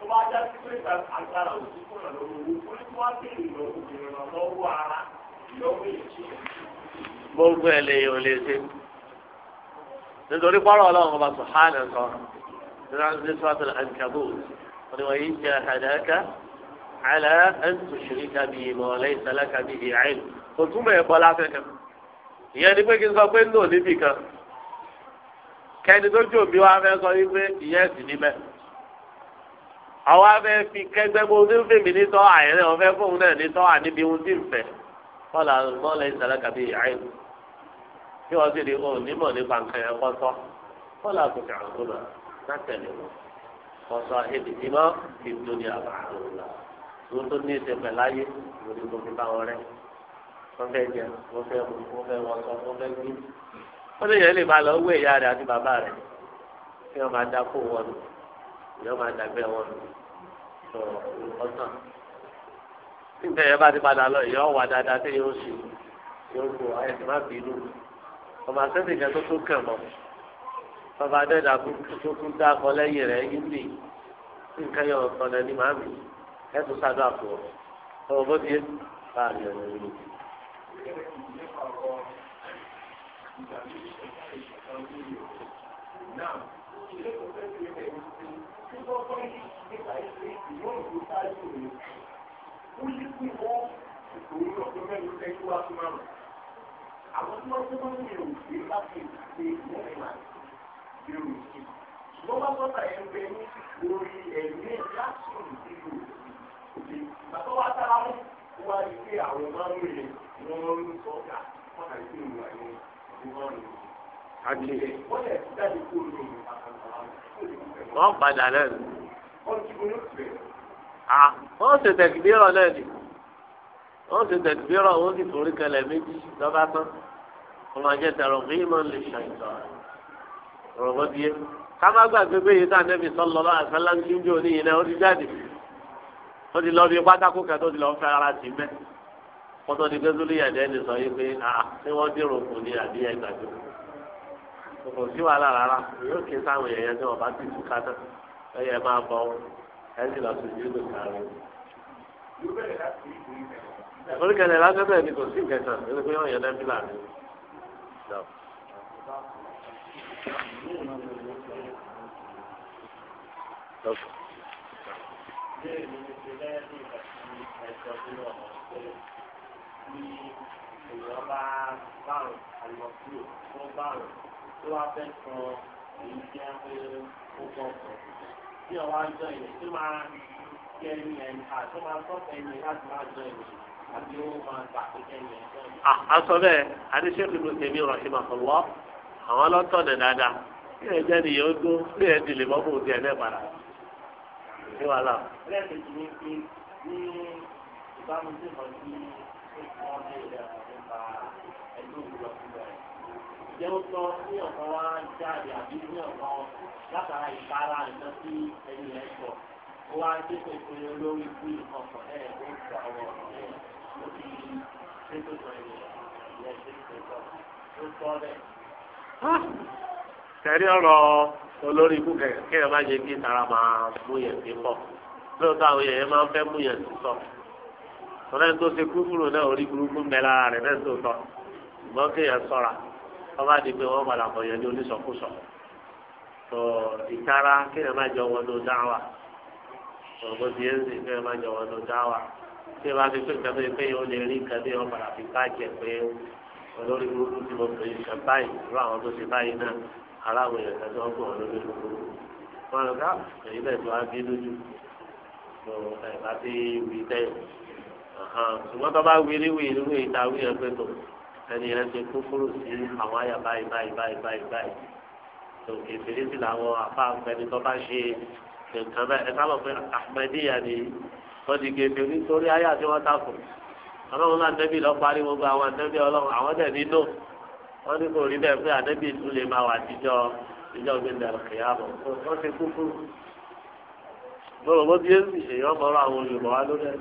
tó bá já sí pé agbára òsì kúrò lórí owó fún tí wọ́n béèrè lọ́wọ́ ìrìnà lọ́wọ́ ara lọ́wọ́ èjì. gbogbo ẹ̀ lè yọ̀ lè ṣe nítorí pọ́nrọ́ ọlọ́run ọba sùhánà sọ nítorí sọ́tún àǹkàbù wọn ni wọ́n yí jẹ́ àdáká àlẹ́ ẹ̀ńtùṣìríkà bíi mọ̀ọ́lẹ́ ìsàlákà bíi àìlù kò túmọ̀ ẹ̀ bọ́lá fẹ́kẹ́ ìyẹn ni pé kí n sọ pé ń lò níbì kan kẹ́ni tó jò bí wọ́n á fẹ́ sọ wípé ìyẹn sì níbẹ̀ àwa fẹ́ fi kẹgbẹ́ bó ní fèmí ní tọ́ àyẹ̀rẹ́ wọn fẹ́ fóun náà ní tọ́ àníbi ohun tí ń fẹ́ kọ́lá mọ́lẹ̀ ìsàlẹ̀ kàbí àyìn tí wọ́n sì ní òun nímọ̀ nípa nǹkan yẹn kọ́ sọ́ kọ́lá kò kà ń gbọ́dọ̀ látẹ̀lé wọn kọ́ sọ ebi tí mọ́ fi ń lóni àbá àrùn la ló tó ní ìṣe pẹ̀lú ayé lórí gbogbo bá wọn rẹ̀ wọ́n fẹ́ jẹ wọ́n fẹ́ mu sọ wọ́n fẹ́ gbé wọ́n lè yẹn lè máa lọ ìyọ́ máa dàgbé wọn lọ ọ̀sán nígbà yẹn bá ti padà lọ ìyọ́ wà dáadáa tí yóò ṣe yóò gbọ́ ẹ̀sìn má bínú ọmọ àtẹ́sí kan tó tó kàn mọ́ bàbá dẹ́dà tó tún dá akọ lẹ́yìn rẹ̀ yín bì nǹkan yẹn ọ̀sán lẹ́ni máa mi ẹ̀sùn sádọ́ àpò ọ̀rọ̀ bó ti yé bá a lè rìn rìn. Now, ó yí kú ìwọ ìṣòro náà tó mẹ́rin ẹni wá sí márùn. àwọn tí wọ́n tó wọ́n ní òṣèré bá fi ìpàdé mẹ́rìnlá ìrò sí. ṣùgbọ́n bá bọ́tà ẹ̀ ń bẹ ní orí ẹ̀mí jackson ìlú òde. bàbá wa tára mú wá rí pé àwọn márùn yẹn wọ́n ń sọ́kà wọ́n kà sí ìwà yẹn ní márùn yẹn. Ajílẹ̀. Wọ́n yẹ kí padà náà wọ́n ṣe tẹ̀kìdírọ̀ náà ni wọ́n ṣe tẹ̀kìdírọ̀ wọ́n sì forí kẹlẹ̀ méjì lọ́ba tán ọmọ ajẹ́ tẹ̀rọ mí mọ́ lè ṣàìsàn rọ̀bọ̀ díẹ̀ ká má gbàgbé pé yìí sànẹ́bí sọ́lọ́ lọ́wọ́ àṣálá ń ṣíjú òní yìí náà ó ti jáde ó ti lọ bí pátákó kan tó ti lọ fẹ́ ara sí mẹ́ kótó ni gbẹ́sọ́lé yàtọ̀ ẹni sọ yìí pé àà wọ́n dìrò kù ní àbí ẹgbàdo kò sí wàhálà rárá yóò kí sáwọn ẹ̀sìn lọ́sùn yìí ló kárí. oríkèlè lágbẹ́bẹ̀ ni kò sí ìkẹta nínú pé wọ́n yẹ dẹ́bílà ni. Ìyọ̀ bá bárùn tó bárùn-ún, tó wá fẹ́ sọ èyí tí a fẹ́ ó kọ̀ ọ̀sán tí ọwọ́ àjọ ìwé tí máa jẹ ẹni ẹni àti máa tọ́ka ẹni láti máa jọ ìwé àti ó máa gbà pé ẹni ẹni. àṣọ ah, bẹ́ẹ̀ adéṣe kìlú tèmi rọ ìmọ̀ fún wọ́ àwọn ọlọ́tọ̀ nẹ̀ dáadáa kí ẹ jẹ́ nìyẹn ó dún kí ẹ dìlè mọ́ fún òdi náà padà ní wàhálà. ẹlẹ́ẹ̀kejì ni pé ní ìbámu sí ọ̀sìn ó ti wọ́n bẹ̀rẹ̀ nípa jẹ́ ó tọ́ ní ọ̀kan wá jáde àbí ní ọ̀kan látara ìpara nǹkan tí ẹni rẹ̀ sọ. ó wá dé pẹ̀pẹ́ olórí fún ìkọ̀kọ̀ ẹ̀ tó ń sọ ọ̀rọ̀ ẹ̀ ó ti ṣe tó sọ ènìyàn ìyẹn ṣe tó sọ ó tọ́ bẹ́ẹ̀. tẹ̀rí ọ̀rọ̀ olórí ikú kẹ̀kẹ́ ẹ̀ má jẹ́ kí sara máa mú yẹn sí pọ̀ lóòótọ́ àwọn yẹn máa ń fẹ́ mú yẹn sí sọ tọ́lá tó ṣe kúrúkúrú náà orí burúkú ń bẹ lára rẹ̀ náà tó tọ́ ṣùgbọ́n kéèyàn sọ̀ra ọba di pé wọ́n padà kọ̀ yẹn ní onísọkúsọ tó ìtara kí ẹ má jọ wọn ló dá tó bó ti yẹn sì kí ẹ má jọ wọn ló dá tí ẹ bá fi pé nǹkan tó yẹ pé yẹn lè rí nǹkan tó yẹ padà fi bá jẹ pé olórí burúkú tí mo pè é báyìí irú àwọn tó ṣe báyìí náà aláwọ̀ yẹn kan tó ń lórí burúkú wọn lọ ká èyí bẹ́ẹ̀ tó wá bí lójú tó ẹ̀ bá ti wí tẹ́yìn ṣùgbọ́n tó bá wí ní wí ní wí ìta wí ẹ̀ tó ẹni yẹn ti kú fúrú sí àwọn àyà báyìí báyìí báyìí báyìí báyìí tó kèfèrè sí làwọn afá àgbẹni tó bá ṣe nǹkan bẹ́ẹ̀ ẹ sábà pé Ahmadiyya ni wọ́n ti kèfèrè nítorí àyà tí wọ́n takò ọlọ́run náà nẹ́bí lọ parí gbogbo àwọn nẹ́bí ọlọ́run àwọn dẹ̀ nínú wọ́n ní kò rí bẹ́ẹ̀ pé ànẹ́bí tún lè máa wà jíjọ ìjọ gbẹ̀ndẹ̀ kìyàmọ̀ wọ́n ti kú fúrú. gbọ́dọ̀ bó ti yé èèyàn mọ́ra àwọn olùbọ̀wá lórí ẹ̀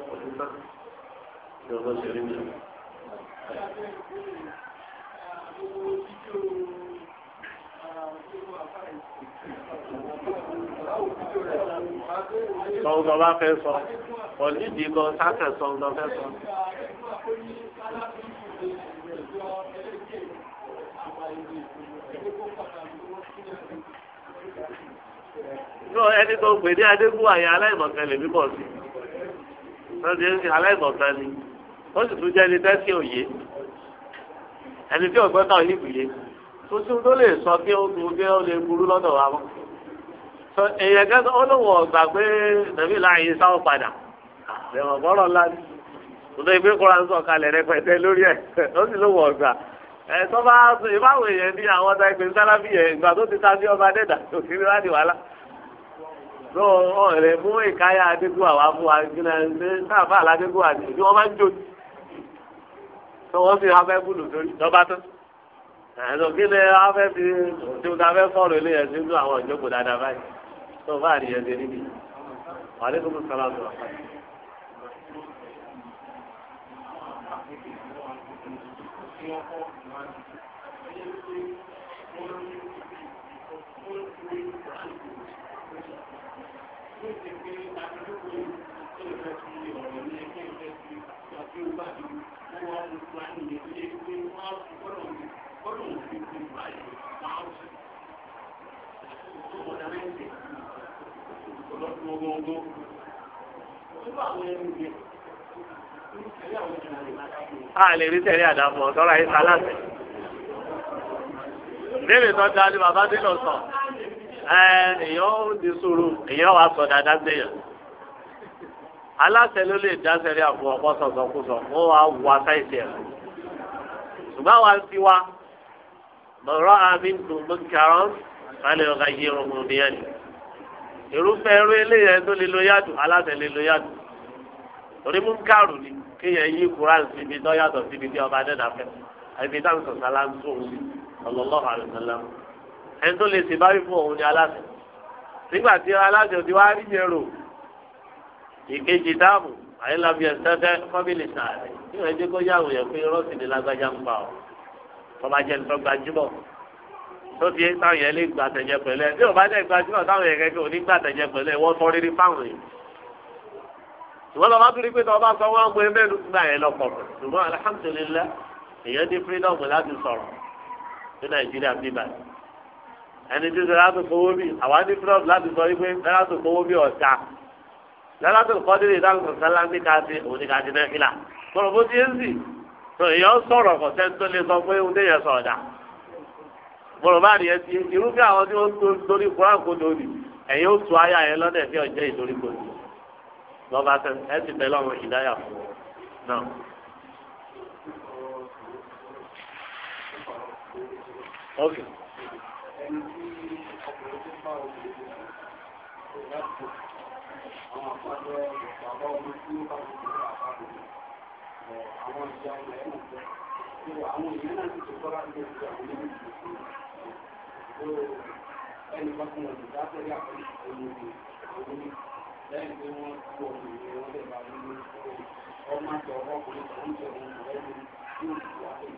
sọ̀rọ̀ bá fẹ́ sọ ọ̀lídìí gan sákẹ̀ sọ̀rọ̀ fẹ́ sọ. yóò ẹni tó pè ní adégún àyà aláìmọ̀kan lè bọ̀ sí. sọ́dí aláìmọ̀kan ni ó sì tún jẹ́ ẹni tẹ́sí òye ẹni tí ọ̀gbọ́n náà yìí gbìyẹ tó tún tó lè sọ pé ó tún pé ó lè burú lọ́dọ̀ wa mọ́ sọ èèyàn kẹsàn ó lóun ọ̀gbà pé nàbí láàyè sáwọ́ padà ẹ̀wọ̀n bọ́rọ̀ ńlá ni tòtò ìgbé kóra ń sọ kalẹ̀ rẹpẹtẹ lórí ẹ̀ ó sì lóun ọ̀gbà ẹ̀ tó ìbáwò èèyàn ní àwọn ọ̀tá ìpè sálábì yẹn ìgbà tó ti ta sí ọba dẹ́dà tó kiri láti wàhálà tó ọ̀rẹ́ mú ìkáyà adégún àwa fún wa kí náà ń tó wọ́n fi afẹ́ búlù sórí lọ́ba tó ẹ̀sùn kí ni afẹ́ fi tí o ta fẹ́ fọ́ọ̀rọ̀ ilé ẹ̀sìn nínú àwọn ìjókòó dáadáa báyìí tó o bá àdìyẹ ṣe níbi wàlẹ́kùn sọ́lá sọ̀rọ̀ Thank you. gbogbogbò a lè rí tẹ̀lé àdàpọ̀ tọ́ra yìí sálàsì. Béèrè tó da ni bàbá dínà sọ. Èèyàn ó di sùúrù, èèyàn wàá sọ dáadáa gbéyàn. Aláṣẹ ló lè dá sẹ́rí àbọ̀ ọ̀pọ̀ sọ̀sọ̀kúsọ̀, wọ́n wá wọ asáìsì ẹ̀. Ṣùgbọ́n àwa ń ti wá. Mọ̀rọ́ àmì ń dùn mú kàrọ́n, wọ́n ọ̀gá yé ọmọ mi yẹn irúfẹ́ ẹrú eléyẹn tó lè lo yádù aláṣẹ lè lo yádù torí mú kárù ni kéèyàn yí kuran síbi tó yàtọ̀ síbi tí ọba dẹ́dà fẹ́ àbí táwọn sọ̀tà láńtó òun ọlọ́lọ́hà àlùsọ̀lá ẹni tó lè ṣe báyìí fún òun ni aláṣẹ nígbà tí aláṣẹ òdi wá rí yẹn rò ìkejì dáàmú àyínlábi kó yàwó pé rọ́ọ̀sì ni lágbájá ń tó fi táwọn yẹn lè gba àtẹ̀jẹ pẹ̀lẹ́ bí òbá dẹ̀ gba jùlọ táwọn yẹn kẹ́kẹ́ òní gba àtẹ̀jẹ pẹ̀lẹ́ wọ́n tọ́ rírí fáwọn yìí. ṣùgbọ́n lọ́ba tó rí pé tọ́ba sọ wọ́n gbé mẹ́rin gbà yẹn lọ pọ̀ ṣùgbọ́n alhamdulillah èèyàn ní freedom láti sọ̀rọ̀ ní nàìjíríà bí báyìí. ẹni tí sọ láti kówó bí àwa ní freedom láti sọ wípé láti kówó bí ọ̀tá láti kọ́ nílé ìdáhùn mọ̀rọ̀ bá rí ẹ ti irúfẹ́ àwọn tí wọ́n tó torí kuran kó tó di ẹ̀yin ó tu aya yẹn lọ́dẹ̀ bí ọ̀jẹ́ ìtorí kó di lọ́ba ẹ ti tẹ̀lé ọmọ ìdáyà fún náà. ok. ẹni kan tí wọ́n ti dá sẹ́yà fún lẹ́yìn tí wọ́n kú ọ̀gbìn ni wọ́n lè bá nínú ọmọ àti ọkùnrin tó ń jẹ ohun ẹni tí ó ti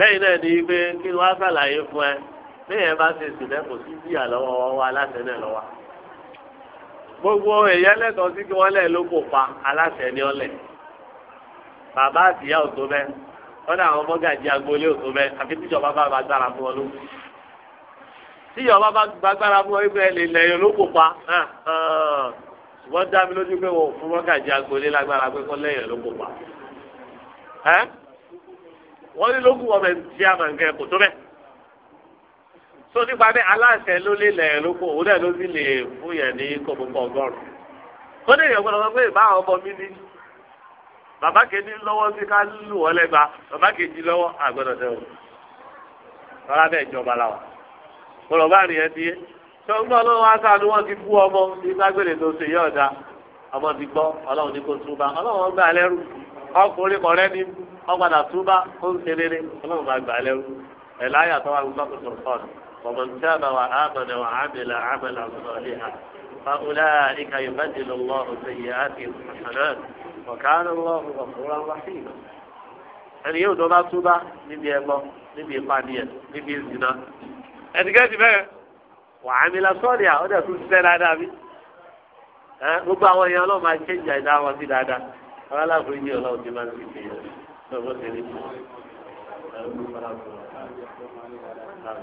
lẹ́yìn náà ni pé kí wọ́n á sàlàyé fún ẹ bẹ́ẹ̀ bá ṣe sùn lẹ́kọ̀ọ́ sí bíyà lọ́wọ́ wọn wá aláṣẹ náà lọ́wọ́ gbogbo èyí ẹlẹ́tọ̀ọ́ sí kí wọ́n lẹ̀ ló kò pa aláṣẹ ní ọlẹ̀ bàbá àtìyá ò tó bẹ́ẹ̀ wọ́n dà àwọn mọ́gàjì agboolé ò tó bẹ́ẹ̀ àfi tíjọba bá bá gbára fún ọ ló tíjọba bá gbára fún ọ wípé ẹ lè lẹ́yìn ló kò pa ṣùgbọ́n dá mi lójú pé wọ́n fún mọ́gàjì agboolé lágbára pé kọ́ lẹ́yìn ló kò pa wọ́n ní lókùn ọmọ ẹni tí a máa ń kẹ́ kò tó bẹ́ẹ̀. tó nípa bẹ́ẹ̀ aláṣẹ ló lé lẹ̀ lóko òun náà ló sì lè fún yẹn ní kòmùkọ ọgọ́rùn. tó ní èèyàn gbọ́dọ̀ sọ pé ìbá àwọn ọmọ mi ní bàbá kejì lọ́wọ́ sí ká lù wọ́n lẹ́gba bàbá kejì lọ́wọ́ àgbọ̀dọ̀ tẹ̀ wọ́n. rárá bẹ́ẹ̀ jọba la wà. gbọ́dọ̀ bá rìn ẹ́ ti yé. tó ń gbọ́ lọ́wọ́ aṣáájú wọn ti kú ọgbàdà túbá ó ń ṣe rere ọlọ́run máa gbà lẹ́rú ẹ̀lá yàtọ̀ wà gbọ́ kòtò fún ọmọ nìjábà wà ámàlà wà ámàlà ámàlà sọ̀lìhà fàwùlà ìka yorùbá ti lọ lọ ọ̀sẹ̀ yìí àti ìfọ̀sọ̀nà ọ̀kàánù gbogbo àwọn èèyàn ọlọ́run máa ṣe ìjà ìdá wọn sí dáadáa wọn aláàfin yìí ọlọ́run ti máa ń ṣe ìyẹn lọ́wọ́ tẹ̀lé tó ẹ̀rọ tó fara tó jẹ́ kọ́ lè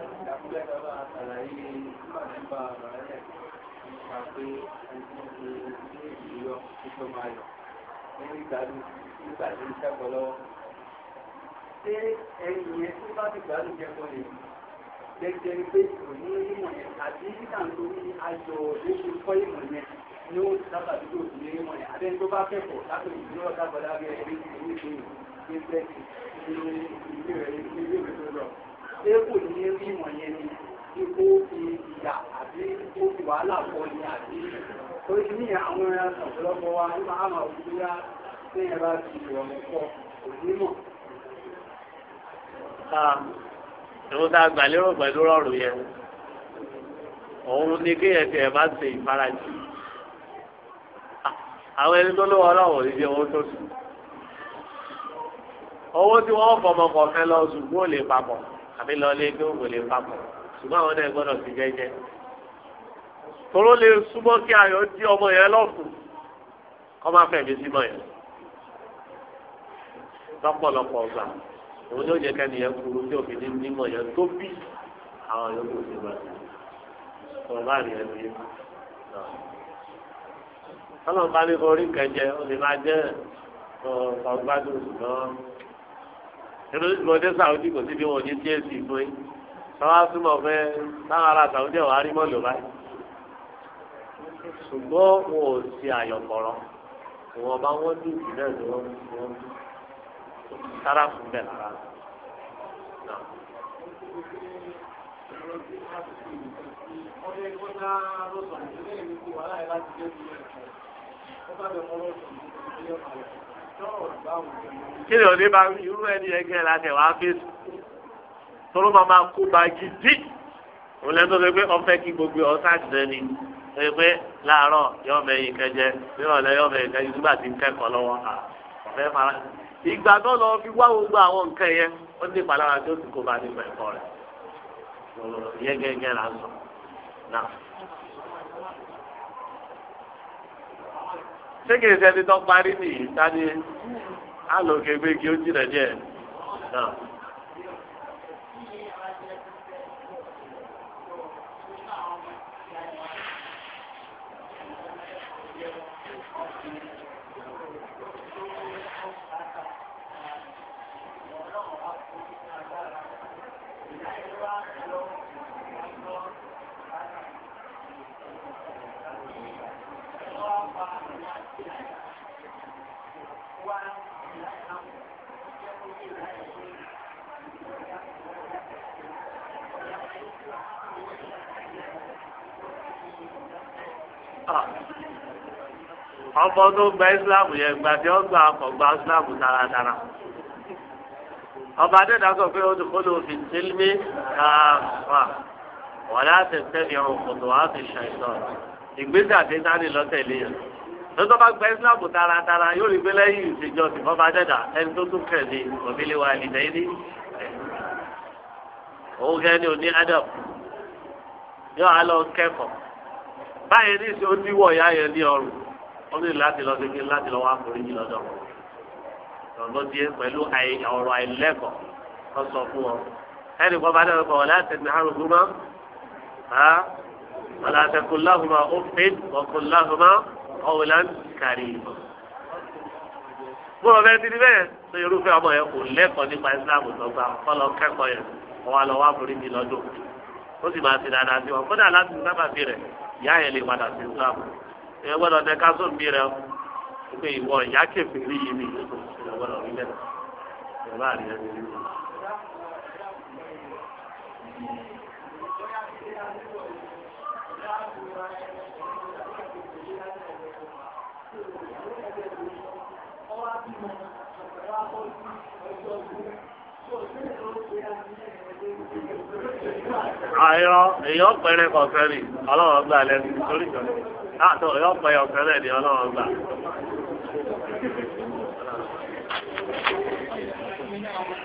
gẹ́gẹ́ pé òní onímọ̀ yẹn àbí nítorí ayọ̀ oṣù ìmọ̀ yẹn ni ó sábà dúró òní onímọ̀ yẹn àbẹ́ni tó bá kẹ́kọ̀ọ́ lápẹ̀ ìdúró ọ̀dà gbọ́dá ní sẹ́ẹ̀kì ní ilé rẹ̀ ilé rẹ̀ tó lọ. ṣé kò ní rí ìmọ̀ yẹn ni kí kó fi ìyà àbí kó fi wàhálà pọ̀ ní àbí. torí ní àwọn ọ̀pọ̀lọpọ̀ wa ní máa máa wù bóyá sẹ́yìn bá ti ìrọ̀rùn pọ̀ kò ní mọ̀. ìwọ́n tá gbà lérò pẹ̀lú rọrùn yẹn òun ni kéèyàn tiẹ̀ bá ṣe ìfarajì àwọn ẹni tó lówó ọlọ́wọ́ ìdí owó tó sùn owó tí wọ́n fọmọ kọ̀ọ̀kan lọ ṣùgbọ́n ò lè papọ̀ àbí lọ lé gbé òwò lè papọ̀ ṣùgbọ́n àwọn náà gbọ́dọ̀ sí jẹ́jẹ́. toró lè súnmọ́ kí ayọ̀ dí ọmọ yẹn lọ́fù kọ́ máa fẹ̀mí símọ̀ yẹn. lọ́pọ̀lọpọ̀ ọgbà òun yóò jẹ́ kẹ́ni yẹn kúrú tí òfin ní mímọ̀ yẹn tó bí àwọn yòókù ti wà sí. ọ̀rọ̀ bá rìn ẹnu yẹn. tọ́lọ̀ ní orí kẹjẹ ó lè máa jẹ́ ọ̀gbádùn ṣùgbọ́n nítorí tí mo sàwùdí kò síbi wọn ní tiẹ̀ sí fún yín táwọn asúmọ̀ fẹ́ táwọn ará sàwùdí ẹ̀ wá báyìí ṣùgbọ́n wọn ò ṣe àyọ̀kọ̀rọ̀ wọn bá wọn dùn jù náà ni wọn wọn sára fún bẹ́ẹ̀ lára náà kí ni òní máa irú ẹni yẹn kẹ́ láti wá fèsì tóró máa máa kó ba gidi òun lẹ́nu tó ṣe pé ọ̀fẹ́ kí gbogbo ọ̀sán àtìlẹ́ni ṣe pé láàárọ̀ yọ ọmọ ẹ̀yìn kẹjẹ nírọ̀lẹ́ yọ ọmọ ẹ̀yìn kẹjẹ nígbà tí ń kẹ́kọ̀ọ́ lọ́wọ́ ọ̀fẹ́ fara ìgbà tó lọ fi wá gbogbo àwọn nǹkan yẹn ó ní ìpalára tó ti kó ba nípa ẹ̀kọ́ rẹ̀ yẹ́gẹ́gẹ́ là sọ náà. ṣé kìí ṣe ẹni tó parí nìyí sáré alòkè gbégi ó jìnà díẹ̀ náà. ọmọ tó gba islam yẹn gba tí ó gba ọkọ̀ gba islam dáradára ọba adéda sọ pé ó ti kó ló fi tìlmí káfà wọ́n á ti tẹ́lẹ̀ ọ̀rùn kòtò wá ti ṣàìsàn ìgbésẹ̀ àti sáré lọ́tẹ̀lé yẹn lọ́tọ́ bá gba islam dáradára yóò rí pé lẹ́yìn ìṣèjọ sí ọba adéda ẹni tó tún kẹ̀lé òbílẹ̀ wa ní òun kẹ́ ni òní adam yóò á lọ kẹ́kọ̀ọ́ báyìí ní ìṣe ó díwọ̀ ìyá yẹn ní ọrùn ó sì láti lọ sí kí láti lọ wá foríjì lọ́dọ̀ wọn lọ sí pẹ̀lú ọ̀rọ̀ àìlẹ́kọ̀ọ́ lọ sọ fún wọn ẹnì kan bá dẹ́rù kọ̀ wọ́n láti ní àrùkù mọ́ wọ́n láti kó láhùnmá ó fẹ́ ọkọ̀ láhùnmá ọ̀wọ̀lán kárí ìmọ̀. mo rọ̀ bẹ́ẹ̀ ti di bẹ́ẹ̀ tó irúfẹ́ ọmọ yẹn kò lẹ́kọ̀ọ́ nípa Islam tó gbà kọ́lọ́ kẹ́kọ̀ọ́ yẹn wọ́n wá lọ wá foríjì lọ́dọ̀ ó Islam èèyàn gbọ́dọ̀ tẹ káṣó mi rẹ o pé ìwọ ìyá kẹfì rí yìí mi èèyàn gbọ́dọ̀ rí bẹ́ẹ̀ èèyàn bá rí ẹni rí àìrọ èèyàn pẹrẹ kọfẹ ni Ọlọ́run gbà lẹ́nu torí ìjọba. 啊，都要不要在那里，我 k n